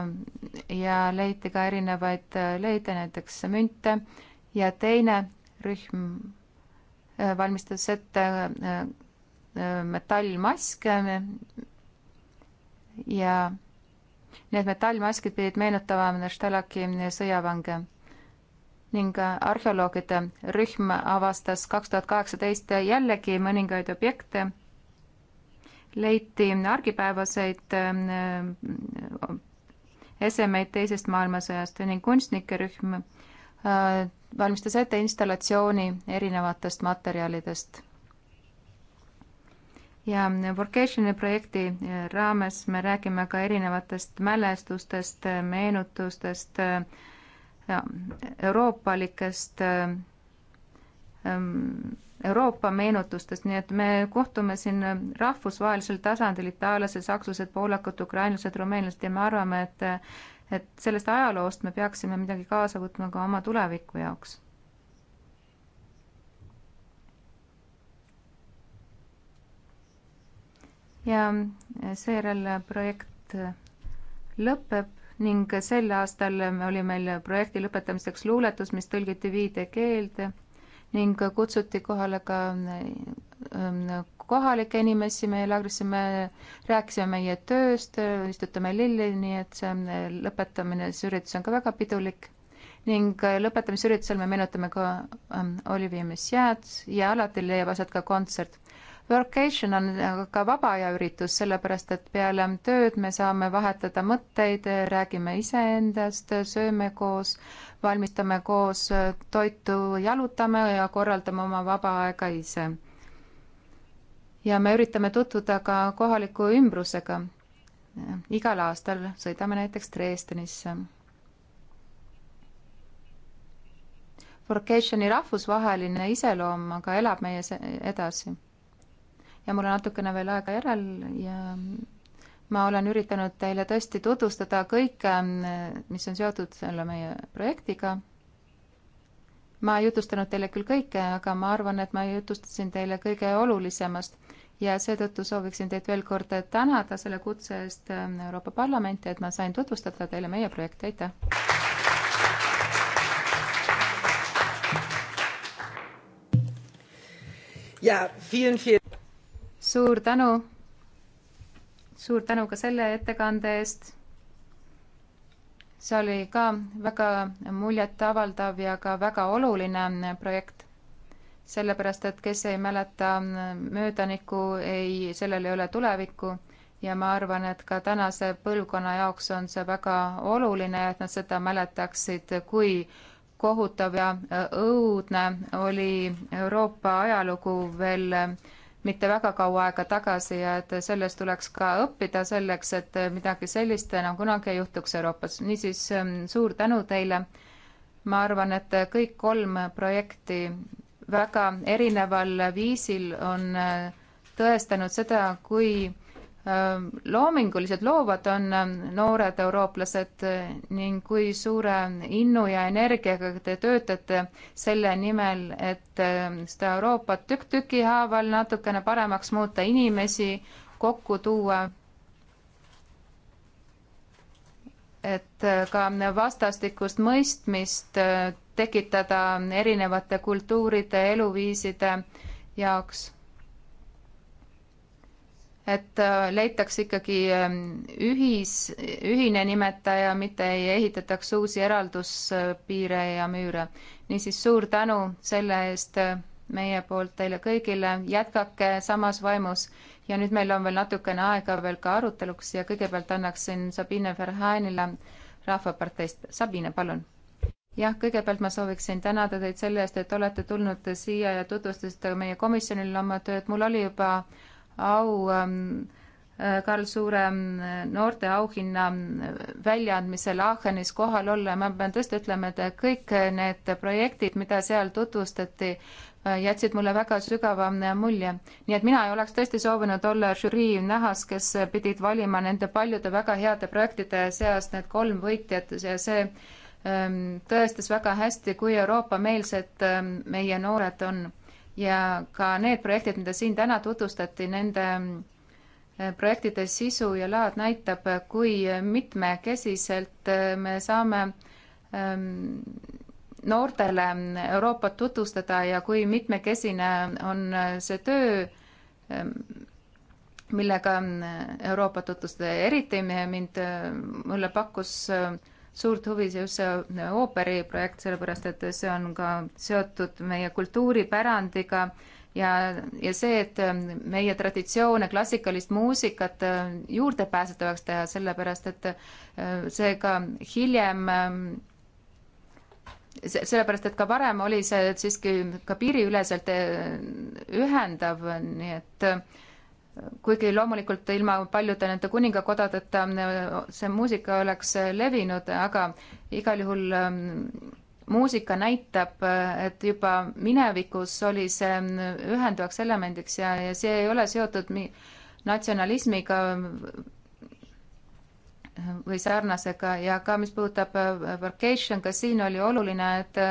ja leiti ka erinevaid leide, näiteks münte ja teine rühm äh, valmistas ette äh, äh, metallmaske ja Need metallmaskid pidid meenutama Stalaki sõjavange ning arheoloogide rühm avastas kaks tuhat kaheksateist jällegi mõningaid objekte, leiti argipäevaseid äh, esemeid Teisest maailmasõjast ning kunstnike rühm äh, valmistas ette installatsiooni erinevatest materjalidest ja Workationi projekti eh, raames me räägime ka erinevatest mälestustest, eh, meenutustest, eh, euroopalikest, Euroopa meenutustest, nii et me kohtume siin rahvusvahelisel tasandil, itaallased, sakslased, poolakad, ukrainlased, rumeenlased ja me arvame, et et sellest ajaloost me peaksime midagi kaasa võtma ka oma tuleviku jaoks ja eh, seejärel projekt eh, lõpeb ning sel aastal oli meil projekti lõpetamiseks luuletus, mis tõlgiti viide keelde ning kutsuti kohale ka eh, kohalikke inimesi meie laagrisse, me rääkisime meie tööst, istutame lilli, nii et see lõpetamine, see üritus on ka väga pidulik. ning lõpetamisüritusel me meenutame ka Olivier Messiaad ja alati leiab aset ka kontsert Workation on ka vaba aja üritus, sellepärast et peale tööd me saame vahetada mõtteid, räägime iseendast, sööme koos, valmistame koos toitu, jalutame ja korraldame oma vaba aega ise. ja me üritame tutvuda ka kohaliku ümbrusega. igal aastal sõidame näiteks Dresdenisse Workationi rahvusvaheline iseloom aga elab meie edasi ja mul on natukene veel aega järel ja ma olen üritanud teile tõesti tutvustada kõike, ähm, mis on seotud selle meie projektiga. ma ei jutustanud teile küll kõike, aga ma arvan, et ma jutustasin teile kõige olulisemast ja seetõttu sooviksin teid veel kord tänada selle kutse eest ähm, Euroopa Parlamenti, et ma sain tutvustada teile meie projekti, aitäh! ja vielen, vielen suur tänu. suur tänu ka selle ettekande eest. see oli ka väga muljetavaldav ja ka väga oluline projekt sellepärast et kes ei mäleta möödanikku, ei, sellel ei ole tulevikku ja ma arvan, et ka tänase põlvkonna jaoks on see väga oluline, et nad seda mäletaksid, kui kohutav ja õudne oli Euroopa ajalugu veel mitte väga kaua aega tagasi ja et sellest tuleks ka õppida selleks, et midagi sellist enam kunagi ei juhtuks Euroopas. niisiis ähm, suur tänu teile. ma arvan, et kõik kolm projekti väga erineval viisil on äh, tõestanud seda, kui loomingulised loovad on noored eurooplased ning kui suure innu ja energiaga te töötate selle nimel, et seda Euroopat tükk tüki haaval natukene paremaks muuta, inimesi kokku tuua, et ka vastastikust mõistmist tekitada erinevate kultuuride, eluviiside jaoks et äh, leitakse ikkagi ähm, ühis, ühine nimetaja, mitte ei ehitataks uusi eralduspiire ja müüre. niisiis suur tänu selle eest äh, meie poolt teile kõigile, jätkake samas vaimus ja nüüd meil on veel natukene aega veel ka aruteluks ja kõigepealt annaksin Sabine Verhaenile Rahvaparteist. Sabine, palun jah, kõigepealt ma sooviksin tänada teid selle eest, et olete tulnud siia ja tutvustasite meie komisjonile oma tööd. mul oli juba äh, au ähm, äh, Karl Suure ähm, noorteauhinna ähm, väljaandmisel Aachenis kohal olla. ma pean tõesti ütlema, et kõik need projektid, mida seal tutvustati, äh, jätsid mulle väga sügava äh, mulje. nii et mina ei oleks tõesti soovinud olla žürii nähas, kes pidid valima nende paljude väga heade projektide seast need kolm võitjat ja see tõestas väga hästi, kui Euroopa-meelsed meie noored on ja ka need projektid, mida siin täna tutvustati, nende äh, projektide sisu ja laad näitab, kui mitmekesiselt äh, me saame ähm, noortele Euroopat tutvustada ja kui mitmekesine on äh, see töö, ähm, millega Euroopat tutvustada ja eriti mind, mulle pakkus suurt huvi just see äh, ooperiprojekt, sellepärast et see on ka seotud meie kultuuripärandiga ja, ja see, et äh, meie traditsioone, klassikalist muusikat äh, juurdepääsetavaks teha, sellepärast et see ka hiljem sellepärast, et ka varem oli see siiski ka piiriüleselt ühendav, nii et äh, kuigi loomulikult ilma paljude nende kuningakodadeta äh, see muusika oleks äh, levinud, aga igal juhul ähm, muusika näitab, äh, et juba minevikus oli see ähm, ühenduvaks elemendiks ja, ja see ei ole seotud natsionalismiga või sarnasega ja ka mis puudutab vacation, ka siin oli oluline, et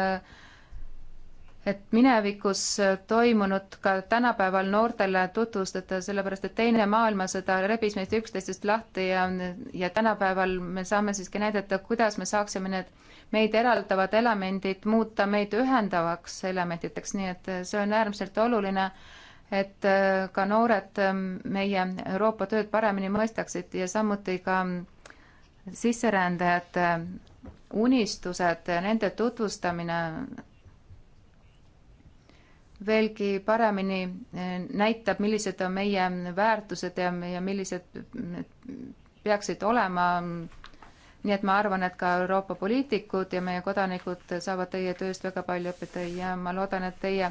et minevikus toimunut ka tänapäeval noortele tutvustada, sellepärast et Teine maailmasõda rebis meist üksteisest lahti ja, ja tänapäeval me saame siiski näidata, kuidas me saaksime need meid eraldavad elemendid muuta meid ühendavaks elementideks, nii et see on äärmiselt oluline, et ka noored meie Euroopa tööd paremini mõistaksid ja samuti ka sisserändajate unistused, nende tutvustamine veelgi paremini eh, näitab, millised on meie väärtused ja, ja millised mm, peaksid olema. nii et ma arvan, et ka Euroopa poliitikud ja meie kodanikud saavad teie tööst väga palju õppida ja ma loodan, et teie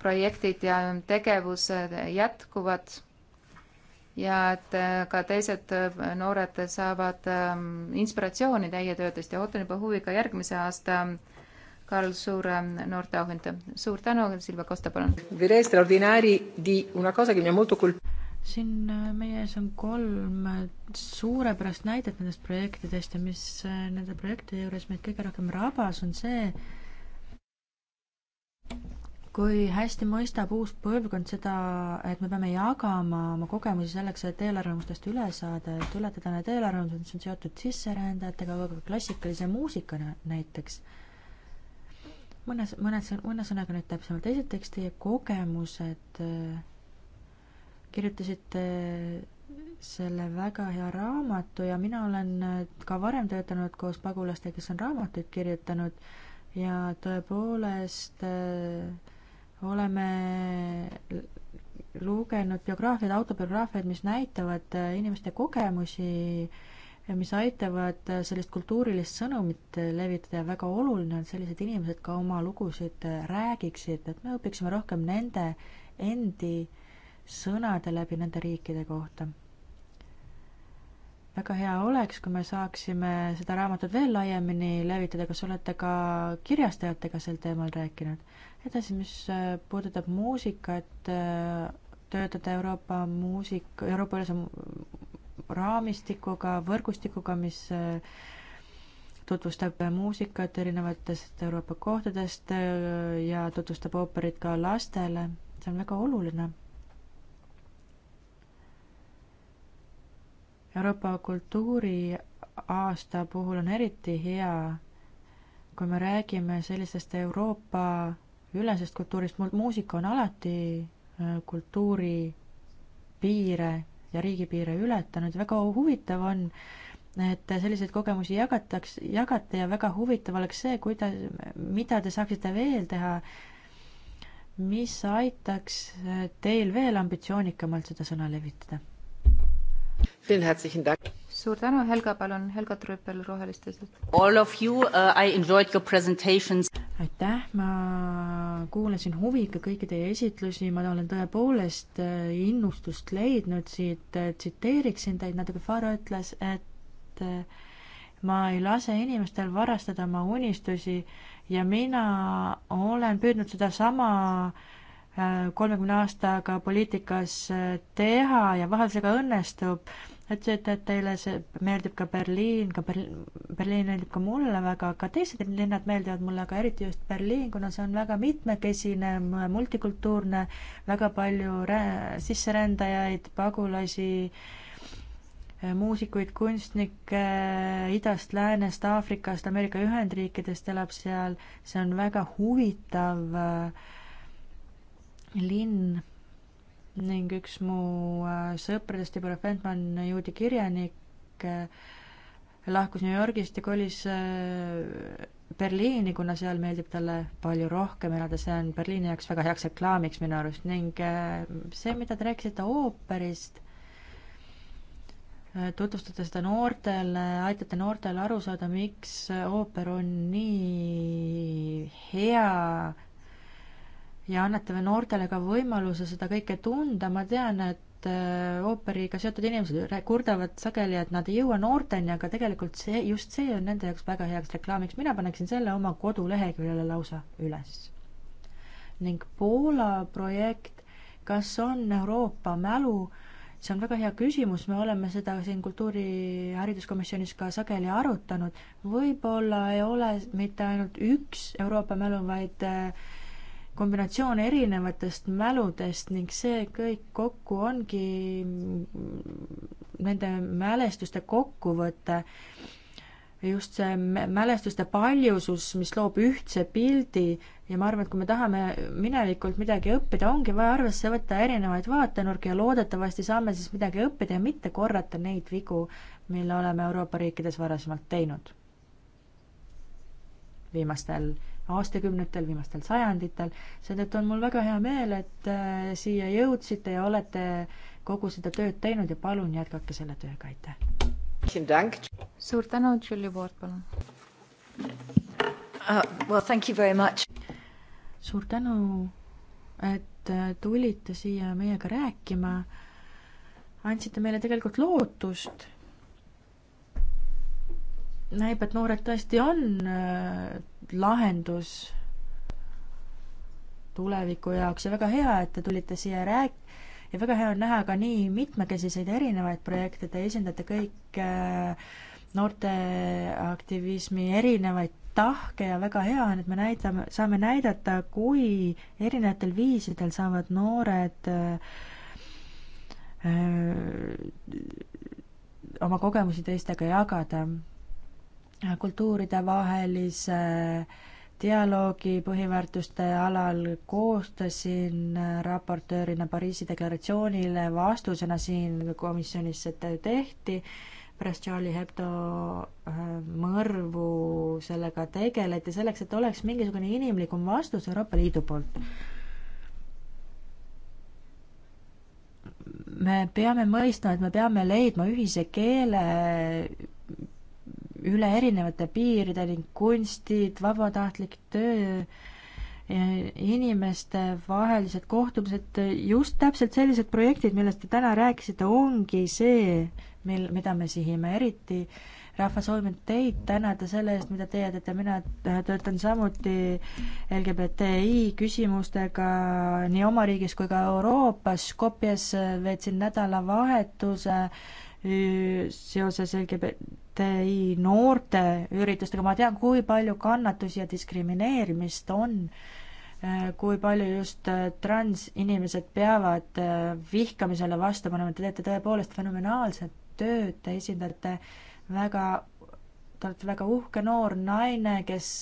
projektid ja tegevused jätkuvad ja et eh, ka teised eh, noored saavad inspiratsiooni teie töödest ja ootan juba huviga järgmise aasta Karl Suure ähm, noorteauhindu. suur tänu, Silvia Kosta, palun! siin äh, meie ees on kolm äh, suurepärast näidet nendest projektidest ja mis äh, nende projektide juures meid kõige rohkem rabas, on see, kui hästi mõistab uus põlvkond seda, et me peame jagama oma kogemusi selleks, et eelarvamustest üle saada, et ületada need eelarvamused, mis on seotud sisserändajatega, aga ka klassikalise muusikaga näiteks mõnes, mõnes, mõne sõnaga nüüd täpsemalt, esiteks teie kogemused, kirjutasite selle väga hea raamatu ja mina olen ka varem töötanud koos pagulastega, kes on raamatuid kirjutanud ja tõepoolest äh, oleme lugenud biograafiaid, autobiograafiaid, mis näitavad äh, inimeste kogemusi äh, mis aitavad äh, sellist kultuurilist sõnumit äh, levitada ja väga oluline on, et sellised inimesed ka oma lugusid äh, räägiksid, et me õpiksime rohkem nende endi sõnade läbi nende riikide kohta. väga hea oleks, kui me saaksime seda raamatut veel laiemini levitada, kas olete ka kirjastajatega sel teemal rääkinud? edasi, mis puudutab muusikat, töötada Euroopa muusik, Euroopa ülese raamistikuga, võrgustikuga, mis äh, tutvustab muusikat erinevatest Euroopa kohtadest äh, ja tutvustab ooperit ka lastele, see on väga oluline. Euroopa kultuuriaasta puhul on eriti hea, kui me räägime sellisest Euroopa ülesest kultuurist, muusika on alati äh, kultuuri piire ja riigipiire ületanud, väga huvitav on, et selliseid kogemusi jagataks, jagate ja väga huvitav oleks see, kuidas, mida te saaksite veel teha, mis aitaks teil veel ambitsioonikamalt seda sõna levitada? suur tänu, Helga, palun, Helga Trüppel Rohelistest. All of you uh,, I enjoyed your presentations aitäh, ma kuulasin huviga kõiki teie esitlusi, ma olen tõepoolest äh, innustust leidnud siit, äh, tsiteeriksin teid natuke, Faro ütles, et äh, ma ei lase inimestel varastada oma unistusi ja mina olen püüdnud sedasama kolmekümne aastaga poliitikas teha ja vahel see ka õnnestub ütlesite, et teile see meeldib ka Berliin, ka Berliin, Berliin meeldib ka mulle väga, ka teised linnad meeldivad mulle, aga eriti just Berliin, kuna see on väga mitmekesine, multikultuurne, väga palju rää-, sisserändajaid, pagulasi, muusikuid, kunstnikke idast, läänest, Aafrikast, Ameerika Ühendriikidest elab seal, see on väga huvitav äh, linn ning üks mu äh, sõpradest, Deborah Fentman, juudi kirjanik, äh, lahkus New Yorgist ja kolis äh, Berliini, kuna seal meeldib talle palju rohkem elada, see on Berliini jaoks väga heaks reklaamiks minu arust ning see, mida te rääkisite ooperist, tutvustate seda noortele, aitate noortele aru saada, miks ooper on nii hea ja annate me noortele ka võimaluse seda kõike tunda, ma tean, et äh, ooperiga seotud inimesed kurdavad sageli, et nad ei jõua noorteni, aga tegelikult see, just see on nende jaoks väga heaks reklaamiks, mina paneksin selle oma koduleheküljele lausa üles. ning Poola projekt, kas on Euroopa mälu, see on väga hea küsimus, me oleme seda siin kultuuri- ja hariduskomisjonis ka sageli arutanud, võib-olla ei ole mitte ainult üks Euroopa mälu, vaid äh, kombinatsioon erinevatest mäludest ning see kõik kokku ongi nende mälestuste kokkuvõte, just see mälestuste paljusus, mis loob ühtse pildi ja ma arvan, et kui me tahame minevikult midagi õppida, ongi vaja arvesse võtta erinevaid vaatenurki ja loodetavasti saame siis midagi õppida ja mitte korrata neid vigu, mille oleme Euroopa riikides varasemalt teinud viimastel aastakümnetel, viimastel sajanditel. seetõttu on mul väga hea meel, et äh, siia jõudsite ja olete kogu seda tööd teinud ja palun jätkake selle tööga, aitäh! suur tänu, Julie Ward, palun uh,! Well, thank you very much! suur tänu, et äh, tulite siia meiega rääkima, andsite meile tegelikult lootust näib, et noored tõesti on äh, lahendus tuleviku jaoks ja väga hea, et te tulite siia rääk-, ja väga hea on näha ka nii mitmekesiseid erinevaid projekte, te esindate kõik äh, noorteaktivismi erinevaid tahke ja väga hea on, et me näitame, saame näidata, kui erinevatel viisidel saavad noored öö, äh, oma kogemusi teistega jagada kultuuridevahelise dialoogi põhiväärtuste alal koostasin raportöörina Pariisi deklaratsioonile vastusena siin komisjonis seda ju tehti, pärast Charlie Hebdo äh, mõrvu sellega tegeleti, selleks et oleks mingisugune inimlikum vastus Euroopa Liidu poolt me peame mõistma, et me peame leidma ühise keele üle erinevate piiride ning kunstid, vabatahtlik töö, inimeste vahelised kohtumised, just täpselt sellised projektid, millest te täna rääkisite, ongi see, mil, mida me sihime, eriti rahva soovin teid tänada selle eest, mida teie teete, mina töötan samuti LGBTI küsimustega nii oma riigis kui ka Euroopas, Skopjes veetsin nädalavahetuse äh, seoses LGBTI noorte üritustega, ma tean, kui palju kannatusi ja diskrimineerimist on, kui palju just transinimesed peavad vihkamisele vastu panema, te teete tõepoolest fenomenaalset tööd, te esindate väga, te olete väga uhke noor naine, kes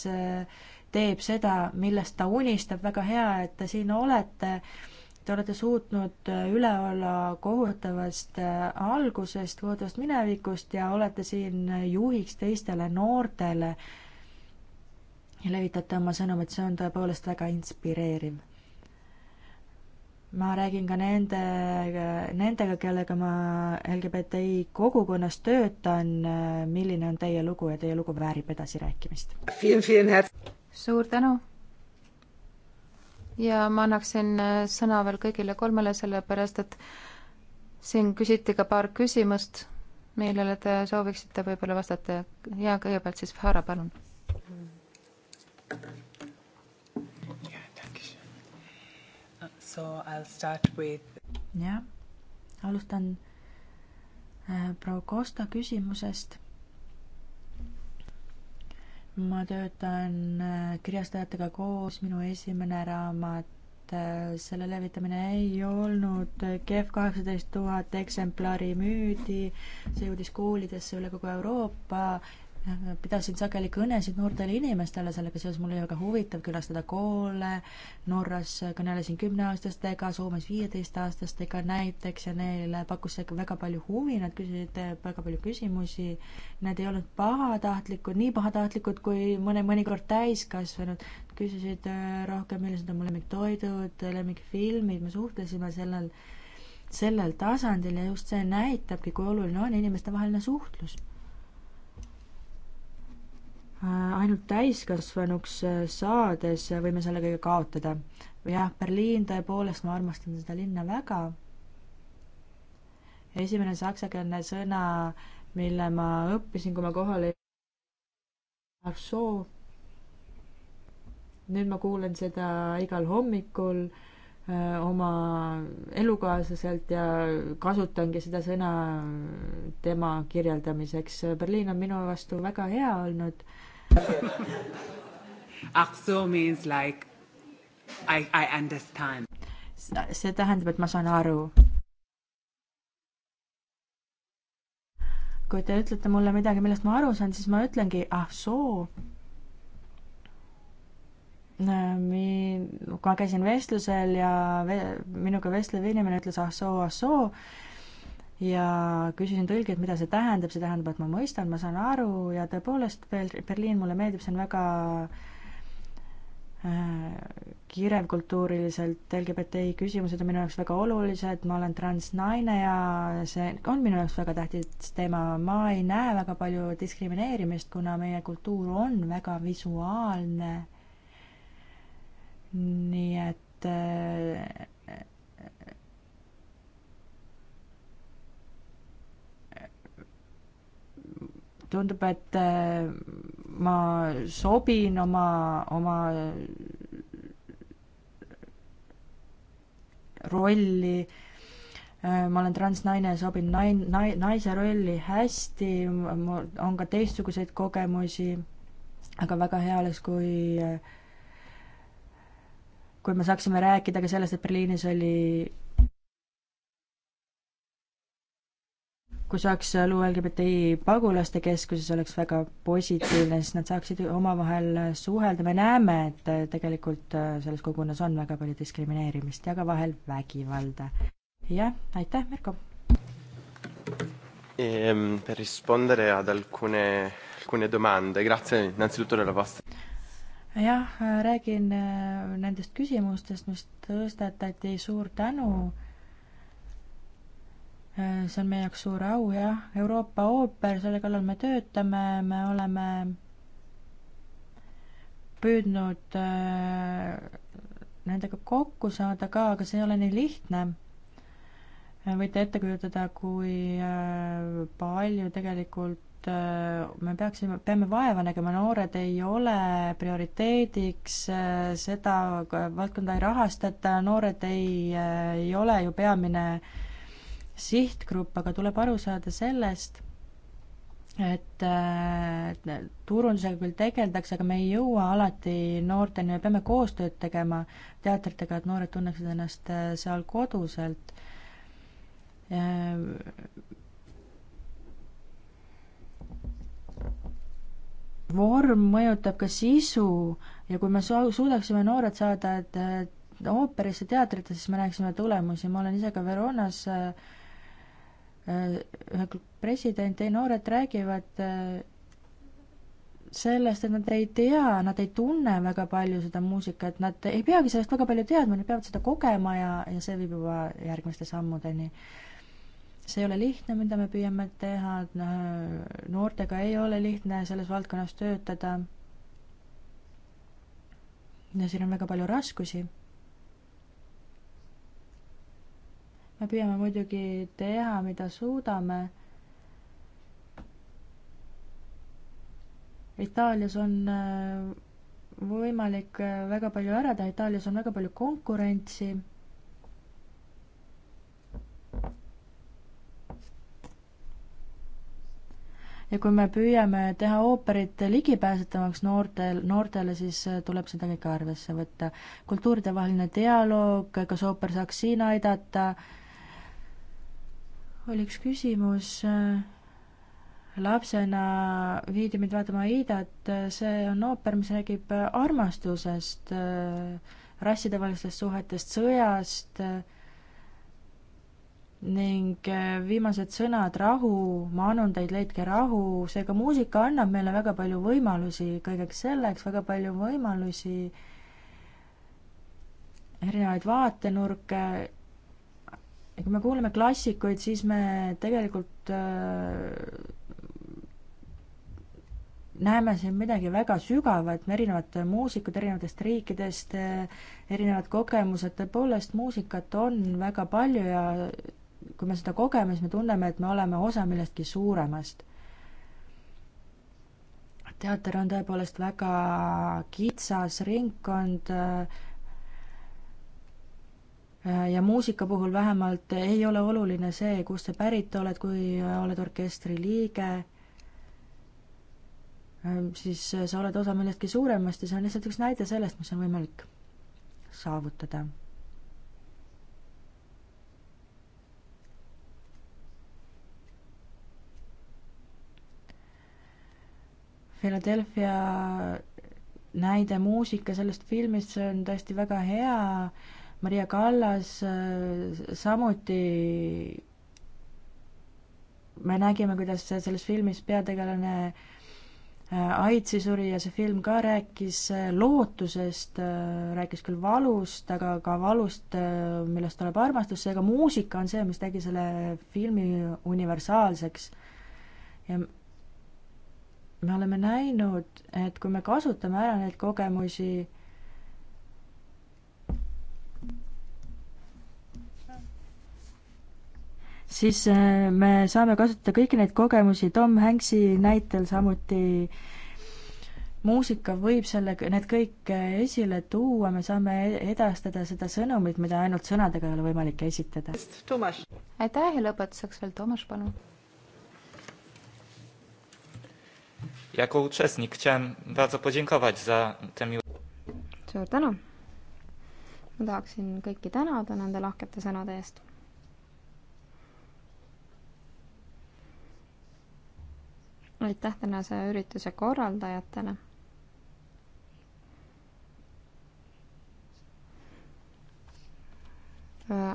teeb seda, millest ta unistab, väga hea, et te siin olete Te olete suutnud äh, üle olla kohutavast äh, algusest, kohutavast minevikust ja olete siin äh, juhiks teistele noortele. ja levitate oma sõnumit, see on tõepoolest väga inspireeriv. ma räägin ka nende, nendega, kellega ma LGBTI kogukonnas töötan, milline on teie lugu ja teie lugu väärib edasirääkimist. suur tänu ja ma annaksin äh, sõna veel kõigile kolmele, sellepärast et siin küsiti ka paar küsimust, millele te sooviksite võib-olla vastata ja kõigepealt siis Vahara, palun. jah, alustan äh, proua Kosta küsimusest ma töötan äh, kirjastajatega koos, minu esimene raamat äh, selle levitamine ei olnud äh, kehv, kaheksateist tuhat eksemplari müüdi, see jõudis koolidesse üle kogu Euroopa pidasin sageli kõnesid noortele inimestele, sellega seoses mul oli väga huvitav külastada koole, Norras kõnelesin kümneaastastega, Soomes viieteistaastastega näiteks ja neile pakkus see väga palju huvi, nad küsisid eh, väga palju küsimusi, nad ei olnud pahatahtlikud, nii pahatahtlikud kui mõne, mõnikord täiskasvanud, küsisid eh, rohkem, millised on mu lemmiktoidud, lemmikfilmid, me suhtlesime sellel, sellel tasandil ja just see näitabki, kui oluline on inimestevaheline suhtlus Äh, ainult täiskasvanuks äh, saades äh, võime selle kõige kaotada. jah, Berliin, tõepoolest, ma armastan seda linna väga. esimene saksakeelne sõna, mille ma õppisin, kui ma kohale Arso. nüüd ma kuulen seda igal hommikul öö, oma elukaaslaselt ja kasutangi seda sõna tema kirjeldamiseks. Berliin on minu vastu väga hea olnud Akso means like I, I understand. see tähendab, et ma saan aru. kui te ütlete mulle midagi, millest ma aru saan, siis ma ütlengi ah soo. Äh, ma käisin vestlusel ja ve, minuga vestlev inimene ütles ah soo, ah soo ja küsisin tõlgilt, mida see tähendab, see tähendab, et ma mõistan, ma saan aru ja tõepoolest Berliin mulle meeldib, see on väga äh, kirev kultuuriliselt, LGBTI küsimused on minu jaoks väga olulised, ma olen transnaine ja see on minu jaoks väga tähtis teema, ma ei näe väga palju diskrimineerimist, kuna meie kultuur on väga visuaalne. nii et äh, tundub, et äh, ma sobin oma, oma rolli, äh, ma olen transnaine, sobin nain-, nai-, naise rolli hästi, mul on ka teistsuguseid kogemusi, aga väga hea oleks, kui äh, kui me saaksime rääkida ka sellest, et Berliinis oli kui saaks luua LGBTI pagulaste keskuse, see oleks väga positiivne, siis nad saaksid omavahel suhelda, me näeme, et tegelikult äh, selles kogukonnas on väga palju diskrimineerimist ja ka vahel vägivalda. jah, aitäh, Mirko! Ehm, per rispondere ad alcune, alcune domande, grazie innanzitutto della vostra jah, äh, räägin äh, nendest küsimustest, mis tõstatati, suur tänu mm see on meie jaoks suur au, jah. Euroopa ooper, selle kallal me töötame, me oleme püüdnud äh, nendega kokku saada ka, aga see ei ole nii lihtne. Äh, võite ette kujutada, kui äh, palju tegelikult me peaksime, peame vaeva nägema, noored ei ole prioriteediks, seda valdkonda ei rahastata, noored ei, ei ole ju peamine äh, sihtgrupp, aga tuleb aru saada sellest, et äh, turundusega küll tegeldakse, aga me ei jõua alati noorteni, me peame koostööd tegema teatritega, et noored tunneksid ennast äh, seal koduselt äh,. vorm mõjutab ka sisu ja kui me su-, suudaksime noored saada, et, et äh, ooperisse, teatritesse, siis me näeksime tulemusi, ma olen ise ka Veronas äh, Äh, presidenti, noored räägivad äh, sellest, et nad ei tea, nad ei tunne väga palju seda muusikat, nad ei peagi sellest väga palju teadma, nad peavad seda kogema ja, ja see viib juba järgmiste sammudeni. see ei ole lihtne, mida me püüame teha, noh, noortega ei ole lihtne selles valdkonnas töötada. ja siin on väga palju raskusi me püüame muidugi teha, mida suudame. Itaalias on äh, võimalik äh, väga palju ära teha, Itaalias on väga palju konkurentsi ja kui me püüame teha ooperit ligipääsetavaks noortel, noortele, siis äh, tuleb seda kõike arvesse võtta. kultuuridevaheline dialoog, kas ooper saaks siin aidata äh,, oli üks küsimus, äh, lapsena viidi mind vaatama Aidat, see on ooper, mis räägib äh, armastusest, äh, rassidevahelistest suhetest, sõjast ning viimased sõnad rahu, ma annan teid, leidke rahu, seega muusika annab meile väga palju võimalusi kõigeks selleks, väga palju võimalusi, erinevaid vaatenurke ja kui me kuulame klassikuid, siis me tegelikult äh, näeme siin midagi väga sügavat, erinevad muusikud erinevatest riikidest, erinevad kogemused, tõepoolest muusikat on väga palju ja kui me seda kogeme, siis me tunneme, et me oleme osa millestki suuremast. teater on tõepoolest väga kitsas ringkond äh, Äh, ja muusika puhul vähemalt ei ole oluline see, kust sa pärit oled, kui äh, oled orkestri liige, äh, siis sa oled osa millestki suuremast ja see on lihtsalt üks näide sellest, mis on võimalik saavutada. Philadelphia näide muusika sellest filmist, see on tõesti väga hea Maria Kallas äh, samuti me nägime, kuidas selles filmis peategelane äh, Aidsi suri ja see film ka rääkis äh, lootusest, rääkis küll valust, aga ka valust, millest tuleb armastus, seega muusika on see, mis tegi selle filmi universaalseks. ja me oleme näinud, et kui me kasutame ära neid kogemusi, siis äh, me saame kasutada kõiki neid kogemusi Tom Hanks'i näitel, samuti muusika võib selle, need kõik äh, esile tuua, me saame e-, edastada seda sõnumit, mida ainult sõnadega ei ole võimalik esitada. aitäh ja lõpetuseks veel Toomas, palun. Jako uczestnik chciałem bardzo podziękować za tę Suur tänu! ma tahaksin kõiki tänada nende lahkete sõnade eest aitäh tänase ürituse korraldajatele.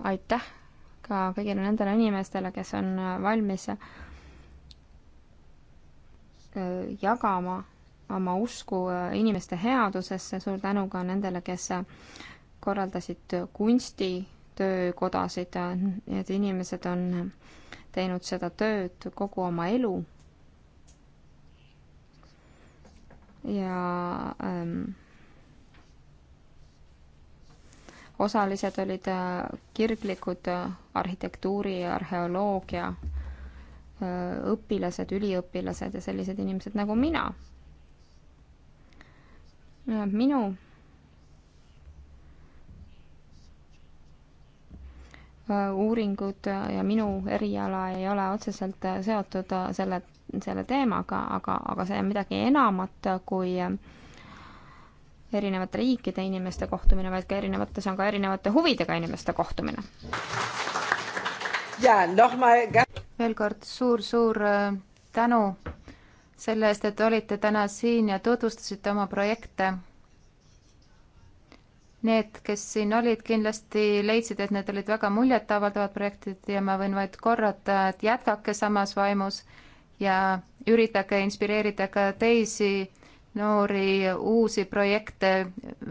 aitäh ka kõigile nendele inimestele, kes on valmis äh, jagama oma usku äh, inimeste headusesse, suur tänu ka nendele, kes korraldasid kunstitöökodasid, need inimesed on teinud seda tööd kogu oma elu ja ähm, osalised olid äh, kirglikud äh, arhitektuuri ja arheoloogia äh, õpilased, üliõpilased ja sellised inimesed nagu mina. minu uuringud ja minu eriala ei ole otseselt seotud selle selle teemaga, aga, aga see on midagi enamat kui äh, erinevate riikide inimeste kohtumine, vaid ka erinevate, see on ka erinevate huvidega inimeste kohtumine. Noh, veel kord suur-suur äh, tänu selle eest, et olite täna siin ja tutvustasite oma projekte. Need, kes siin olid, kindlasti leidsid, et need olid väga muljetavaldavad projektid ja ma võin vaid korrata, et jätkake samas vaimus ja üritage inspireerida ka teisi noori uusi projekte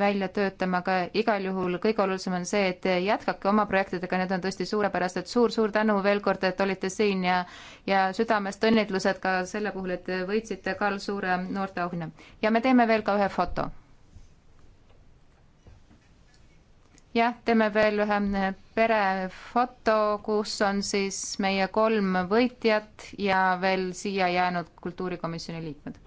välja töötama, aga igal juhul kõige olulisem on see, et jätkake oma projektidega, need on tõesti suurepärased suur,, suur-suur tänu veel kord, et olite siin ja ja südamest õnnitlused ka selle puhul, et võitsite Karl Suure noorteauhinna. ja me teeme veel ka ühe foto jah, teeme veel ühe eh, perefoto, kus on siis meie kolm võitjat ja veel siia jäänud kultuurikomisjoni liikmed